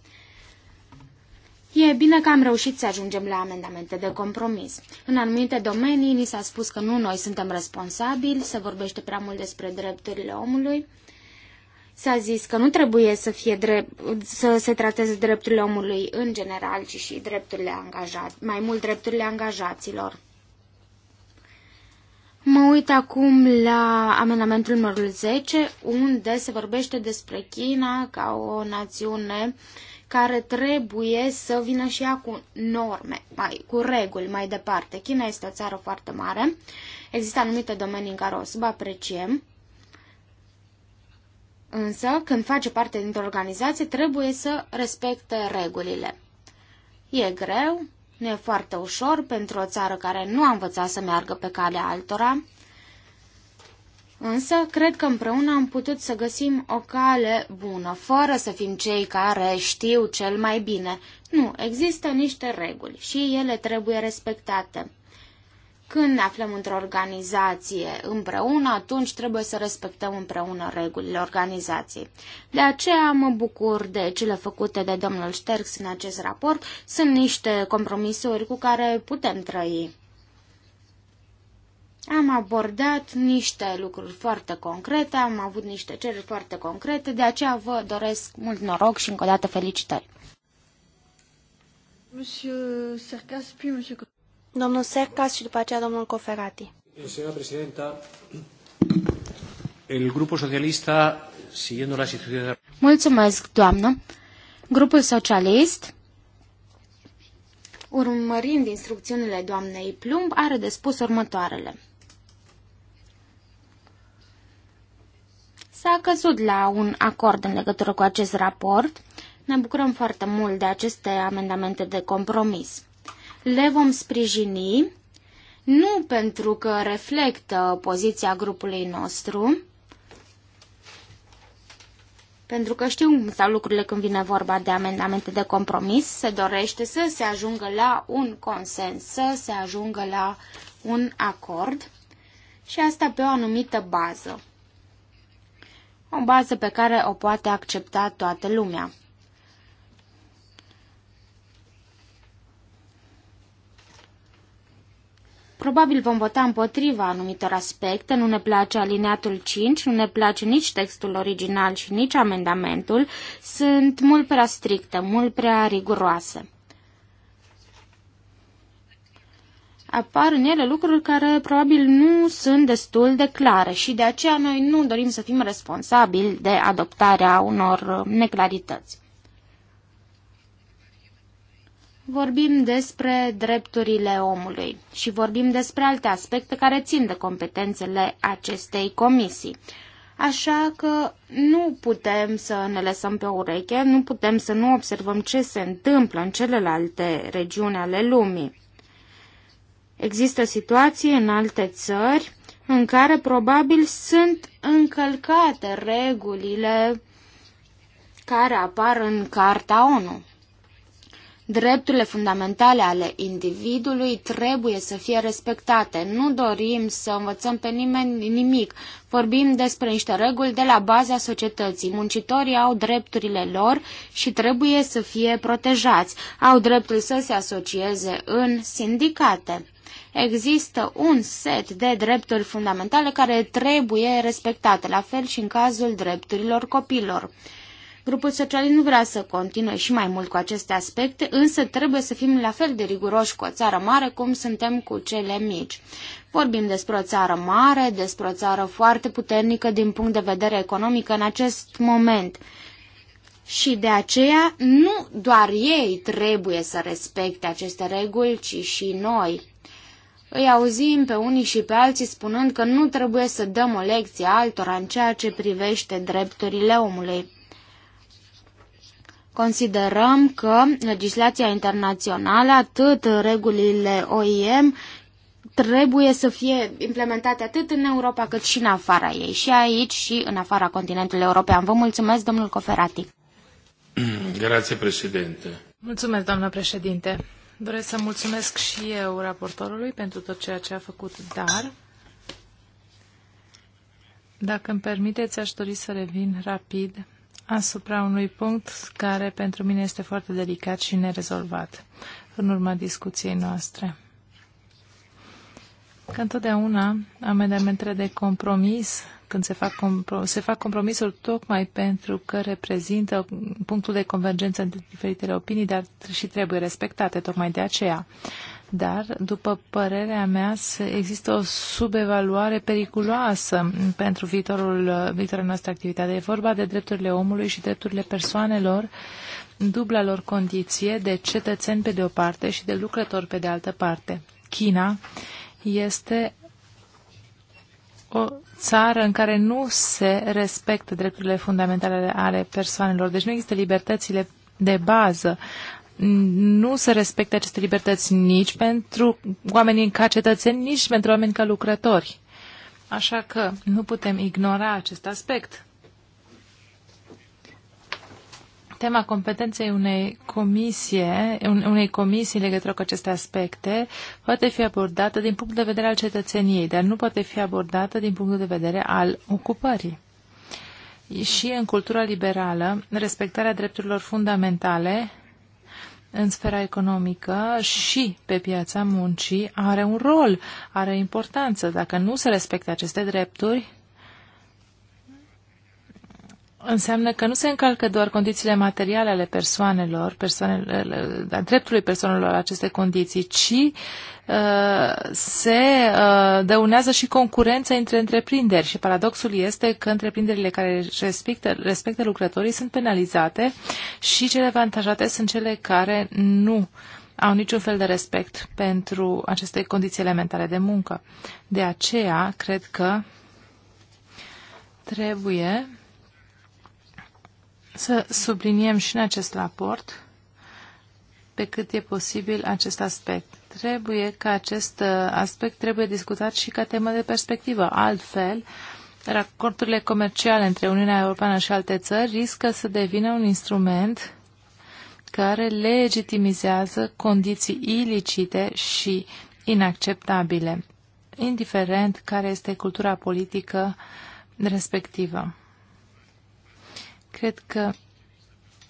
D: E bine că am reușit să ajungem la amendamente de compromis. În anumite domenii ni s-a spus că nu noi suntem responsabili, se vorbește prea mult despre drepturile omului. S-a zis că nu trebuie să, fie drept, să se trateze drepturile omului în general, ci și drepturile angajat, mai mult drepturile angajaților. Mă uit acum la amendamentul numărul 10, unde se vorbește despre China ca o națiune uh, care trebuie să vină și ea cu norme, mai, cu reguli mai departe. China este o țară foarte mare, există anumite domenii în care o subapreciem, însă când face parte dintr-o organizație trebuie să respecte regulile. E greu, nu e foarte ușor pentru o țară care nu a învățat să meargă pe calea altora, Însă, cred că împreună am putut să găsim o cale bună, fără să fim cei care știu cel mai bine. Nu, există niște reguli și ele trebuie respectate. Când ne aflăm într-o organizație împreună, atunci trebuie să respectăm împreună regulile organizației. De aceea mă bucur de cele făcute de domnul Șterx în acest raport. Sunt niște compromisuri cu care putem trăi. Am abordat niște lucruri foarte concrete, am avut niște cereri foarte concrete, de aceea vă doresc mult noroc și încă o dată felicitări.
C: Domnul Sercas și după aceea domnul Coferati.
B: el grupo socialista, siguiendo las instituciones...
D: Mulțumesc, doamnă. Grupul socialist, urmărind instrucțiunile doamnei Plumb, are de spus următoarele. S-a căzut la un acord în legătură cu acest raport. Ne bucurăm foarte mult de aceste amendamente de compromis. Le vom sprijini nu pentru că reflectă poziția grupului nostru, pentru că știu cum stau lucrurile când vine vorba de amendamente de compromis, se dorește să se ajungă la un consens, să se ajungă la un acord și asta pe o anumită bază o bază pe care o poate accepta toată lumea. Probabil vom vota împotriva anumitor aspecte, nu ne place alineatul 5, nu ne place nici textul original și nici amendamentul, sunt mult prea stricte, mult prea riguroase. apar în ele lucruri care probabil nu sunt destul de clare și de aceea noi nu dorim să fim responsabili de adoptarea unor neclarități. Vorbim despre drepturile omului și vorbim despre alte aspecte care țin de competențele acestei comisii. Așa că nu putem să ne lăsăm pe ureche, nu putem să nu observăm ce se întâmplă în celelalte regiuni ale lumii. Există situații în alte țări în care probabil sunt încălcate regulile care apar în Carta ONU. Drepturile fundamentale ale individului trebuie să fie respectate. Nu dorim să învățăm pe nimeni nimic. Vorbim despre niște reguli de la baza societății. Muncitorii au drepturile lor și trebuie să fie protejați. Au dreptul să se asocieze în sindicate. Există un set de drepturi fundamentale care trebuie respectate, la fel și în cazul drepturilor copilor. Grupul socialist nu vrea să continue și mai mult cu aceste aspecte, însă trebuie să fim la fel de riguroși cu o țară mare cum suntem cu cele mici. Vorbim despre o țară mare, despre o țară foarte puternică din punct de vedere economic în acest moment. Și de aceea nu doar ei trebuie să respecte aceste reguli, ci și noi. Îi auzim pe unii și pe alții spunând că nu trebuie să dăm o lecție altora în ceea ce privește drepturile omului. Considerăm că legislația internațională, atât regulile OIM, trebuie să fie implementate atât în Europa cât și în afara ei, și aici și în afara continentului european. Vă mulțumesc, domnul Coferati.
A: Grație, președinte. Mulțumesc, doamnă președinte. Doresc să mulțumesc și eu raportorului pentru tot ceea ce a făcut, dar dacă îmi permiteți, aș dori să revin rapid asupra unui punct care pentru mine este foarte delicat și nerezolvat în urma discuției noastre. Că întotdeauna amendamentele de compromis când se fac, se fac compromisuri tocmai pentru că reprezintă punctul de convergență între diferitele opinii, dar și trebuie respectate tocmai de aceea. Dar, după părerea mea, există o subevaluare periculoasă pentru viitorul, viitorul noastră activitate. E vorba de drepturile omului și drepturile persoanelor dubla lor condiție de cetățeni pe de o parte și de lucrători pe de altă parte. China este o țară în care nu se respectă drepturile fundamentale ale persoanelor. Deci nu există libertățile de bază. Nu se respectă aceste libertăți nici pentru oamenii ca cetățeni, nici pentru oameni ca lucrători. Așa că nu putem ignora acest aspect. tema competenței unei, comisie, unei comisii în legătură cu aceste aspecte poate fi abordată din punct de vedere al cetățeniei, dar nu poate fi abordată din punct de vedere al ocupării. Și în cultura liberală, respectarea drepturilor fundamentale în sfera economică și pe piața muncii are un rol, are importanță. Dacă nu se respectă aceste drepturi, înseamnă că nu se încalcă doar condițiile materiale ale persoanelor, persoanelor dreptului persoanelor aceste condiții, ci uh, se uh, dăunează și concurența între întreprinderi și paradoxul este că întreprinderile care respectă, respectă lucrătorii sunt penalizate și cele avantajate sunt cele care nu au niciun fel de respect pentru aceste condiții elementare de muncă. De aceea, cred că trebuie să subliniem și în acest raport pe cât e posibil acest aspect. Trebuie că acest uh, aspect trebuie discutat și ca temă de perspectivă. Altfel, racordurile comerciale între Uniunea Europeană și alte țări riscă să devină un instrument care legitimizează condiții ilicite și inacceptabile, indiferent care este cultura politică respectivă. Cred că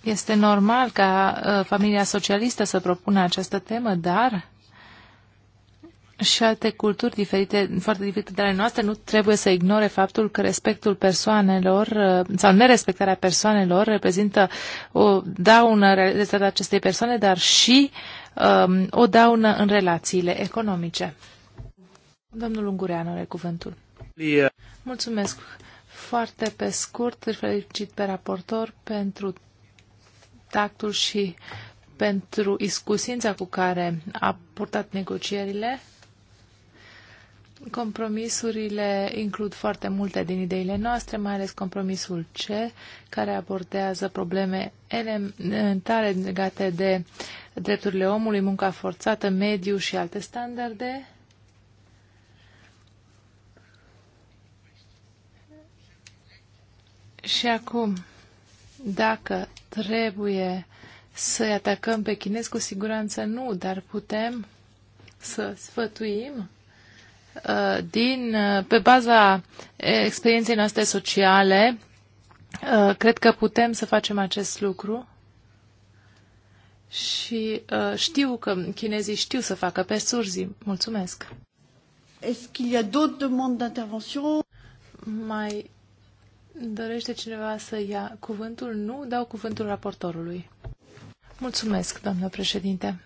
A: este normal ca uh, familia socialistă să propună această temă, dar și alte culturi diferite, foarte diferite de ale noastre nu trebuie să ignore faptul că respectul persoanelor uh, sau nerespectarea persoanelor reprezintă o daună realizată acestei persoane, dar și um, o daună în relațiile economice. Domnul Ungureanu are cuvântul. Mulțumesc. Foarte pe scurt, îl felicit pe raportor pentru tactul și pentru iscusința cu care a purtat negocierile. Compromisurile includ foarte multe din ideile noastre, mai ales compromisul C, care abordează probleme elementare legate de drepturile omului, munca forțată, mediu și alte standarde. Și acum, dacă trebuie să-i atacăm pe chinez, cu siguranță nu, dar putem să sfătuim uh, din, uh, pe baza eh, experienței noastre sociale, uh, cred că putem să facem acest lucru. Și știu că chinezii știu să facă pe surzi. Mulțumesc. Est-ce qu'il y a d'autres demandes d'intervention? Mai Dorește cineva să ia cuvântul? Nu, dau cuvântul raportorului. Mulțumesc, doamnă președinte.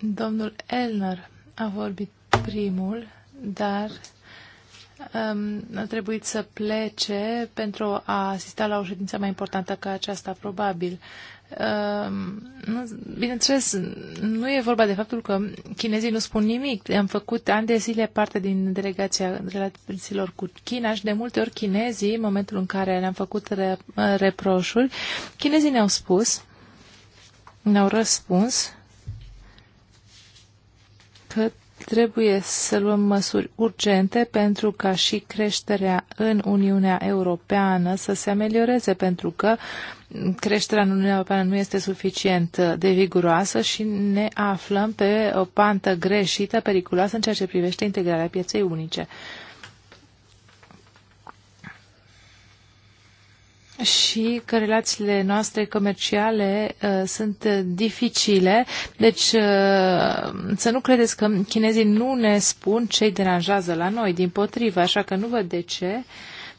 A: Domnul Elner a vorbit primul, dar um, a trebuit să plece pentru a asista la o ședință mai importantă ca aceasta, probabil. Ehm, bineînțeles, nu e vorba de faptul că chinezii nu spun nimic. Am făcut ani de zile parte din delegația relațiilor cu China și de multe ori chinezii, în momentul în care ne am făcut re- reproșuri, chinezii ne-au spus, ne-au răspuns că Trebuie să luăm măsuri urgente pentru ca și creșterea în Uniunea Europeană să se amelioreze, pentru că creșterea în Uniunea Europeană nu este suficient de viguroasă și ne aflăm pe o pantă greșită, periculoasă în ceea ce privește integrarea pieței unice. și că relațiile noastre comerciale uh, sunt dificile. Deci uh, să nu credeți că chinezii nu ne spun ce îi deranjează la noi, din potrivă, așa că nu văd de ce.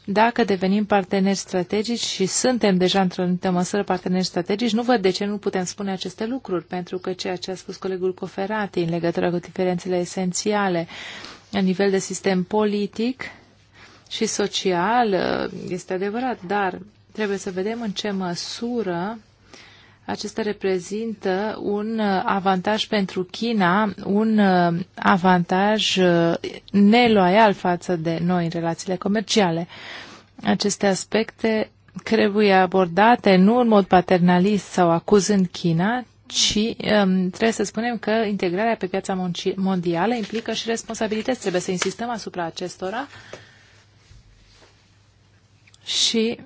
A: Dacă devenim parteneri strategici și suntem deja într-o anumită măsură parteneri strategici, nu văd de ce nu putem spune aceste lucruri, pentru că ceea ce a spus colegul Coferati în legătură cu diferențele esențiale la nivel de sistem politic și social uh, este adevărat, dar Trebuie să vedem în ce măsură acesta reprezintă un avantaj pentru China, un avantaj neloial față de noi în relațiile comerciale. Aceste aspecte trebuie abordate nu în mod paternalist sau acuzând China, ci um, trebuie să spunem că integrarea pe piața mondială implică și responsabilități. Trebuie să insistăm asupra acestora și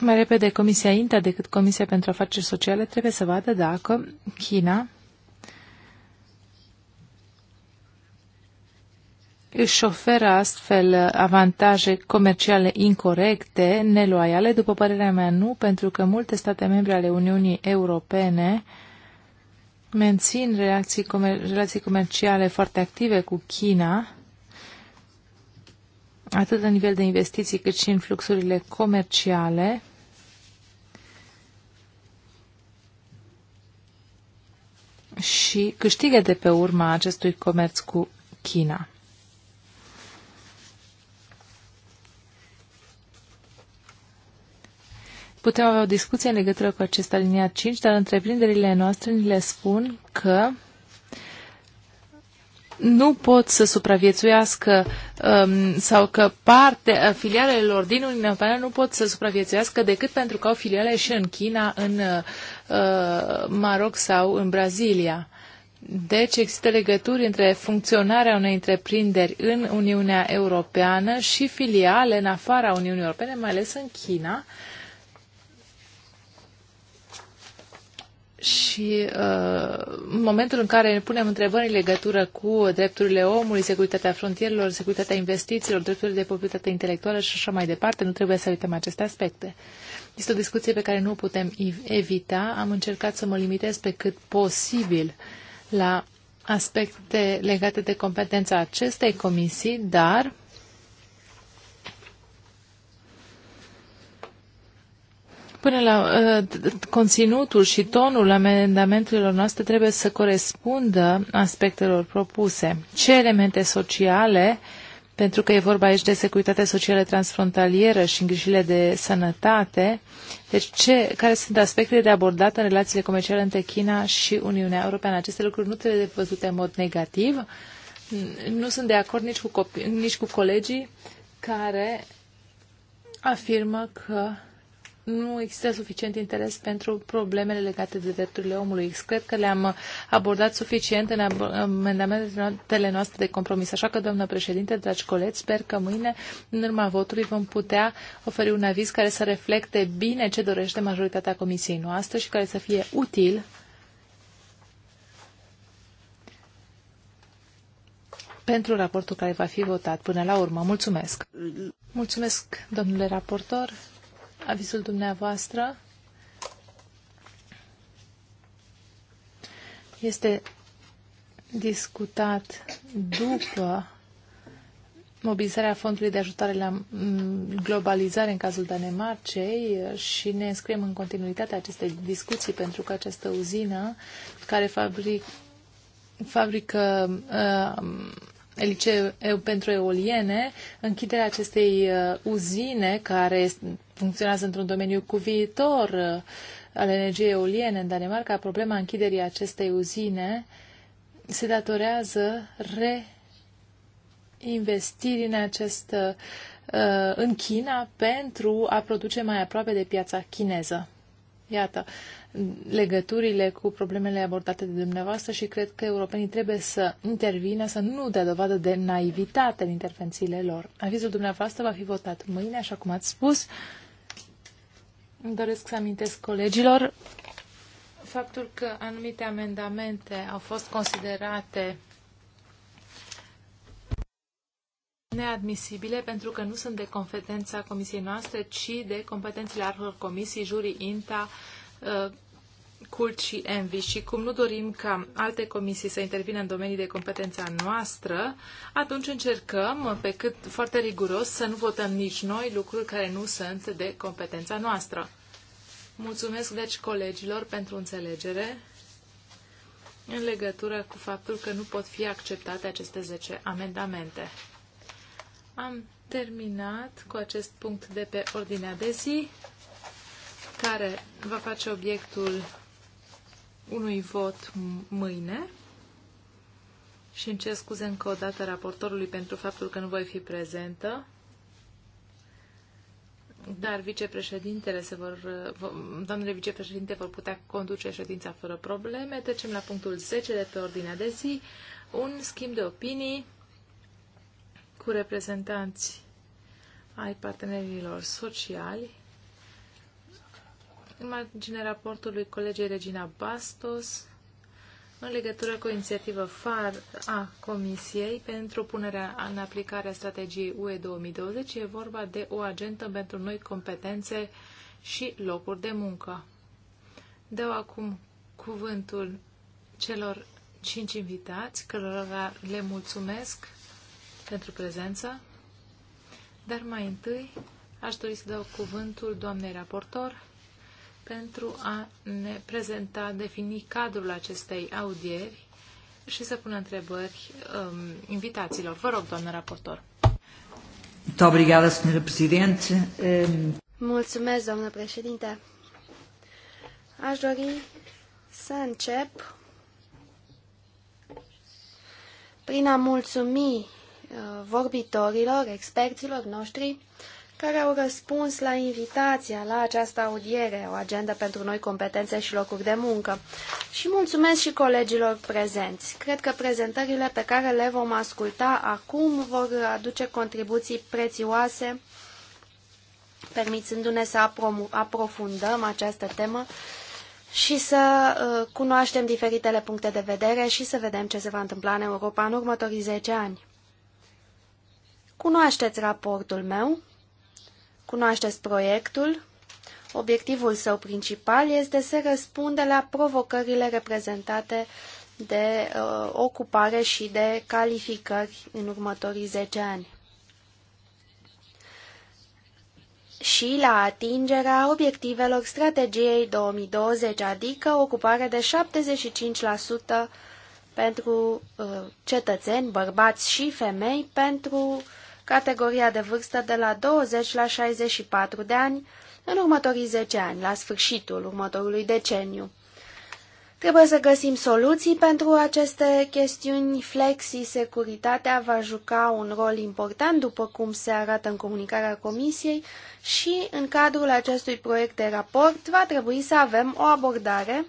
A: mai repede Comisia INTA decât Comisia pentru Afaceri Sociale trebuie să vadă dacă China își oferă astfel avantaje comerciale incorrecte, neloiale, după părerea mea nu, pentru că multe state membre ale Uniunii Europene mențin relații, comer relații comerciale foarte active cu China, atât la nivel de investiții cât și în fluxurile comerciale, și câștigă de pe urma acestui comerț cu China. Putem avea o discuție în legătură cu acest aliniat 5, dar întreprinderile noastre ni le spun că nu pot să supraviețuiască um, sau că parte uh, filialele lor din Uniunea Europeană nu pot să supraviețuiască decât pentru că au filiale și în China, în uh, Uh, Maroc sau în Brazilia. Deci există legături între funcționarea unei întreprinderi în Uniunea Europeană și filiale în afara Uniunii Europene, mai ales în China. Și uh, în momentul în care ne punem întrebări în legătură cu drepturile omului, securitatea frontierelor, securitatea investițiilor, drepturile de proprietate intelectuală și așa mai departe, nu trebuie să uităm aceste aspecte. Este o discuție pe care nu o putem evita. Am încercat să mă limitez pe cât posibil la aspecte legate de competența acestei comisii, dar până la uh, conținutul și tonul amendamentelor noastre trebuie să corespundă aspectelor propuse. Ce elemente sociale uh, pentru că e vorba aici de securitatea socială transfrontalieră și îngrijirile de sănătate. Deci, ce, care sunt aspectele de abordat în relațiile comerciale între China și Uniunea Europeană? Aceste lucruri nu trebuie văzute în mod negativ. Nu sunt de acord nici cu, copii, nici cu colegii care afirmă că nu există suficient interes pentru problemele legate de drepturile omului. Cred că le-am abordat suficient în amendamentele noastre de compromis. Așa că, doamnă președinte, dragi colegi, sper că mâine, în urma votului, vom putea oferi un aviz care să reflecte bine ce dorește majoritatea comisiei noastre și care să fie util pentru raportul care va fi votat până la urmă. Mulțumesc! Mulțumesc, domnule raportor! avizul dumneavoastră. Este discutat după mobilizarea fondului de ajutare la mm, globalizare în cazul Danemarcei și ne înscriem în continuitatea acestei discuții pentru că această uzină care fabric, fabrică uh, elice pentru eoliene, închiderea acestei uh, uzine care funcționează într-un domeniu cu viitor uh, al energiei eoliene în Danemarca, problema închiderii acestei uzine se datorează reinvestirii în acest uh, uh, în China pentru a produce mai aproape de piața chineză. Iată, legăturile cu problemele abordate de dumneavoastră și cred că europenii trebuie să intervină, să nu dea dovadă de naivitate în intervențiile lor. Avizul dumneavoastră va fi votat mâine, așa cum ați spus. Îmi doresc să amintesc colegilor faptul că anumite amendamente au fost considerate neadmisibile pentru că nu sunt de competența comisiei noastre, ci de competențele altor comisii, jurii INTA, cult și envy și cum nu dorim ca alte comisii să intervină în domenii de competența noastră, atunci încercăm, pe cât foarte riguros, să nu votăm nici noi lucruri care nu sunt de competența noastră. Mulțumesc, deci, colegilor pentru înțelegere în legătură cu faptul că nu pot fi acceptate aceste 10 amendamente. Am terminat cu acest punct de pe ordinea de zi, care va face obiectul unui vot mâine și îmi cer scuze încă o dată raportorului pentru faptul că nu voi fi prezentă, dar vicepreședintele se vor, doamnele vicepreședinte vor putea conduce ședința fără probleme. Trecem la punctul 10 de pe ordinea de zi, un schimb de opinii cu reprezentanți ai partenerilor sociali în marginea raportului colegii Regina Bastos în legătură cu o inițiativă FAR a Comisiei pentru punerea în aplicare a strategiei UE 2020. E vorba de o agentă pentru noi competențe și locuri de muncă. Dau acum cuvântul celor cinci invitați, cărora le mulțumesc pentru prezență. Dar mai întâi aș dori să dau cuvântul doamnei raportor, pentru a ne prezenta, defini cadrul acestei audieri și să pună întrebări um, invitațiilor. Vă rog, doamnă raportor. Um, Mulțumesc, doamnă președinte.
C: Aș dori să încep prin a mulțumi uh, vorbitorilor, experților noștri, care au răspuns la invitația la această audiere, o agendă pentru noi competențe și locuri de muncă. Și mulțumesc și colegilor prezenți. Cred că prezentările pe care le vom asculta acum vor aduce contribuții prețioase, permițându-ne să aprofundăm această temă și să uh, cunoaștem diferitele puncte de vedere și să vedem ce se va întâmpla în Europa în următorii 10 ani. Cunoașteți raportul meu, Cunoașteți proiectul. Obiectivul său principal este să răspunde la provocările reprezentate de uh, ocupare și de calificări în următorii 10 ani și la atingerea obiectivelor strategiei 2020, adică ocupare de 75% pentru uh, cetățeni, bărbați și femei, pentru categoria de vârstă de la 20 la 64 de ani în următorii 10 ani, la sfârșitul următorului deceniu. Trebuie să găsim soluții pentru aceste chestiuni. Flexi, securitatea va juca un rol important, după cum se arată în comunicarea Comisiei, și în cadrul acestui proiect de raport va trebui să avem o abordare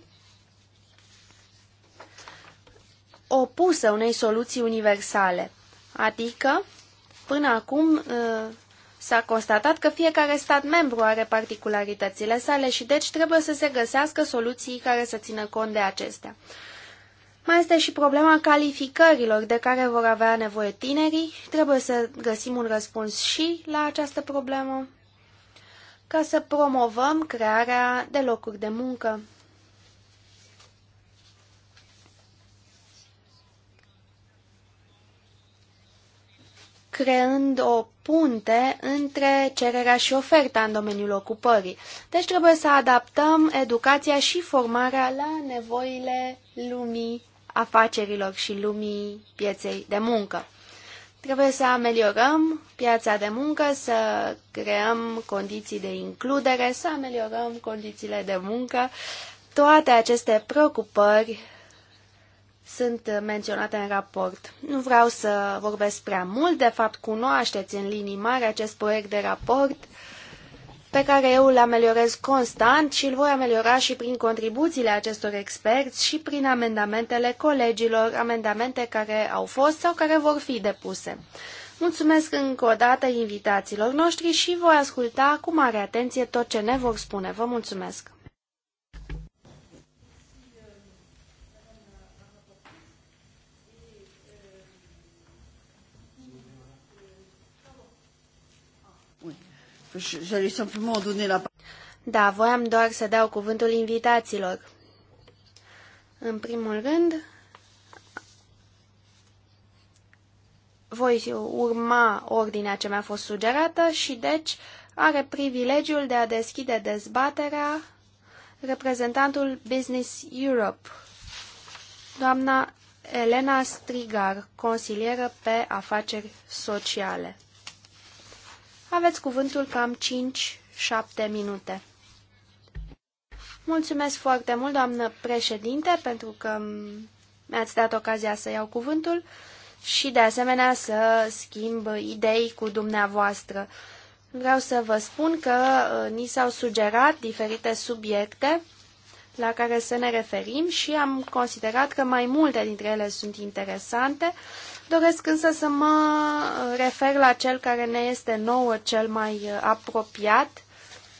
C: opusă unei soluții universale, adică Până acum ă, s-a constatat că fiecare stat membru are particularitățile sale și deci trebuie să se găsească soluții care să țină cont de acestea. Mai este și problema calificărilor de care vor avea nevoie tinerii. Trebuie să găsim un răspuns și la această problemă ca să promovăm crearea de locuri de muncă. creând o punte între cererea și oferta în domeniul ocupării. Deci trebuie să adaptăm educația și formarea la nevoile lumii afacerilor și lumii pieței de muncă. Trebuie să ameliorăm piața de muncă, să creăm condiții de includere, să ameliorăm condițiile de muncă. Toate aceste preocupări sunt menționate în raport. Nu vreau să vorbesc prea mult, de fapt cunoașteți în linii mari acest proiect de raport pe care eu îl ameliorez constant și îl voi ameliora și prin contribuțiile acestor experți și prin amendamentele colegilor, amendamente care au fost sau care vor fi depuse. Mulțumesc încă o dată invitațiilor noștri și voi asculta cu mare atenție tot ce ne vor spune. Vă mulțumesc! Da, voiam doar să dau cuvântul invitaților. În primul rând, voi urma ordinea ce mi-a fost sugerată și deci are privilegiul de a deschide dezbaterea reprezentantul Business Europe, doamna Elena Strigar, consilieră pe afaceri sociale. Aveți cuvântul cam 5-7 minute. Mulțumesc foarte mult, doamnă președinte, pentru că mi-ați dat ocazia să iau cuvântul și, de asemenea, să schimb idei cu dumneavoastră. Vreau să vă spun că uh, ni s-au sugerat diferite subiecte la care să ne referim și am considerat că mai multe dintre ele sunt interesante Doresc însă să mă refer la cel care ne este nouă cel mai uh, apropiat.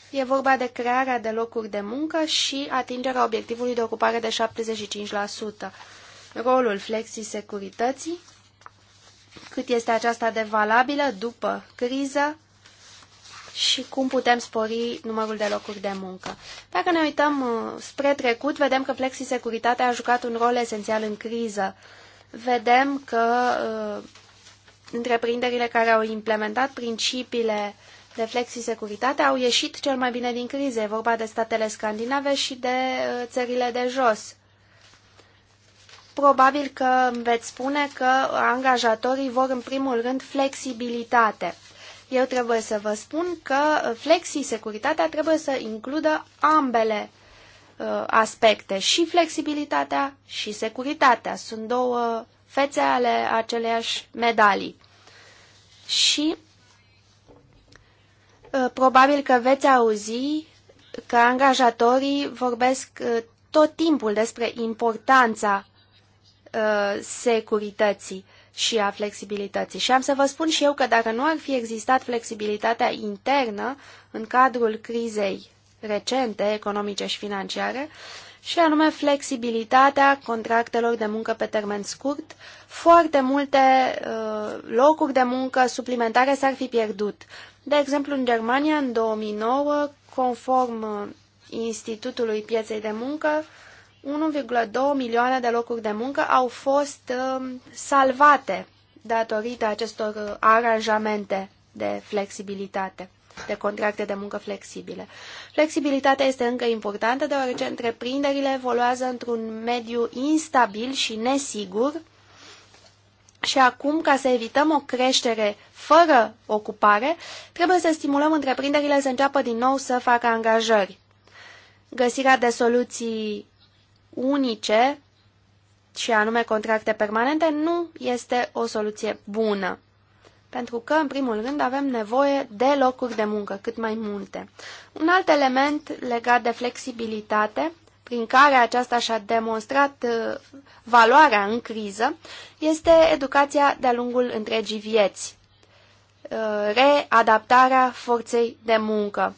C: E vorba de crearea de locuri de muncă și atingerea obiectivului de ocupare de 75%. Rolul flexii securității, cât este aceasta de valabilă după criză și cum putem spori numărul de locuri de muncă. Dacă ne uităm uh, spre trecut, vedem că securitatea a jucat un rol esențial în criză vedem că uh, întreprinderile care au implementat principiile de flexi-securitate au ieșit cel mai bine din criză. E vorba de statele scandinave și de uh, țările de jos. Probabil că îmi veți spune că angajatorii vor în primul rând flexibilitate. Eu trebuie să vă spun că uh, flexi-securitatea trebuie să includă ambele Uh, aspecte, și flexibilitatea și securitatea. Sunt două fețe ale aceleiași medalii. Și uh, probabil că veți auzi că angajatorii vorbesc uh, tot timpul despre importanța securității și a flexibilității. Și am să vă spun și eu că dacă nu ar fi existat flexibilitatea internă în cadrul crizei recente economice și financiare, și anume flexibilitatea contractelor de muncă pe termen scurt. Foarte multe uh, locuri de muncă suplimentare s-ar fi pierdut. De exemplu, în Germania, în 2009, conform uh, Institutului Pieței de Muncă, 1,2 milioane de locuri de muncă au fost uh, salvate datorită acestor uh, aranjamente de flexibilitate de contracte de muncă flexibile. Flexibilitatea este încă importantă deoarece întreprinderile evoluează într-un mediu instabil și nesigur și acum, ca să evităm o creștere fără ocupare, trebuie să stimulăm întreprinderile să înceapă din nou să facă angajări. Găsirea de soluții unice și anume contracte permanente nu este o soluție bună. Pentru că, în primul rând, avem nevoie de locuri de muncă, cât mai multe. Un alt element legat de flexibilitate, prin care aceasta și-a demonstrat uh, valoarea în criză, este educația de-a lungul întregii vieți, uh, readaptarea forței de muncă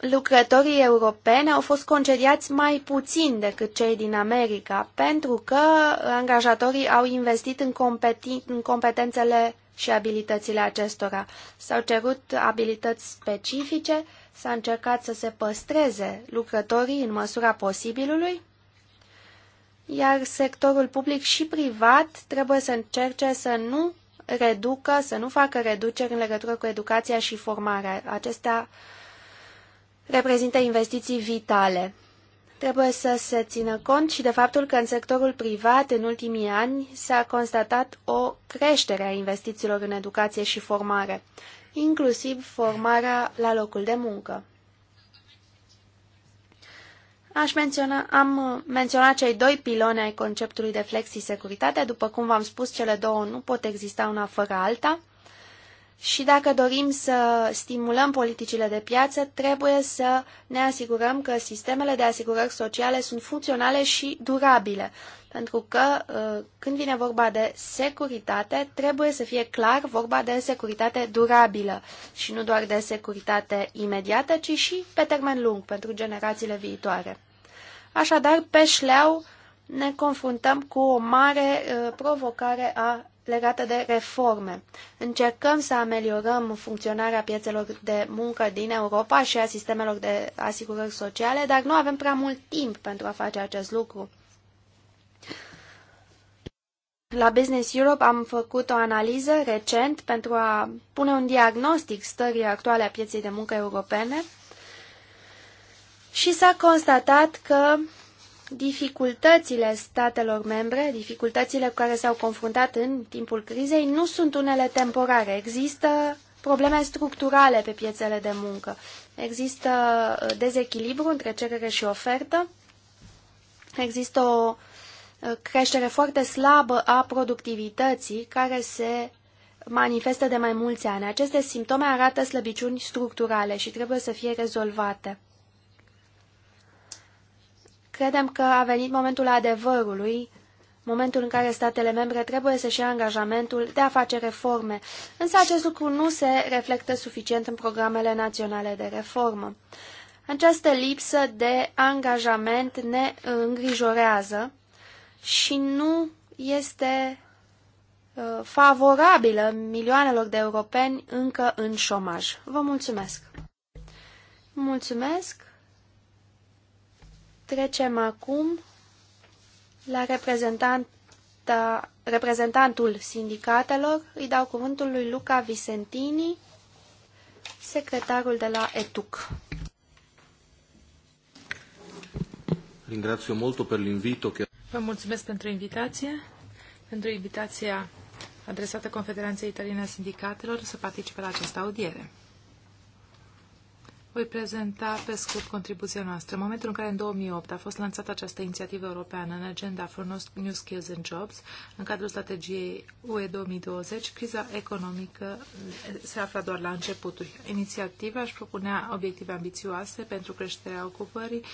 C: lucrătorii europeni au fost concediați mai puțin decât cei din America, pentru că angajatorii au investit în, competi- în competențele și abilitățile acestora. S-au cerut abilități specifice, s-a încercat să se păstreze lucrătorii în măsura posibilului, iar sectorul public și privat trebuie să încerce să nu reducă, să nu facă reduceri în legătură cu educația și formarea. Acestea reprezintă investiții vitale. Trebuie să se țină cont și de faptul că în sectorul privat, în ultimii ani, s-a constatat o creștere a investițiilor în educație și formare, inclusiv formarea la locul de muncă. Aș menționa, am menționat cei doi piloni ai conceptului de flexi-securitate. După cum v-am spus, cele două nu pot exista una fără alta. Și dacă dorim să stimulăm politicile de piață, trebuie să ne asigurăm că sistemele de asigurări sociale sunt funcționale și durabile, pentru că uh, când vine vorba de securitate, trebuie să fie clar vorba de securitate durabilă și nu doar de securitate imediată, ci și pe termen lung pentru generațiile viitoare. Așadar, pe șleau ne confruntăm cu o mare uh, provocare a legată de reforme. Încercăm să ameliorăm funcționarea piețelor de muncă din Europa și a sistemelor de asigurări sociale, dar nu avem prea mult timp pentru a face acest lucru. La Business Europe am făcut o analiză recent pentru a pune un diagnostic stării actuale a pieței de muncă europene și s-a constatat că dificultățile statelor membre, dificultățile cu care s-au confruntat în timpul crizei, nu sunt unele temporare. Există probleme structurale pe piețele de muncă. Există uh, dezechilibru între cerere și ofertă. Există o uh, creștere foarte slabă a productivității care se manifestă de mai mulți ani. Aceste simptome arată slăbiciuni structurale și trebuie să fie rezolvate. Credem că a venit momentul adevărului, momentul în care statele membre trebuie să-și ia angajamentul de a face reforme, însă acest lucru nu se reflectă suficient în programele naționale de reformă. Această lipsă de angajament ne îngrijorează și nu este uh, favorabilă milioanelor de europeni încă în șomaj. Vă mulțumesc! Mulțumesc! Trecem acum la reprezentanta, reprezentantul sindicatelor. Îi dau cuvântul lui Luca Vicentini, secretarul de la ETUC.
A: Vă mulțumesc pentru invitație, pentru invitația adresată Confederației Italiene a Sindicatelor să participe la această audiere. Voi prezenta pe scurt contribuția noastră. În momentul în care în 2008 a fost lansată această inițiativă europeană în agenda for New Skills and Jobs, în cadrul strategiei UE 2020, criza economică se afla doar la începuturi. Inițiativa își propunea obiective ambițioase pentru creșterea ocupării,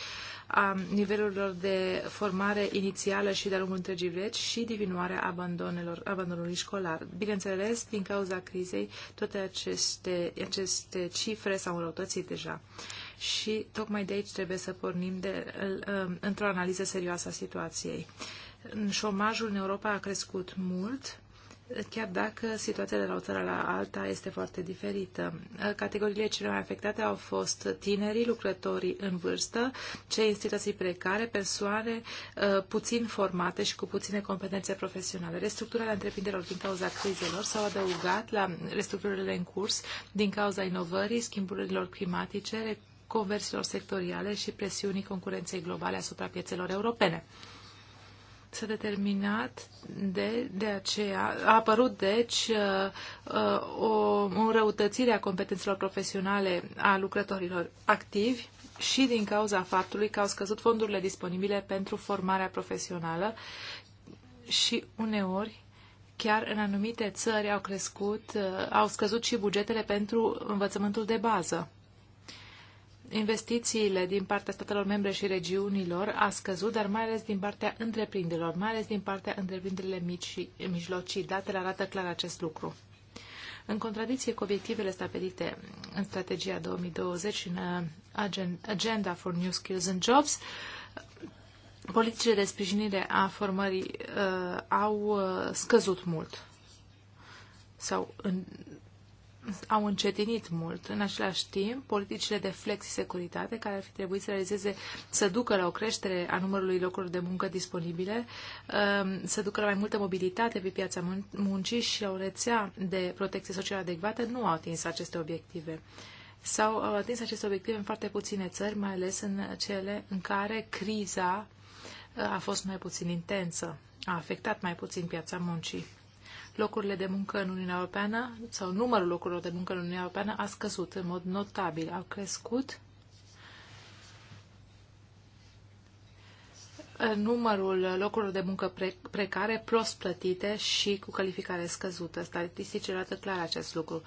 A: a nivelurilor de formare inițială și de-a lungul întregii vieți și diminuarea abandonelor, abandonului școlar. Bineînțeles, din cauza crizei, toate aceste, aceste cifre s-au înrăutățit deja. Și tocmai de aici trebuie să pornim de, într-o analiză serioasă a situației. Șomajul în Europa a crescut mult, chiar dacă situația de la o țară la alta este foarte diferită. Categoriile cele mai afectate au fost tinerii, lucrătorii în vârstă, cei în situații precare, persoane uh, puțin formate și cu puține competențe profesionale. Restructurarea întreprinderilor din cauza crizelor s-au adăugat la restructurările în curs din cauza inovării, schimburilor climatice, conversiilor sectoriale și presiunii concurenței globale asupra piețelor europene s-a determinat de, de aceea, a apărut deci uh, uh, o, o înrăutățire a competențelor profesionale a lucrătorilor activi și din cauza faptului că au scăzut fondurile disponibile pentru formarea profesională și uneori chiar în anumite țări au crescut, uh, au scăzut și bugetele pentru învățământul de bază investițiile din partea statelor membre și regiunilor a scăzut, dar mai ales din partea întreprinderilor, mai ales din partea întreprinderilor mici și mijlocii. Datele arată clar acest lucru. În contradicție cu obiectivele stabilite în strategia 2020 și în uh, Agenda for New Skills and Jobs, politicile de sprijinire a formării uh, au uh, scăzut mult sau în, au încetinit mult. În același timp, politicile de flexi-securitate, care ar fi trebuit să realizeze, să ducă la o creștere a numărului locurilor de muncă disponibile, um, să ducă la mai multă mobilitate pe piața muncii și la o rețea de protecție socială adecvată, nu au atins aceste obiective sau au atins aceste obiective în foarte puține țări, mai ales în cele în care criza uh, a fost mai puțin intensă, a afectat mai puțin piața muncii locurile de muncă în Uniunea Europeană sau numărul locurilor de muncă în Uniunea Europeană a scăzut în mod notabil. Au crescut numărul locurilor de muncă precare, prost plătite și cu calificare scăzută. Statisticile arată clar acest lucru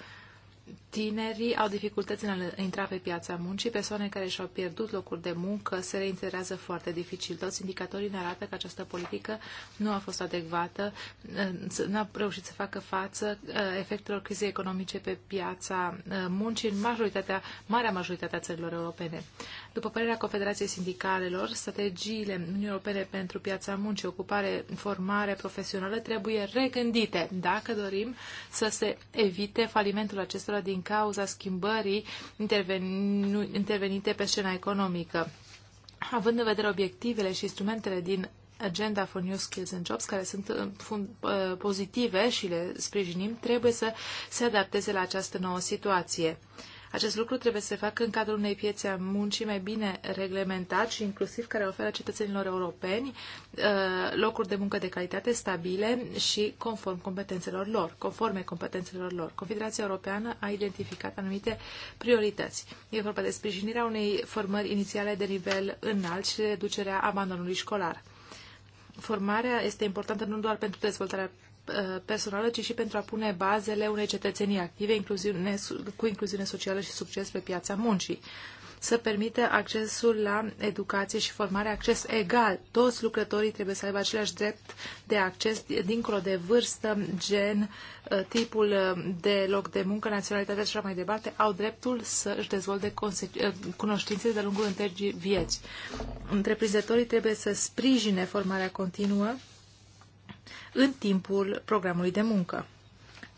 A: tinerii au dificultăți în a intra pe piața muncii, persoane care și-au pierdut locuri de muncă se reinterează foarte dificil. Toți indicatorii ne arată că această politică nu a fost adecvată, nu a reușit să facă față uh, efectelor crizei economice pe piața uh, muncii în majoritatea, marea majoritatea țărilor europene. După părerea Confederației Sindicalelor, strategiile Uniunii Europene pentru piața muncii, ocupare, formare profesională trebuie regândite dacă dorim să se evite falimentul acestora din cauza schimbării intervenite pe scena economică. Având în vedere obiectivele și instrumentele din agenda for new skills and jobs, care sunt pozitive și le sprijinim, trebuie să se adapteze la această nouă situație. Acest lucru trebuie să se facă în cadrul unei piețe a muncii mai bine reglementat și inclusiv care oferă cetățenilor europeni uh, locuri de muncă de calitate stabile și conform competențelor lor, conforme competențelor lor. Confederația Europeană a identificat anumite priorități. E vorba de sprijinirea unei formări inițiale de nivel înalt și reducerea abandonului școlar formarea este importantă nu doar pentru dezvoltarea Uh, personală, ci și pentru a pune bazele unei cetățenii active incluziune, cu incluziune socială și succes pe piața muncii să permită accesul la educație și formare, acces egal. Toți lucrătorii trebuie să aibă același drept de acces dincolo de vârstă, gen, uh, tipul uh, de loc de muncă, naționalitatea și așa mai departe, au dreptul să își dezvolte cunoștințe de-a lungul întregii vieți. Întreprinzătorii trebuie să sprijine formarea continuă în timpul programului de muncă.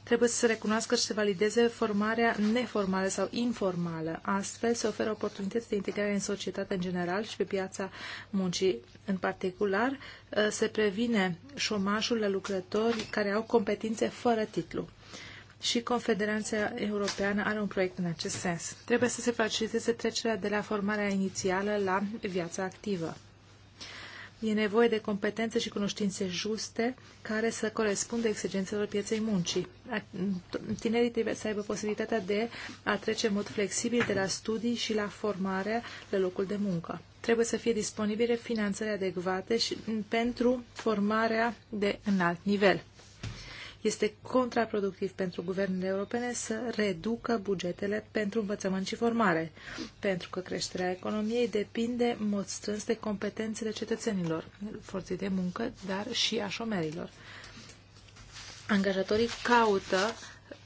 A: Trebuie să se recunoască și să valideze formarea neformală sau informală. Astfel se oferă oportunități de integrare în societate în general și pe piața muncii în particular. Eh, se previne șomajul la lucrători care au competențe fără titlu și Confederația Europeană are un proiect în acest sens. Trebuie să se faciliteze trecerea de la formarea inițială la viața activă. E nevoie de competențe și cunoștințe juste care să corespundă exigențelor pieței muncii. Tinerii trebuie să aibă posibilitatea de a trece în mod flexibil de la studii și la formare la locul de muncă. Trebuie să fie disponibile finanțări adecvate și pentru formarea de înalt nivel. Este contraproductiv pentru guvernele europene să reducă bugetele pentru învățământ și formare, pentru că creșterea economiei depinde în mod strâns de competențele cetățenilor, forței de muncă, dar și a șomerilor. Angajatorii caută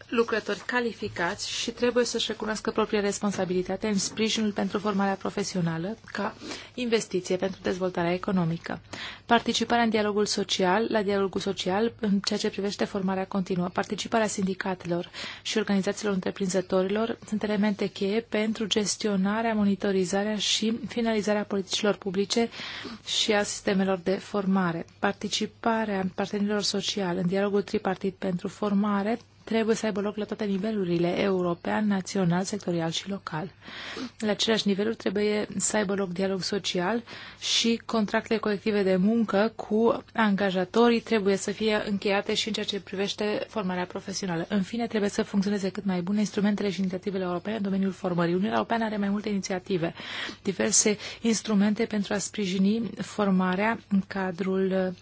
A: lucrători calificați și trebuie să-și recunoască propria responsabilitate în sprijinul pentru formarea profesională ca investiție pentru dezvoltarea economică. Participarea în dialogul social, la dialogul social în ceea ce privește formarea continuă, participarea sindicatelor și organizațiilor întreprinzătorilor sunt elemente cheie pentru gestionarea, monitorizarea și finalizarea politicilor publice și a sistemelor de formare. Participarea partenerilor sociali în dialogul tripartit pentru formare trebuie să aibă loc la toate nivelurile, european, național, sectorial și local. La aceleași niveluri trebuie să aibă loc dialog social și contractele colective de muncă cu angajatorii trebuie să fie încheiate și în ceea ce privește formarea profesională. În fine, trebuie să funcționeze cât mai bune instrumentele și inițiativele europene în domeniul formării. Uniunea Europeană are mai multe inițiative, diverse instrumente pentru a sprijini formarea în cadrul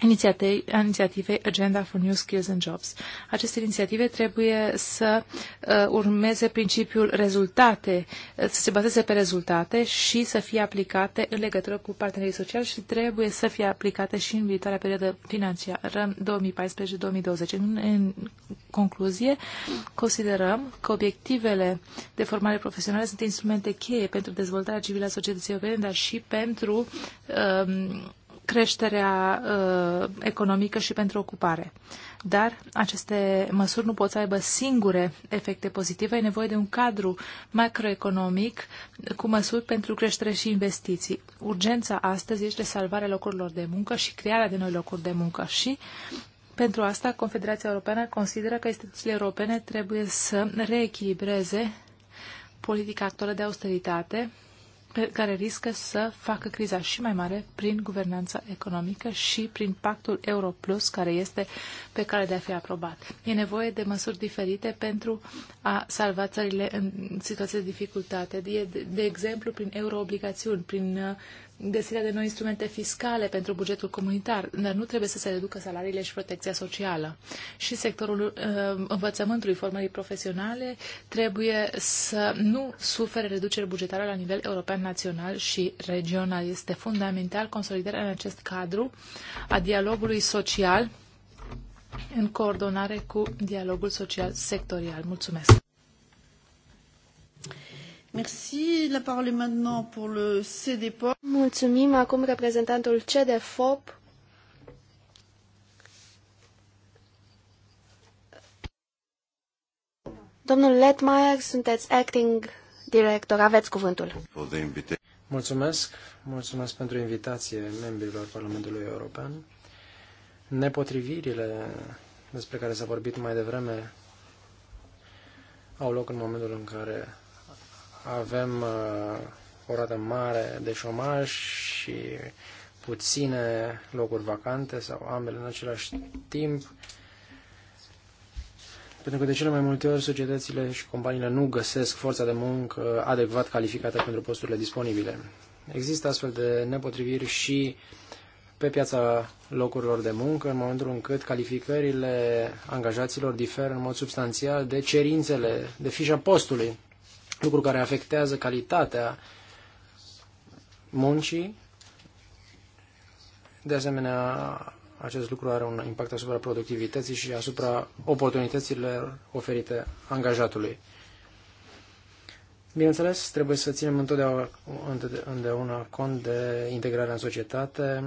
A: inițiativei Agenda for New Skills and Jobs. Aceste inițiative trebuie să uh, urmeze principiul rezultate, uh, să se bazeze pe rezultate și să fie aplicate în legătură cu partenerii sociali și trebuie să fie aplicate și în viitoarea perioadă financiară 2014-2020. În, în concluzie, considerăm că obiectivele de formare profesională sunt instrumente cheie pentru dezvoltarea civilă a societății europene, dar și pentru uh, creșterea uh, economică și pentru ocupare. Dar aceste măsuri nu pot să aibă singure efecte pozitive. E nevoie de un cadru macroeconomic cu măsuri pentru creștere și investiții. Urgența astăzi este salvarea locurilor de muncă și crearea de noi locuri de muncă. Și pentru asta, Confederația Europeană consideră că instituțiile europene trebuie să reechilibreze politica actuală de austeritate care riscă să facă criza și mai mare prin guvernanța economică și prin pactul Euro Plus, care este pe care de a fi aprobat. E nevoie de măsuri diferite pentru a salva țările în situații de dificultate. De, de exemplu, prin euroobligațiuni, prin uh, găsirea de noi instrumente fiscale pentru bugetul comunitar, dar nu trebuie să se reducă salariile și protecția socială. Și sectorul uh, învățământului, formării profesionale trebuie să nu sufere reduceri bugetare la nivel european, național și regional. Este fundamental consolidarea în acest cadru a dialogului social în coordonare cu dialogul social sectorial. Mulțumesc! Merci.
C: La parole est maintenant pour le CDFOP. Mulțumim. Acum reprezentantul CDFOP. Domnul Letmaier, sunteți acting director. Aveți cuvântul.
B: Mulțumesc. Mulțumesc pentru invitație membrilor Parlamentului European. Nepotrivirile despre care s-a vorbit mai devreme au loc în momentul în care avem uh, o rată mare de șomaj și puține locuri vacante sau ambele în același timp. Pentru că de cele mai multe ori societățile și companiile nu găsesc forța de muncă adecvat calificată pentru posturile disponibile. Există astfel de nepotriviri și pe piața locurilor de muncă, în momentul în cât calificările angajaților diferă în mod substanțial de cerințele de fișa postului lucru care afectează calitatea muncii. De asemenea, acest lucru are un impact asupra productivității și asupra oportunităților oferite angajatului. Bineînțeles, trebuie să ținem întotdeauna, întotdeauna cont de integrarea în societate.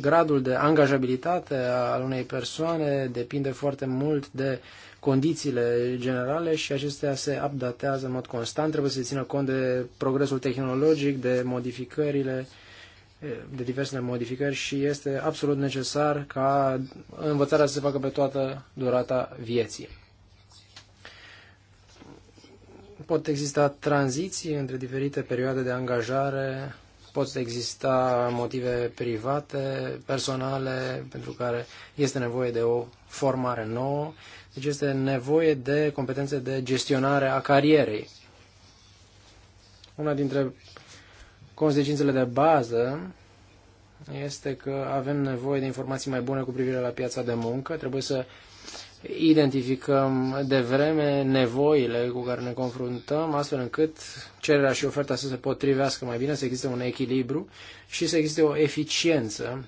B: Gradul de angajabilitate al unei persoane depinde foarte mult de condițiile generale și acestea se updatează în mod constant. Trebuie să se țină cont de progresul tehnologic, de modificările de diversele modificări și este absolut necesar ca învățarea să se facă pe toată durata vieții. Pot exista tranziții între diferite perioade de angajare, pot exista motive private, personale, pentru care este nevoie de o formare nouă deci este nevoie de competențe de gestionare a carierei. Una dintre consecințele de bază este că avem nevoie de informații mai bune cu privire la piața de muncă. Trebuie să identificăm de vreme nevoile cu care ne confruntăm, astfel încât cererea și oferta să se potrivească mai bine, să existe un echilibru și să existe o eficiență,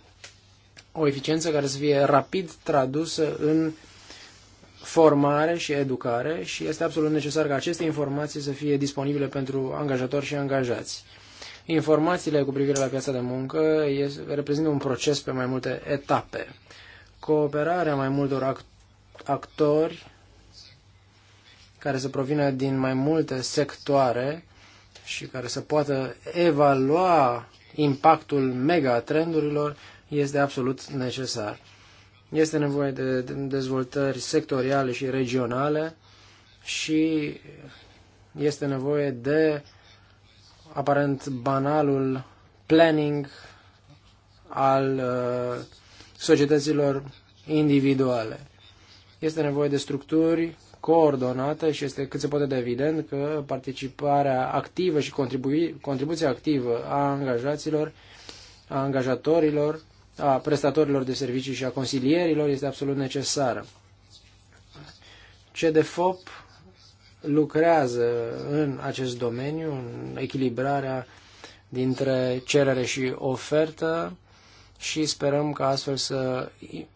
B: o eficiență care să fie rapid tradusă în formare și educare și este absolut necesar ca aceste informații să fie disponibile pentru angajatori și angajați. Informațiile cu privire la piața de muncă reprezintă un proces pe mai multe etape. Cooperarea mai multor actori care să provină din mai multe sectoare și care să poată evalua impactul megatrendurilor este absolut necesar. Este nevoie de dezvoltări sectoriale și regionale și este nevoie de aparent banalul planning al uh, societăților individuale. Este nevoie de structuri coordonate și este cât se poate de evident că participarea activă și contribu- contribuția activă a angajaților, a angajatorilor, a prestatorilor de servicii și a consilierilor este absolut necesară. CDFOP lucrează în acest domeniu, în echilibrarea dintre cerere și ofertă și sperăm că astfel să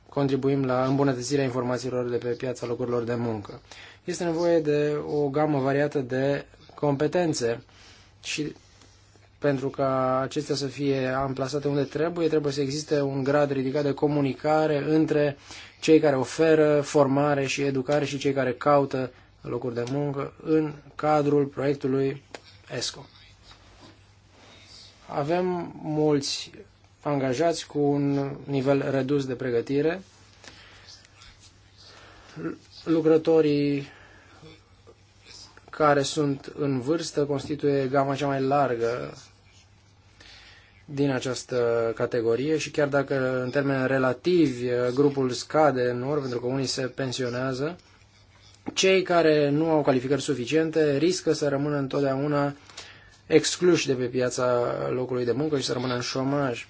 B: contribuim la îmbunătățirea informațiilor de pe piața locurilor de muncă. Este nevoie de o gamă variată de competențe și pentru ca acestea să fie amplasate unde trebuie, trebuie să existe un grad ridicat de comunicare între cei care oferă formare și educare și cei care caută locuri de muncă în cadrul proiectului ESCO. Avem mulți angajați cu un nivel redus de pregătire. Lucrătorii care sunt în vârstă constituie gama cea mai largă din această categorie și chiar dacă în termeni relativi grupul scade în urmă pentru că unii se pensionează, cei care nu au calificări suficiente riscă să rămână întotdeauna excluși de pe piața locului de muncă și să rămână în șomaj.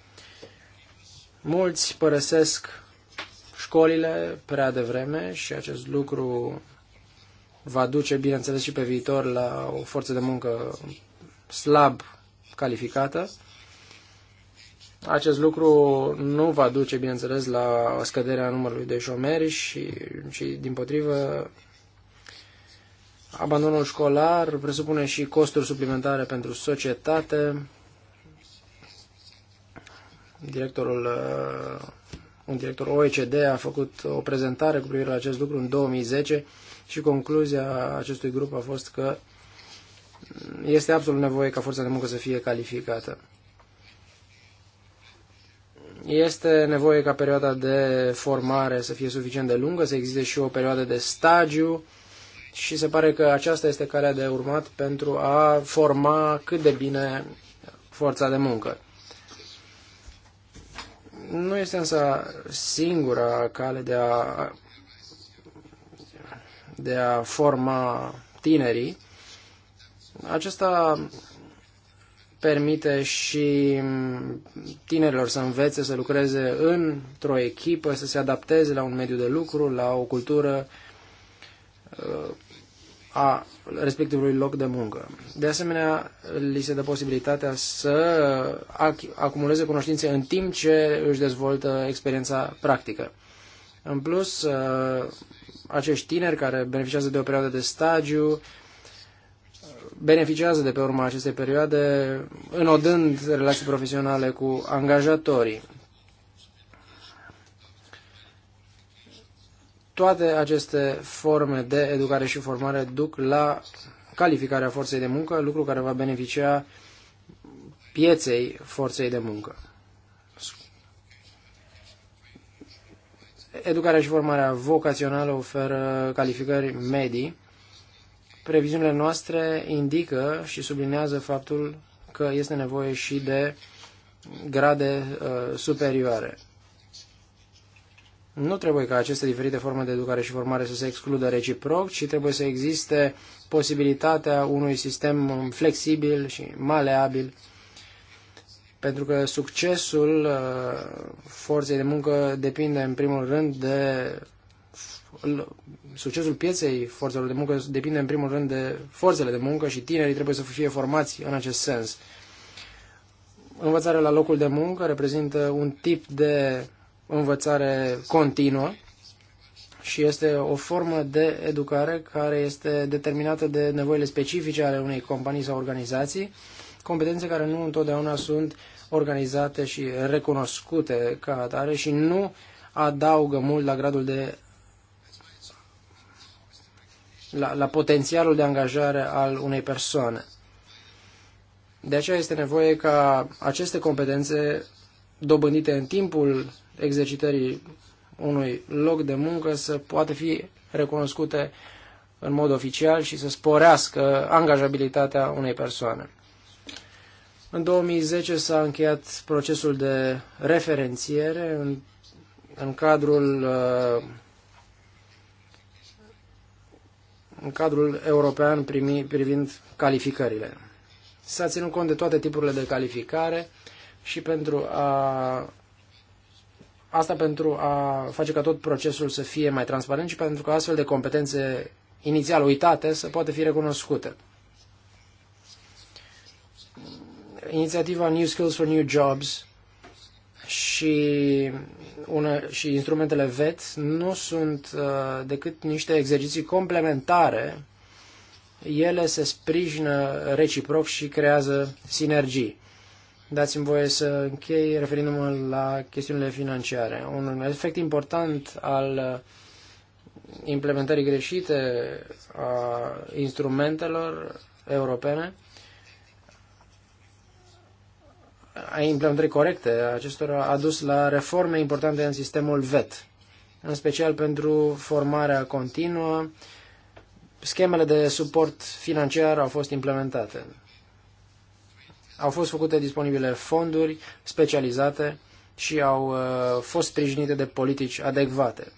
B: Mulți părăsesc școlile prea devreme și acest lucru va duce, bineînțeles, și pe viitor la o forță de muncă slab calificată. Acest lucru nu va duce, bineînțeles, la scăderea numărului de șomeri și, și din potrivă, abandonul școlar presupune și costuri suplimentare pentru societate. Directorul, uh, un director OECD a făcut o prezentare cu privire la acest lucru în 2010 și concluzia acestui grup a fost că este absolut nevoie ca forța de muncă să fie calificată. Este nevoie ca perioada de formare să fie suficient de lungă, să existe și o perioadă de stagiu și se pare că aceasta este calea de urmat pentru a forma cât de bine forța de muncă. Nu este însă singura cale de a, de a forma tinerii. Acesta permite și tinerilor să învețe, să lucreze într-o echipă, să se adapteze la un mediu de lucru, la o cultură uh, a respectivului loc de muncă. De asemenea, li se dă posibilitatea să acumuleze cunoștințe în timp ce își dezvoltă experiența practică. În plus, uh, acești tineri care beneficiază de o perioadă de stagiu beneficiază de pe urma acestei perioade, înodând relații profesionale cu angajatorii. Toate aceste forme de educare și formare duc la calificarea forței de muncă, lucru care va beneficia pieței forței de muncă. Educarea și formarea vocațională oferă calificări medii Previziunile noastre indică și sublinează faptul că este nevoie și de grade uh, superioare. Nu trebuie ca aceste diferite forme de educare și formare să se excludă reciproc, ci trebuie să existe posibilitatea unui sistem flexibil și maleabil, pentru că succesul uh, forței de muncă depinde în primul rând de succesul pieței forțelor de muncă depinde în primul rând de forțele de muncă și tinerii trebuie să fie formați în acest sens. Învățarea la locul de muncă reprezintă un tip de învățare continuă și este o formă de educare care este determinată de nevoile specifice ale unei companii sau organizații, competențe care nu întotdeauna sunt organizate și recunoscute ca atare și nu adaugă mult la gradul de la, la potențialul de angajare al unei persoane. De aceea este nevoie ca aceste competențe dobândite în timpul exercitării unui loc de muncă să poată fi recunoscute în mod oficial și să sporească angajabilitatea unei persoane. În 2010 s-a încheiat procesul de referențiere în, în cadrul uh, în cadrul european primi, privind calificările. S-a ținut cont de toate tipurile de calificare și pentru a asta pentru a face ca tot procesul să fie mai transparent și pentru că astfel de competențe inițial uitate să poată fi recunoscute. Inițiativa New Skills for New Jobs și, une, și instrumentele VET nu sunt uh, decât niște exerciții complementare. Ele se sprijină reciproc și creează sinergii. Dați-mi voie să închei referindu-mă la chestiunile financiare. Un efect important al uh, implementării greșite a instrumentelor europene a implementării corecte a acestora a dus la reforme importante în sistemul VET, în special pentru formarea continuă. Schemele de suport financiar au fost implementate. Au fost făcute disponibile fonduri specializate și au uh, fost sprijinite de politici adecvate.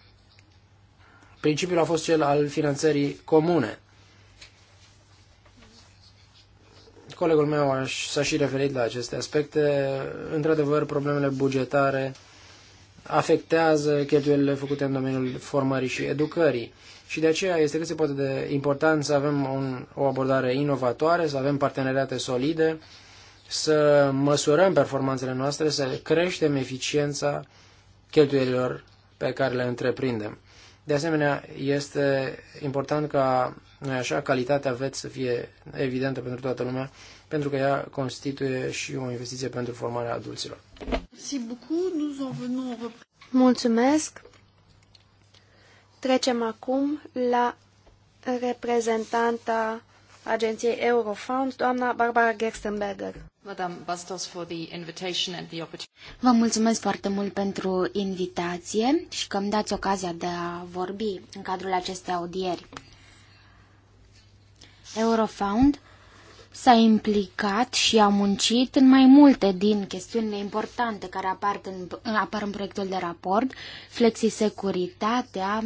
B: Principiul a fost cel al finanțării comune. Colegul meu s-a și referit la aceste aspecte. Într-adevăr, problemele bugetare afectează cheltuielile făcute în domeniul formării și educării. Și de aceea este cât se poate de important să avem un, o abordare inovatoare, să avem parteneriate solide, să măsurăm performanțele noastre, să creștem eficiența cheltuielilor pe care le întreprindem. De asemenea, este important ca nu așa? Calitatea veți să fie evidentă pentru toată lumea, pentru că ea constituie și o investiție pentru formarea adulților.
C: Mulțumesc! Trecem acum la reprezentanta agenției Eurofound, doamna Barbara Gerstenberger. Vă mulțumesc foarte
D: mult pentru invitație și că îmi dați ocazia de a vorbi în cadrul acestei audieri. Eurofound s-a implicat și a muncit în mai multe din chestiunile importante care apar în, apar în proiectul de raport. Flexisecuritatea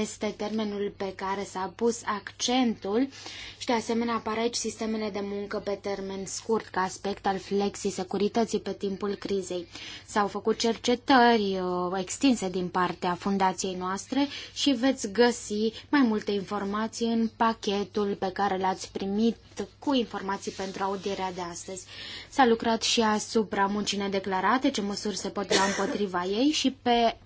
D: este termenul pe care s-a pus accentul și de asemenea apare aici sistemele de muncă pe termen scurt ca aspect al flexisecurității pe timpul crizei. S-au făcut cercetări uh, extinse din partea fundației noastre și veți găsi mai multe informații în pachetul pe care l-ați primit cu informații informații pentru audierea de astăzi. S-a lucrat și asupra muncii nedeclarate, ce măsuri se pot lua împotriva ei și pe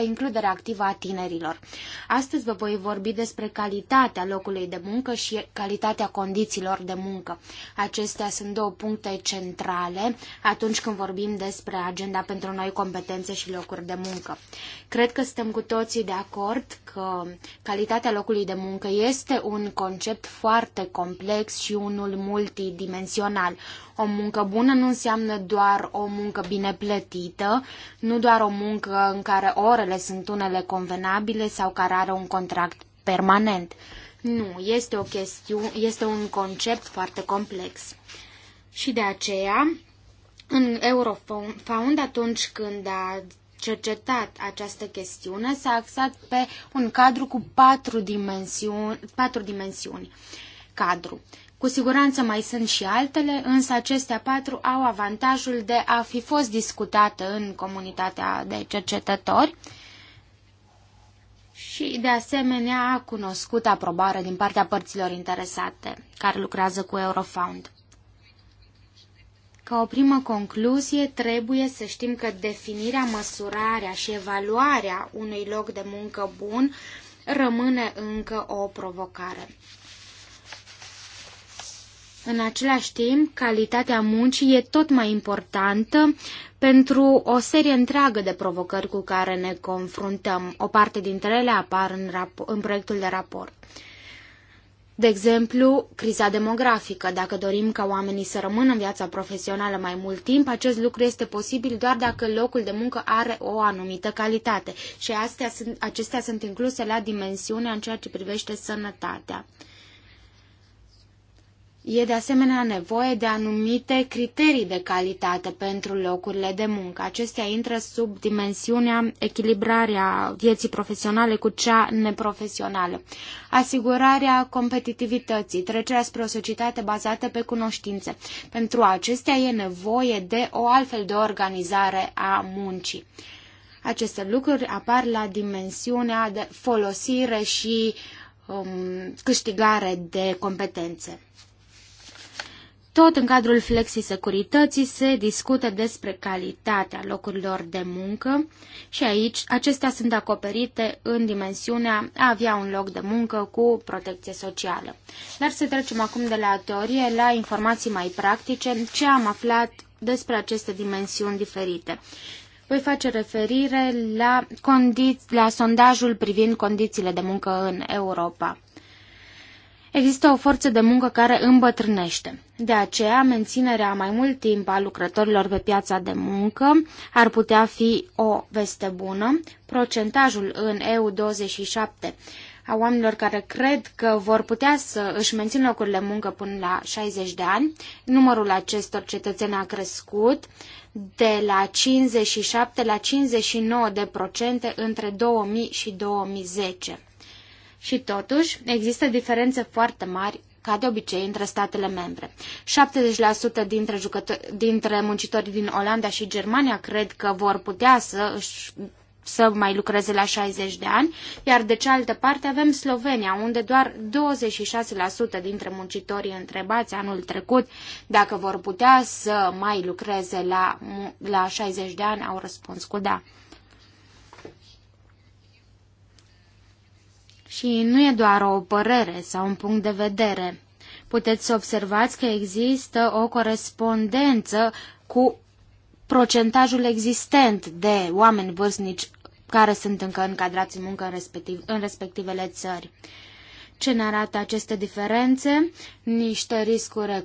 D: pe includerea activă a tinerilor. Astăzi vă voi vorbi despre calitatea locului de muncă și calitatea condițiilor de muncă. Acestea sunt două puncte centrale atunci când vorbim despre agenda pentru noi competențe și locuri de muncă. Cred că suntem cu toții de acord că calitatea locului de muncă este un concept foarte complex și unul multidimensional. O muncă bună nu înseamnă doar o muncă bine plătită, nu doar o muncă în care orele care sunt unele convenabile sau care are un contract permanent. Nu, este, o chestiune, este un concept foarte complex. Și de aceea, în Eurofound, atunci când a cercetat această chestiune, s-a axat pe un cadru cu patru dimensiuni, patru dimensiuni cadru. Cu siguranță mai sunt și altele, însă acestea patru au avantajul de a fi fost discutate în comunitatea de cercetători, și, de asemenea, a cunoscut aprobare din partea părților interesate care lucrează cu Eurofound. Ca o primă concluzie, trebuie să știm că definirea, măsurarea și evaluarea unui loc de muncă bun rămâne încă o provocare. În același timp, calitatea muncii e tot mai importantă pentru o serie întreagă de provocări cu care ne confruntăm. O parte dintre ele apar în, în proiectul de raport. De exemplu, criza demografică. Dacă dorim ca oamenii să rămână în viața profesională mai mult timp, acest lucru este posibil doar dacă locul de muncă are o anumită calitate. Și astea sunt, acestea sunt incluse la dimensiunea în ceea ce privește sănătatea. E de asemenea nevoie de anumite criterii de calitate pentru locurile de muncă. Acestea intră sub dimensiunea echilibrarea vieții profesionale cu cea neprofesională, asigurarea competitivității, trecerea spre o societate bazată pe cunoștințe. Pentru acestea e nevoie de o altfel de organizare a muncii. Aceste lucruri apar la dimensiunea de folosire și um, câștigare de competențe. Tot în cadrul securității se discută despre calitatea locurilor de muncă și aici acestea sunt acoperite în dimensiunea a avea un loc de muncă cu protecție socială. Dar să trecem acum de la teorie la informații mai practice, ce am aflat despre aceste dimensiuni diferite. Voi face referire la, condi- la sondajul privind condițiile de muncă în Europa. Există o forță de muncă care îmbătrânește. De aceea, menținerea mai mult timp a lucrătorilor pe piața de muncă ar putea fi o veste bună. Procentajul în EU27 a oamenilor care cred că vor putea să își mențin locurile de muncă până la 60 de ani. Numărul acestor cetățeni a crescut de la 57 la 59 de procente între 2000 și 2010. Și totuși, există diferențe foarte mari ca de obicei, între statele membre. 70% dintre, dintre muncitorii din Olanda și Germania cred că vor putea să să mai lucreze la 60 de ani, iar de cealaltă parte avem Slovenia, unde doar 26% dintre muncitorii întrebați anul trecut dacă vor putea să mai lucreze la, la 60 de ani au răspuns cu da. Și nu e doar o părere sau un punct de vedere. Puteți să observați că există o corespondență cu procentajul existent de oameni vârstnici care sunt încă încadrați în muncă în, respectiv, în respectivele țări. Ce ne arată aceste diferențe? Niște riscuri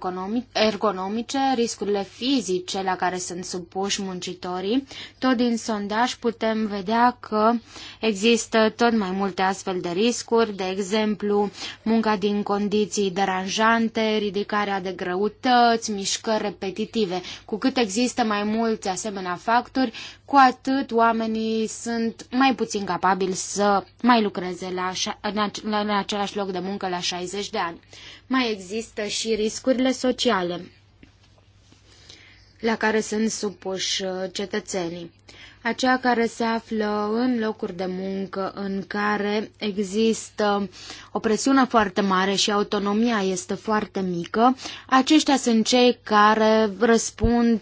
D: ergonomice, riscurile fizice la care sunt supuși muncitorii. Tot din sondaj putem vedea că există tot mai multe astfel de riscuri, de exemplu munca din condiții deranjante, ridicarea de greutăți, mișcări repetitive. Cu cât există mai mulți asemenea factori, cu atât oamenii sunt mai puțin capabili să mai lucreze la, la, la același loc de muncă la 60 de ani. Mai există și riscurile sociale la care sunt supuși uh, cetățenii aceea care se află în locuri de muncă în care există o presiune foarte mare și autonomia este foarte mică, aceștia sunt cei care răspund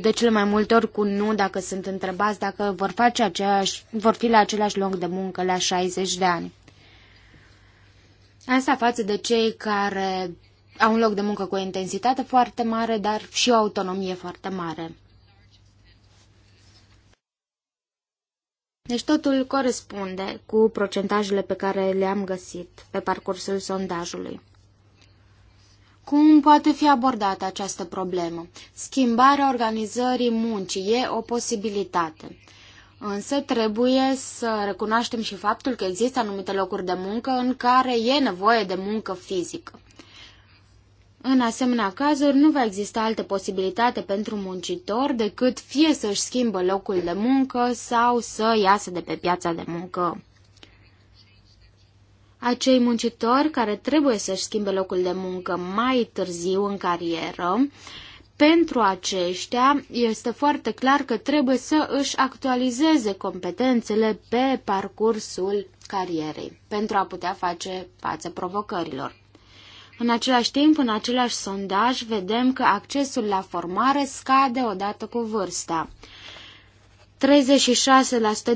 D: de cele mai multe ori cu nu dacă sunt întrebați dacă vor, face aceeași, vor fi la același loc de muncă la 60 de ani. Asta față de cei care au un loc de muncă cu o intensitate foarte mare, dar și o autonomie foarte mare. Deci totul corespunde cu procentajele pe care le-am găsit pe parcursul sondajului. Cum poate fi abordată această problemă? Schimbarea organizării muncii e o posibilitate. Însă trebuie să recunoaștem și faptul că există anumite locuri de muncă în care e nevoie de muncă fizică. În asemenea cazuri, nu va exista altă posibilitate pentru muncitor decât fie să-și schimbă locul de muncă sau să iasă de pe piața de muncă. Acei muncitori care trebuie să-și schimbe locul de muncă mai târziu în carieră, pentru aceștia este foarte clar că trebuie să își actualizeze competențele pe parcursul carierei pentru a putea face față provocărilor. În același timp, în același sondaj, vedem că accesul la formare scade odată cu vârsta. 36%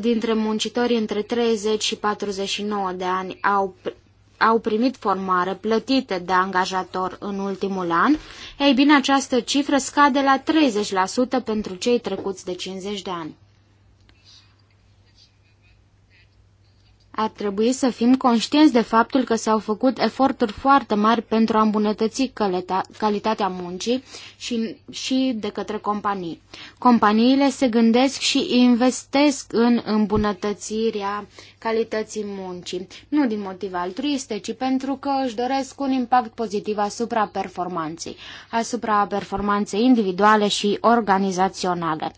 D: dintre muncitorii între 30 și 49 de ani au, au primit formare plătită de angajator în ultimul an, ei bine, această cifră scade la 30% pentru cei trecuți de 50 de ani. Ar trebui să fim conștienți de faptul că s-au făcut eforturi foarte mari pentru a îmbunătăți calitatea muncii și, și de către companii. Companiile se gândesc și investesc în îmbunătățirea calității muncii, nu din motive altruiste, ci pentru că își doresc un impact pozitiv asupra performanței, asupra performanței individuale și organizaționale.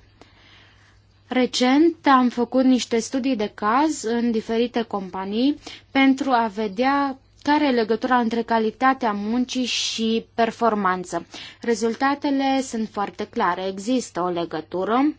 D: Recent am făcut niște studii de caz în diferite companii pentru a vedea care e legătura între calitatea muncii și performanță. Rezultatele sunt foarte clare. Există o legătură.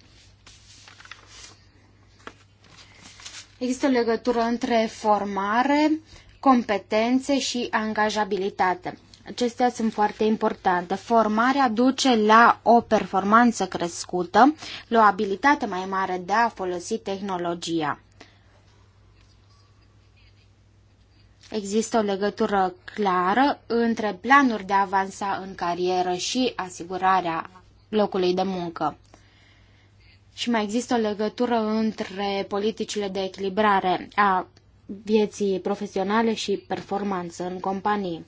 D: Există o legătură între formare, competențe și angajabilitate acestea sunt foarte importante. Formarea duce la o performanță crescută, la o abilitate mai mare de a folosi tehnologia. Există o legătură clară între planuri de a avansa în carieră și asigurarea locului de muncă. Și mai există o legătură între politicile de echilibrare a vieții profesionale și performanță în companii.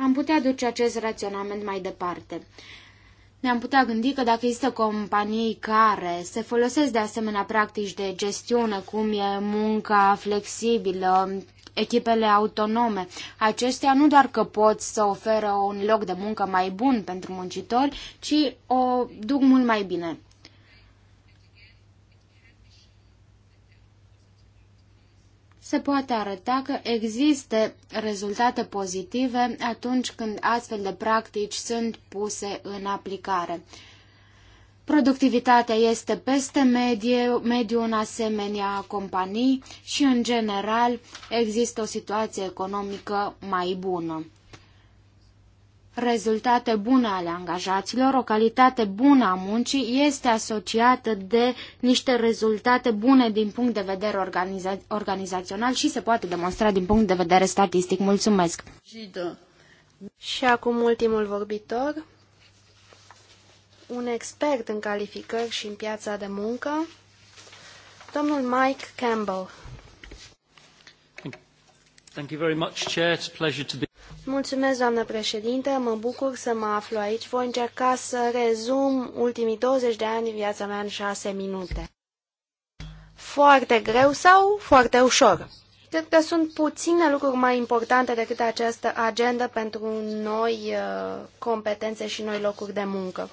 D: Am putea duce acest raționament mai departe. Ne-am putea gândi că dacă există companii care se folosesc de asemenea practici de gestiune, cum e munca flexibilă, echipele autonome, acestea nu doar că pot să oferă un loc de muncă mai bun pentru muncitori, ci o duc mult mai bine. se poate arăta că există rezultate pozitive atunci când astfel de practici sunt puse în aplicare. Productivitatea este peste medie, mediu în asemenea companii și, în general, există o situație economică mai bună rezultate bune ale angajaților, o calitate bună a muncii este asociată de niște rezultate bune din punct de vedere organiza- organizațional și se poate demonstra din punct de vedere statistic. Mulțumesc!
C: Și acum ultimul vorbitor, un expert în calificări și în piața de muncă, domnul Mike Campbell. Mulțumesc, doamnă președinte. Mă bucur să mă aflu aici. Voi încerca să rezum ultimii 20 de ani viața mea în 6 minute. Foarte greu sau foarte ușor? Cred că sunt puține lucruri mai importante decât această agendă pentru noi uh, competențe și noi locuri de muncă.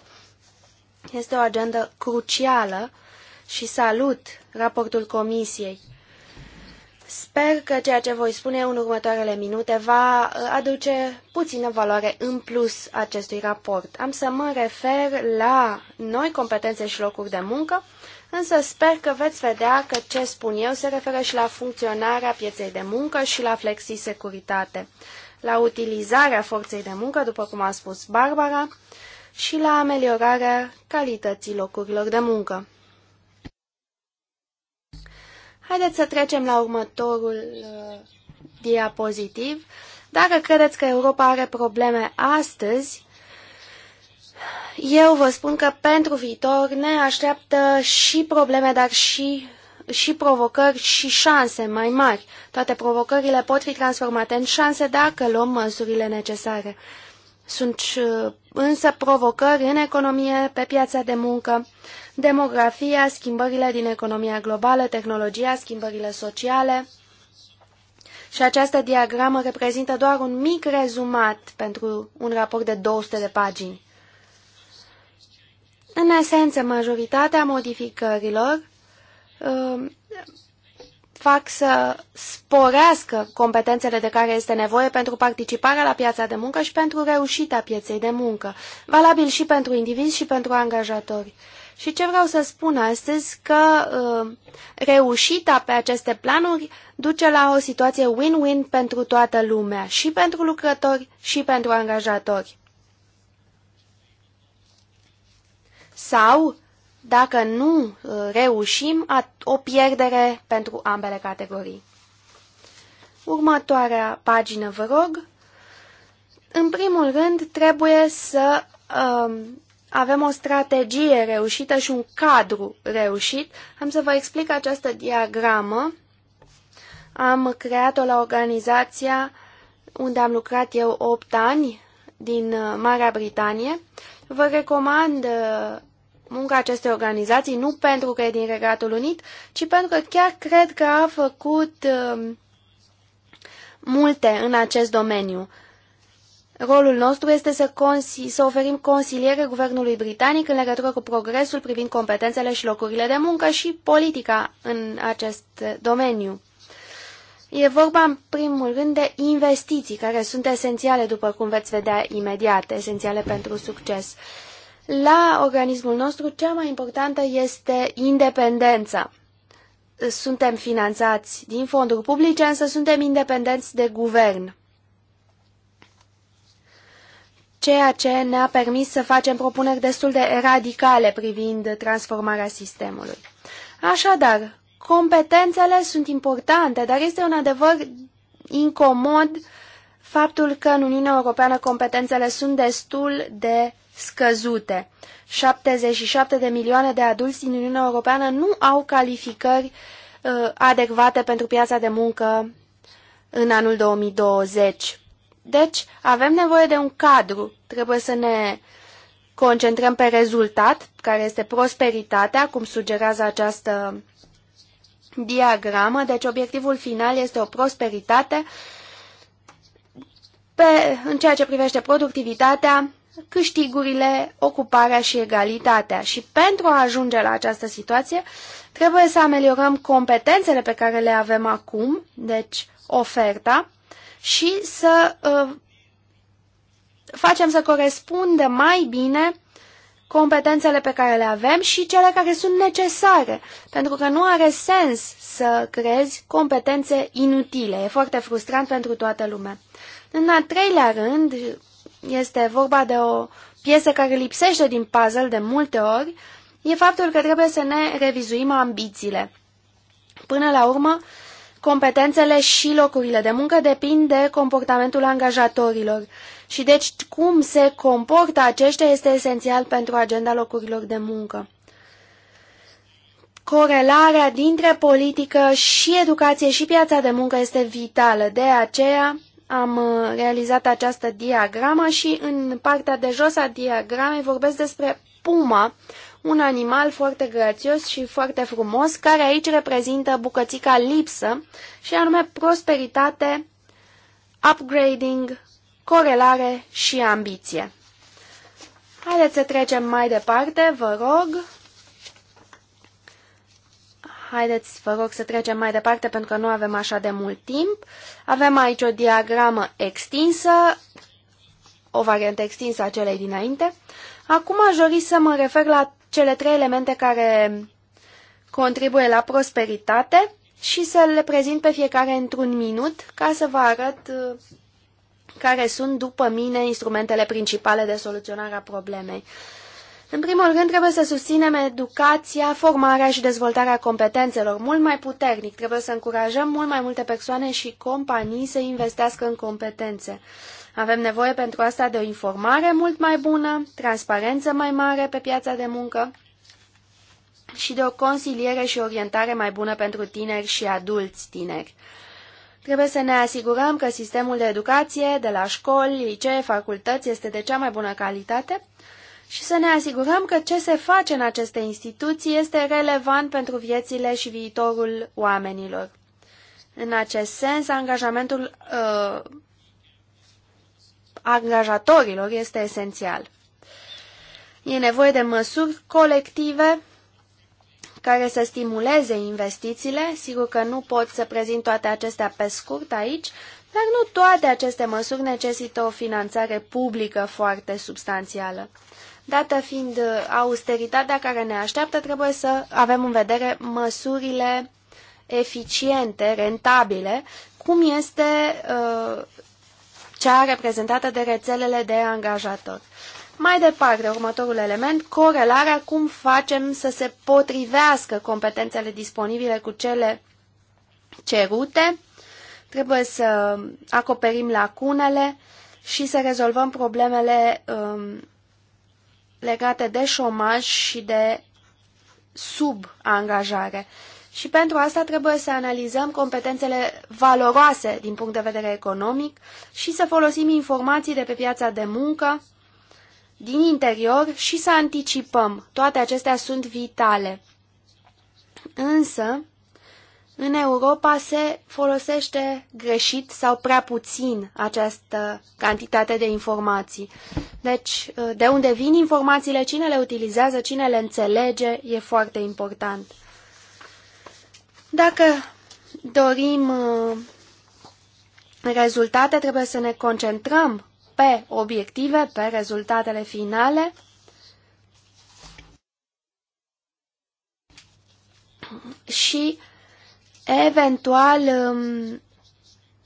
C: Este o agendă crucială și salut raportul Comisiei Sper că ceea ce voi spune în următoarele minute va uh, aduce puțină valoare în plus acestui raport. Am să mă refer la noi competențe și locuri de muncă, însă sper că veți vedea că ce spun eu se referă și la funcționarea pieței de muncă și la flexisecuritate, la utilizarea forței de muncă, după cum a spus Barbara, și la ameliorarea calității locurilor de muncă. Haideți să trecem la următorul uh, diapozitiv. Dacă credeți că Europa are probleme astăzi, eu vă spun că pentru viitor ne așteaptă și probleme, dar și, și provocări și șanse mai mari. Toate provocările pot fi transformate în șanse dacă luăm măsurile necesare. Sunt uh, însă provocări în economie, pe piața de muncă, demografia, schimbările din economia globală, tehnologia, schimbările sociale. Și această diagramă reprezintă doar un mic rezumat pentru un raport de 200 de pagini. În esență, majoritatea modificărilor uh, fac să sporească competențele de care este nevoie pentru participarea la piața de muncă și pentru reușita pieței de muncă, valabil și pentru indivizi și pentru angajatori. Și ce vreau să spun astăzi, că uh, reușita pe aceste planuri duce la o situație win-win pentru toată lumea, și pentru lucrători, și pentru angajatori. Sau, dacă nu uh, reușim, o pierdere pentru ambele categorii. Următoarea pagină, vă rog. În primul rând, trebuie să uh, avem o strategie reușită și un cadru reușit. Am să vă explic această diagramă. Am creat-o la organizația unde am lucrat eu 8 ani din uh, Marea Britanie. Vă recomand uh, munca acestei organizații, nu pentru că e din Regatul Unit, ci pentru că chiar cred că a făcut uh, multe în acest domeniu. Rolul nostru este să, să oferim consiliere guvernului britanic în legătură cu progresul privind competențele și locurile de muncă și politica în acest domeniu. E vorba, în primul rând, de investiții, care sunt esențiale, după cum veți vedea imediat, esențiale pentru succes. La organismul nostru, cea mai importantă este independența. Suntem finanțați din fonduri publice, însă suntem independenți de guvern ceea ce ne-a permis să facem propuneri destul de radicale privind transformarea sistemului. Așadar, competențele sunt importante, dar este un adevăr incomod faptul că în Uniunea Europeană competențele sunt destul de scăzute. 77 de milioane de adulți din Uniunea Europeană nu au calificări uh, adecvate pentru piața de muncă în anul 2020. Deci, avem nevoie de un cadru. Trebuie să ne concentrăm pe rezultat, care este prosperitatea, cum sugerează această diagramă. Deci, obiectivul final este o prosperitate pe, în ceea ce privește productivitatea, câștigurile, ocuparea și egalitatea. Și pentru a ajunge la această situație, trebuie să ameliorăm competențele pe care le avem acum, deci oferta, și să uh, facem să corespundă mai bine competențele pe care le avem și cele care sunt necesare, pentru că nu are sens să crezi competențe inutile. E foarte frustrant pentru toată lumea. În al treilea rând, este vorba de o piesă care lipsește din puzzle de multe ori, e faptul că trebuie să ne revizuim ambițiile. Până la urmă, competențele și locurile de muncă depind de comportamentul angajatorilor și deci cum se comportă aceștia este esențial pentru agenda locurilor de muncă. Corelarea dintre politică și educație și piața de muncă este vitală, de aceea am uh, realizat această diagramă și în partea de jos a diagramei vorbesc despre PUMA, un animal foarte grațios și foarte frumos, care aici reprezintă bucățica lipsă, și anume prosperitate, upgrading, corelare și ambiție. Haideți să trecem mai departe, vă rog. Haideți, vă rog, să trecem mai departe pentru că nu avem așa de mult timp. Avem aici o diagramă extinsă, o variantă extinsă a celei dinainte. Acum aș dori să mă refer la cele trei elemente care contribuie la prosperitate și să le prezint pe fiecare într-un minut ca să vă arăt uh, care sunt, după mine, instrumentele principale de soluționare a problemei. În primul rând, trebuie să susținem educația, formarea și dezvoltarea competențelor mult mai puternic. Trebuie să încurajăm mult mai multe persoane și companii să investească în competențe. Avem nevoie pentru asta de o informare mult mai bună, transparență mai mare pe piața de muncă și de o consiliere și orientare mai bună pentru tineri și adulți tineri. Trebuie să ne asigurăm că sistemul de educație de la școli, licee, facultăți este de cea mai bună calitate și să ne asigurăm că ce se face în aceste instituții este relevant pentru viețile și viitorul oamenilor. În acest sens, angajamentul uh, angajatorilor este esențial. E nevoie de măsuri colective care să stimuleze investițiile. Sigur că nu pot să prezint toate acestea pe scurt aici, dar nu toate aceste măsuri necesită o finanțare publică foarte substanțială. Dată fiind uh, austeritatea care ne așteaptă, trebuie să avem în vedere măsurile eficiente, rentabile, cum este uh, cea reprezentată de rețelele de angajator. Mai departe, următorul element, corelarea cum facem să se potrivească competențele disponibile cu cele cerute. Trebuie să acoperim lacunele și să rezolvăm problemele um, legate de șomaj și de subangajare. Și pentru asta trebuie să analizăm competențele valoroase din punct de vedere economic și să folosim informații de pe piața de muncă din interior și să anticipăm. Toate acestea sunt vitale. Însă, în Europa se folosește greșit sau prea puțin această cantitate de informații. Deci, de unde vin informațiile, cine le utilizează, cine le înțelege, e foarte important. Dacă dorim uh, rezultate, trebuie să ne concentrăm pe obiective, pe rezultatele finale. Și eventual um,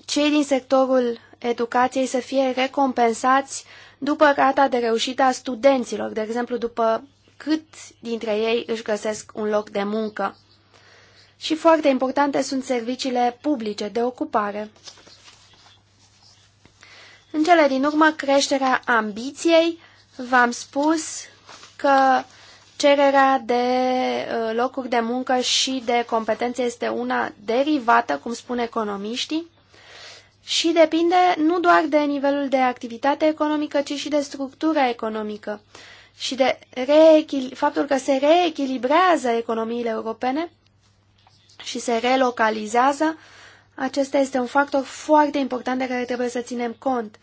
C: cei din sectorul educației să fie recompensați după rata de reușită a studenților, de exemplu după cât dintre ei își găsesc un loc de muncă și foarte importante sunt serviciile publice de ocupare. În cele din urmă, creșterea ambiției, v-am spus că cererea de uh, locuri de muncă și de competențe este una derivată, cum spun economiștii, și depinde nu doar de nivelul de activitate economică, ci și de structura economică și de faptul că se reechilibrează economiile europene și se relocalizează, acesta este un factor foarte important de care trebuie să ținem cont.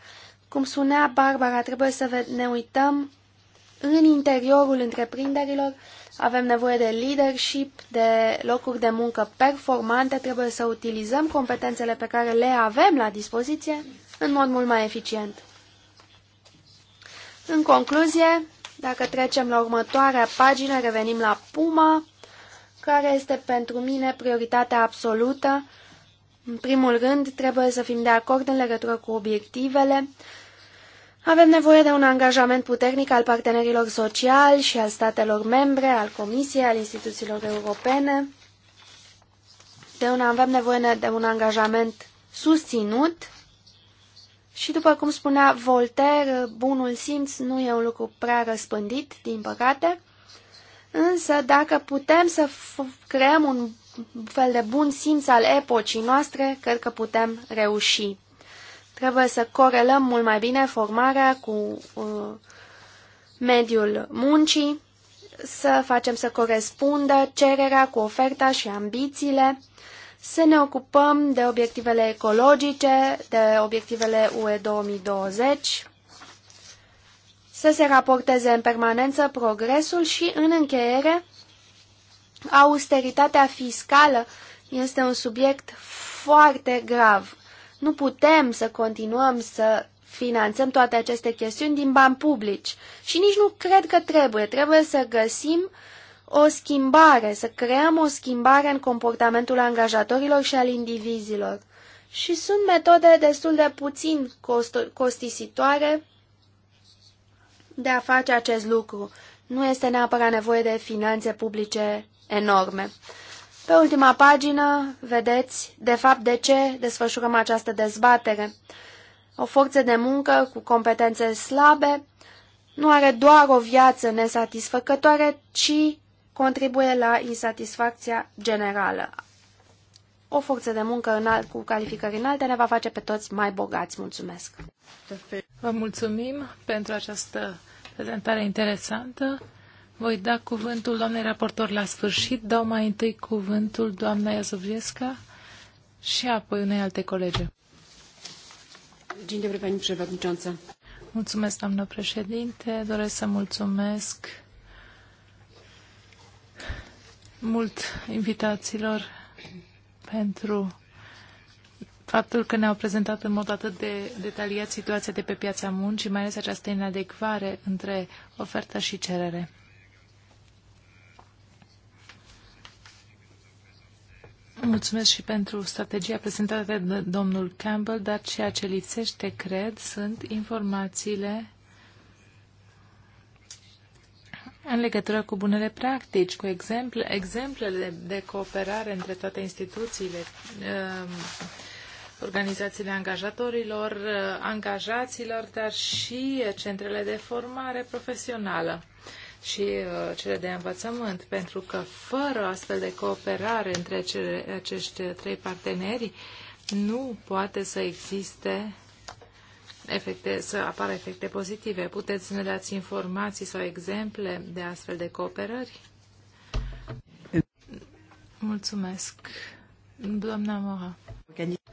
C: Cum spunea Barbara, trebuie să ne uităm în interiorul întreprinderilor, avem nevoie de leadership, de locuri de muncă performante, trebuie să utilizăm competențele pe care le avem la dispoziție în mod mult mai eficient. În concluzie, dacă trecem la următoarea pagină, revenim la Puma care este pentru mine prioritatea absolută. În primul rând, trebuie să fim de acord în legătură cu obiectivele. Avem nevoie de un angajament puternic al partenerilor sociali și al statelor membre, al Comisiei, al instituțiilor europene. De un, avem nevoie de un angajament susținut și, după cum spunea Voltaire, bunul simț nu e un lucru prea răspândit, din păcate. Însă, dacă putem să creăm un fel de bun simț al epocii noastre, cred că putem reuși. Trebuie să corelăm mult mai bine formarea cu uh, mediul muncii, să facem să corespundă cererea cu oferta și ambițiile, să ne ocupăm de obiectivele ecologice, de obiectivele UE 2020, să se raporteze în permanență progresul și, în încheiere, austeritatea fiscală este un subiect foarte grav. Nu putem să continuăm să finanțăm toate aceste chestiuni din bani publici și nici nu cred că trebuie. Trebuie să găsim o schimbare, să creăm o schimbare în comportamentul angajatorilor și al indivizilor. Și sunt metode destul de puțin costisitoare de a face acest lucru. Nu este neapărat nevoie de finanțe publice enorme. Pe ultima pagină vedeți, de fapt, de ce desfășurăm această dezbatere. O forță de muncă cu competențe slabe nu are doar o viață nesatisfăcătoare, ci contribuie la insatisfacția generală. O forță de muncă înalt, cu calificări înalte ne va face pe toți mai bogați. Mulțumesc!
A: Vă mulțumim pentru această prezentare interesantă. Voi da cuvântul doamnei raportor la sfârșit. Dau mai întâi cuvântul doamna Iazovieska și apoi unei alte colege. Mulțumesc, doamnă președinte. Doresc să mulțumesc mult invitațiilor pentru faptul că ne-au prezentat în mod atât de detaliat situația de pe piața muncii, mai ales această inadecvare între ofertă și cerere. Mulțumesc și pentru strategia prezentată de domnul Campbell, dar ceea ce lipsește, cred, sunt informațiile în legătură cu bunele practici, cu exemple, exemplele de cooperare între toate instituțiile. Uh, organizațiile angajatorilor, eh, angajaților, dar și eh, centrele de formare profesională și eh, cele de învățământ, pentru că fără astfel de cooperare între acești trei parteneri nu poate să existe efecte, să apară efecte pozitive. Puteți să ne dați informații sau exemple de astfel de cooperări? Mulțumesc. Doamna Mora.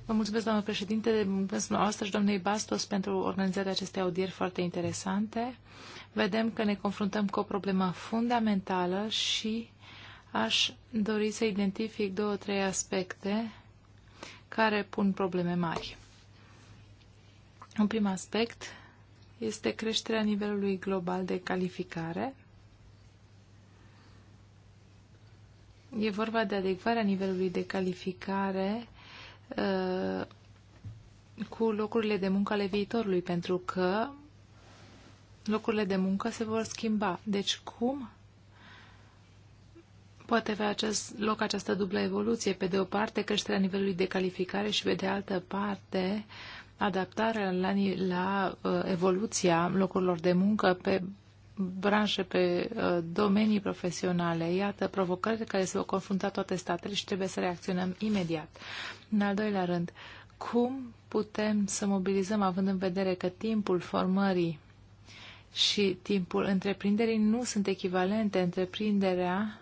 A: Vă mulțumesc, doamnă președinte, mulțumesc noastră și doamnei Bastos pentru organizarea acestei audieri foarte interesante. Vedem că ne confruntăm cu o problemă fundamentală și aș dori să identific două, trei aspecte care pun probleme mari. Un prim aspect este creșterea nivelului global de calificare E vorba de adecvarea nivelului de calificare uh, cu locurile de muncă ale viitorului, pentru că locurile de muncă se vor schimba. Deci cum poate avea acest loc această dublă evoluție? Pe de o parte creșterea nivelului de calificare și pe de altă parte adaptarea la, la uh, evoluția locurilor de muncă pe branșe, pe uh, domenii profesionale. Iată provocările care se vor confrunta toate statele și trebuie să reacționăm imediat. În al doilea rând, cum putem să mobilizăm, având în vedere că timpul formării și timpul întreprinderii nu sunt echivalente. Întreprinderea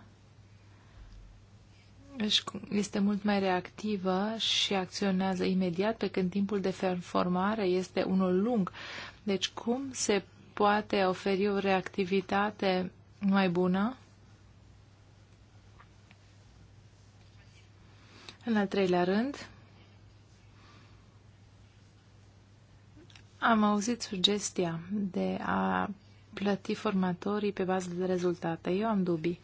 A: este mult mai reactivă și acționează imediat, pe când timpul de formare este unul lung. Deci cum se poate oferi o reactivitate mai bună. În al treilea rând, am auzit sugestia de a plăti formatorii pe bază de rezultate. Eu am dubii,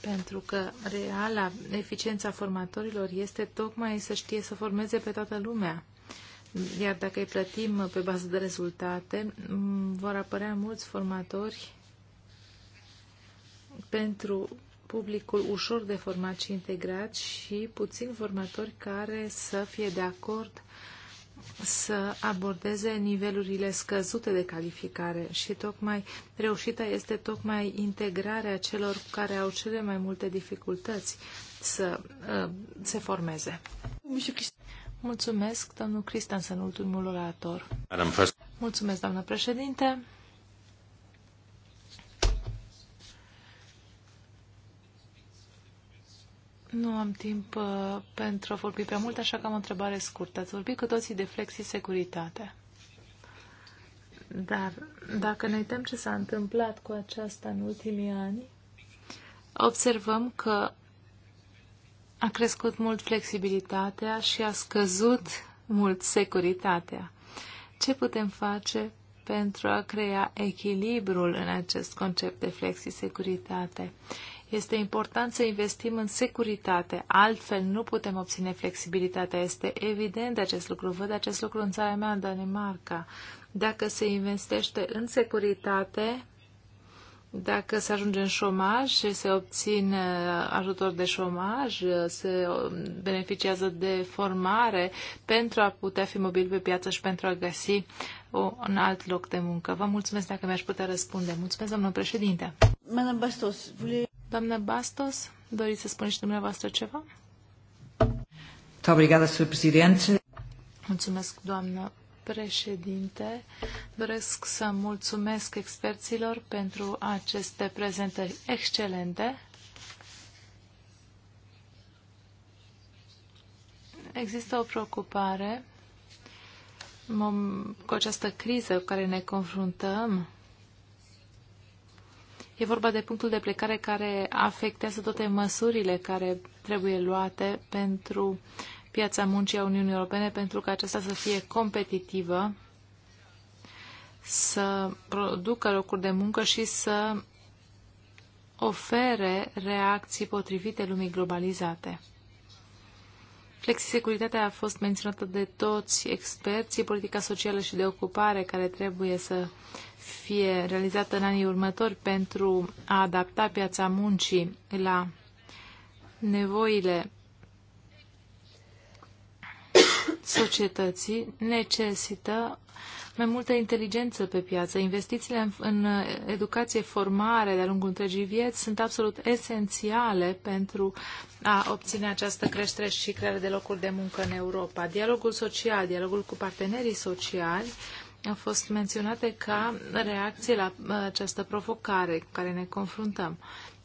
A: pentru că reala eficiența formatorilor este tocmai să știe să formeze pe toată lumea iar dacă îi plătim pe bază de rezultate, vor apărea mulți formatori pentru publicul ușor de format și integrat și puțin formatori care să fie de acord să abordeze nivelurile scăzute de calificare și tocmai reușita este tocmai integrarea celor care au cele mai multe dificultăți să uh, se formeze. Mulțumesc, domnul Cristiansen, ultimul orator. Mulțumesc, doamnă președinte. Nu am timp uh, pentru a vorbi prea mult, așa că am o întrebare scurtă. Ați vorbit cu toții de flexi-securitate. Dar dacă ne uităm ce s-a întâmplat cu aceasta în ultimii ani, observăm că a crescut mult flexibilitatea și a scăzut mult securitatea. Ce putem face pentru a crea echilibrul în acest concept de flexisecuritate? Este important să investim în securitate, altfel nu putem obține flexibilitatea. Este evident acest lucru, văd acest lucru în țara mea, în Danemarca. Dacă se investește în securitate, dacă se ajunge în șomaj și se obține ajutor de șomaj, se beneficiază de formare pentru a putea fi mobil pe piață și pentru a găsi un alt loc de muncă. Vă mulțumesc dacă mi-aș putea răspunde. Mulțumesc, domnul președinte. Doamna Bastos, vle... Doamna Bastos, doriți să spuneți și dumneavoastră ceva? Obrigada, Mulțumesc, doamnă președinte. Doresc să mulțumesc experților pentru aceste prezentări excelente. Există o preocupare cu această criză cu care ne confruntăm. E vorba de punctul de plecare care afectează toate măsurile care trebuie luate pentru piața muncii a Uniunii Europene pentru ca aceasta să fie competitivă, să producă locuri de muncă și să ofere reacții potrivite lumii globalizate. Flexisecuritatea a fost menționată de toți experții, politica socială și de ocupare care trebuie să fie realizată în anii următori pentru a adapta piața muncii la nevoile societății necesită mai multă inteligență pe piață. Investițiile în educație, formare de-a lungul întregii vieți sunt absolut esențiale pentru a obține această creștere și creare de locuri de muncă în Europa. Dialogul social, dialogul cu partenerii sociali au fost menționate ca reacție la uh, această provocare cu care ne confruntăm.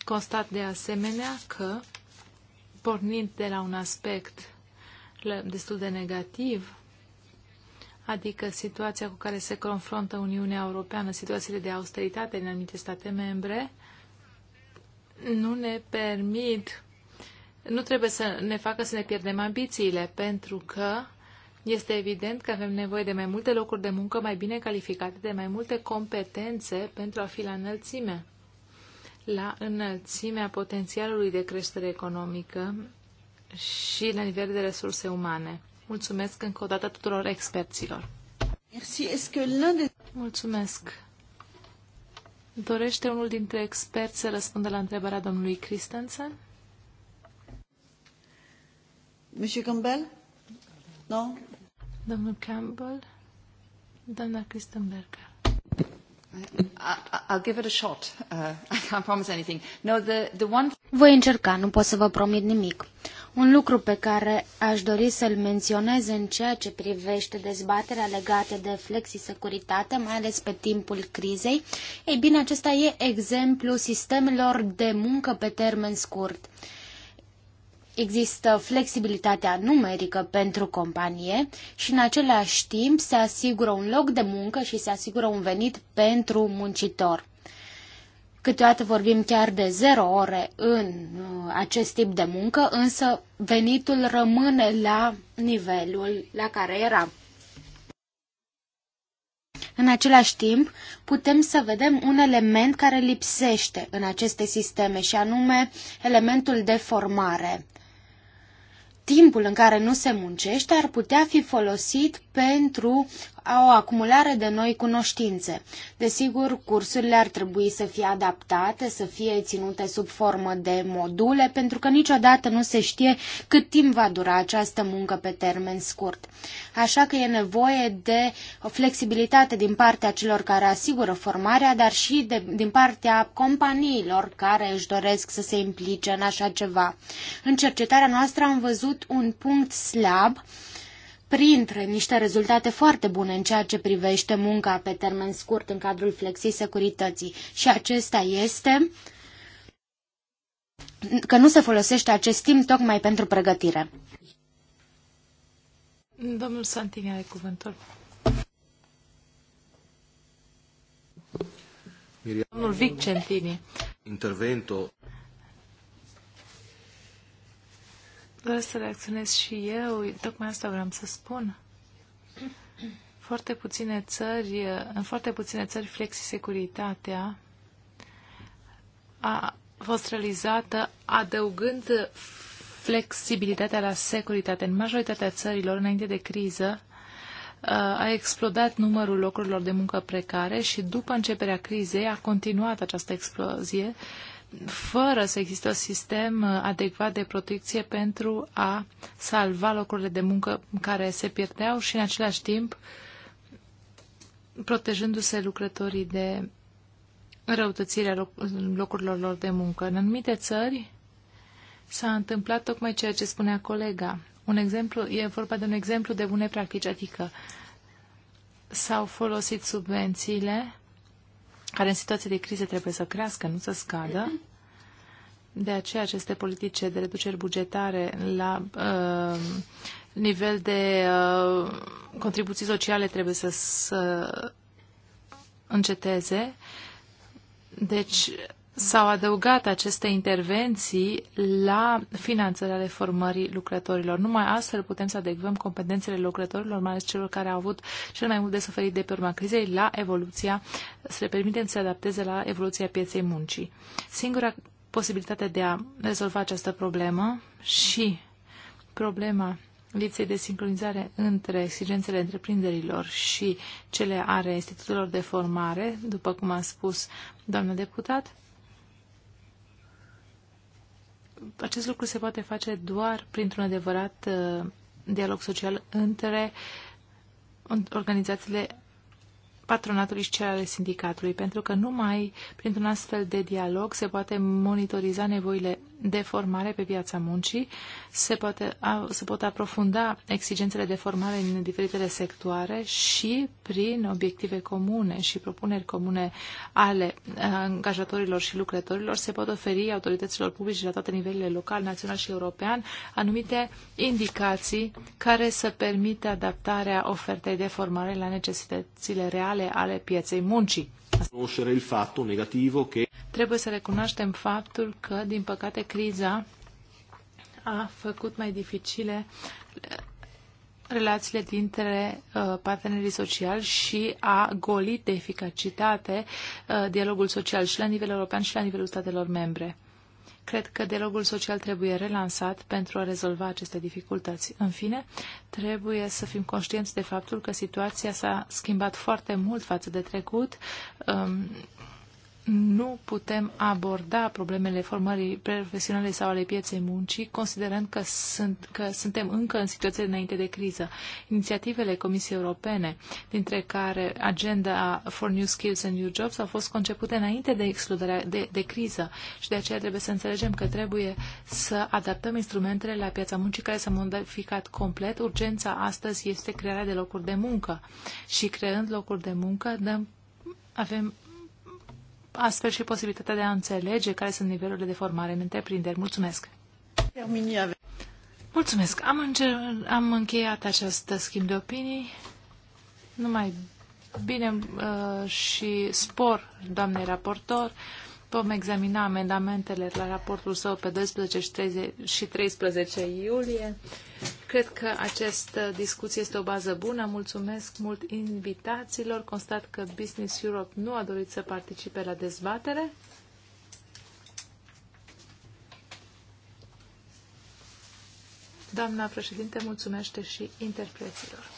A: Constat de asemenea că, pornind de la un aspect destul de negativ, adică situația cu care se confruntă Uniunea Europeană, situațiile de austeritate în anumite state membre, nu ne permit, nu trebuie să ne facă să ne pierdem ambițiile, pentru că este evident că avem nevoie de mai multe locuri de muncă mai bine calificate, de mai multe competențe pentru a fi la înălțime, la înălțimea potențialului de creștere economică și la nivel de resurse umane. Mulțumesc încă o dată tuturor experților. Mulțumesc. Dorește unul dintre experți să răspundă la întrebarea domnului Christensen? Monsieur Campbell? Nu? No? Domnul Campbell? Doamna Christenberger. I'll give it a shot. Uh, I can't promise anything. No, the, the one...
D: Voi încerca, nu pot să vă promit nimic. Un lucru pe care aș dori să-l menționez în ceea ce privește dezbaterea legată de flexisecuritate, mai ales pe timpul crizei, ei bine, acesta e exemplu sistemelor de muncă pe termen scurt. Există flexibilitatea numerică pentru companie și în același timp se asigură un loc de muncă și se asigură un venit pentru muncitor. Câteodată vorbim chiar de zero ore în uh, acest tip de muncă, însă venitul rămâne la nivelul la care era. În același timp, putem să vedem un element care lipsește în aceste sisteme și anume elementul de formare. Timpul în care nu se muncește ar putea fi folosit pentru o acumulare de noi cunoștințe. Desigur, cursurile ar trebui să fie adaptate, să fie ținute sub formă de module, pentru că niciodată nu se știe cât timp va dura această muncă pe termen scurt. Așa că e nevoie de o flexibilitate din partea celor care asigură formarea, dar și de, din partea companiilor care își doresc să se implice în așa ceva. În cercetarea noastră am văzut un punct slab, printre niște rezultate foarte bune în ceea ce privește munca pe termen scurt în cadrul flexii securității. Și acesta este că nu se folosește acest timp tocmai pentru pregătire.
A: Domnul Santini are cuvântul.
C: Domnul Vic Centini. Intervento.
A: vreau să reacționez și eu. Tocmai asta vreau să spun. Foarte puține țări, în foarte puține țări, flexisecuritatea a fost realizată adăugând flexibilitatea la securitate. În majoritatea țărilor, înainte de criză, uh, a explodat numărul locurilor de muncă precare și după începerea crizei a continuat această explozie fără să existe un sistem uh, adecvat de protecție pentru a salva locurile de muncă care se pierdeau și în același timp protejându-se lucrătorii de răutățirea locurilor lor de muncă. În anumite țări s-a întâmplat tocmai ceea ce spunea colega. Un exemplu, e vorba de un exemplu de bune practici, adică s-au folosit subvențiile care în situații de criză trebuie să crească, nu să scadă. De aceea aceste politici de reduceri bugetare la uh, nivel de uh, contribuții sociale trebuie să, să înceteze. Deci s-au adăugat aceste intervenții la finanțarea reformării lucrătorilor. Numai astfel putem să adecvăm competențele lucrătorilor, mai ales celor care au avut cel mai mult de suferit de pe urma crizei, la evoluția, să le permitem să se adapteze la evoluția pieței muncii. Singura posibilitate de a rezolva această problemă și problema lipsei de sincronizare între exigențele întreprinderilor și cele ale institutelor de formare, după cum a spus doamna deputat, acest lucru se poate face doar printr-un adevărat uh, dialog social între organizațiile patronatului și cele ale sindicatului, pentru că numai printr-un astfel de dialog se poate monitoriza nevoile de formare pe piața muncii, se, poate, se pot aprofunda exigențele de formare în diferitele sectoare și prin obiective comune și propuneri comune ale angajatorilor și lucrătorilor se pot oferi autorităților publice la toate nivelurile local, național și european anumite indicații care să permită adaptarea ofertei de formare la necesitățile reale ale pieței muncii. Trebuie să recunoaștem faptul că, din păcate, criza a făcut mai dificile uh, relațiile dintre uh, partenerii sociali și a golit de eficacitate uh, dialogul social și la nivel european și la nivelul statelor membre. Cred că dialogul social trebuie relansat pentru a rezolva aceste dificultăți. În fine, trebuie să fim conștienți de faptul că situația s-a schimbat foarte mult față de trecut. Um, nu putem aborda problemele formării profesionale sau ale pieței muncii, considerând că, sunt, că suntem încă în situație înainte de criză. Inițiativele Comisiei Europene, dintre care agenda For New Skills and New Jobs, au fost concepute înainte de excluderea de, de criză și de aceea trebuie să înțelegem că trebuie să adaptăm instrumentele la piața muncii care s-a modificat complet. Urgența astăzi este crearea de locuri de muncă și creând locuri de muncă dăm avem astfel și posibilitatea de a înțelege care sunt nivelurile de formare în întreprinderi. Mulțumesc! Mulțumesc! Am, încer- am încheiat această schimb de opinii. Numai bine uh, și spor, doamne raportor. Vom examina amendamentele la raportul său pe 12 și, 13, și 13 iulie. Cred că această discuție este o bază bună. Mulțumesc mult invitațiilor. Constat că Business Europe nu a dorit să participe la dezbatere. Doamna președinte, mulțumește și interpreților.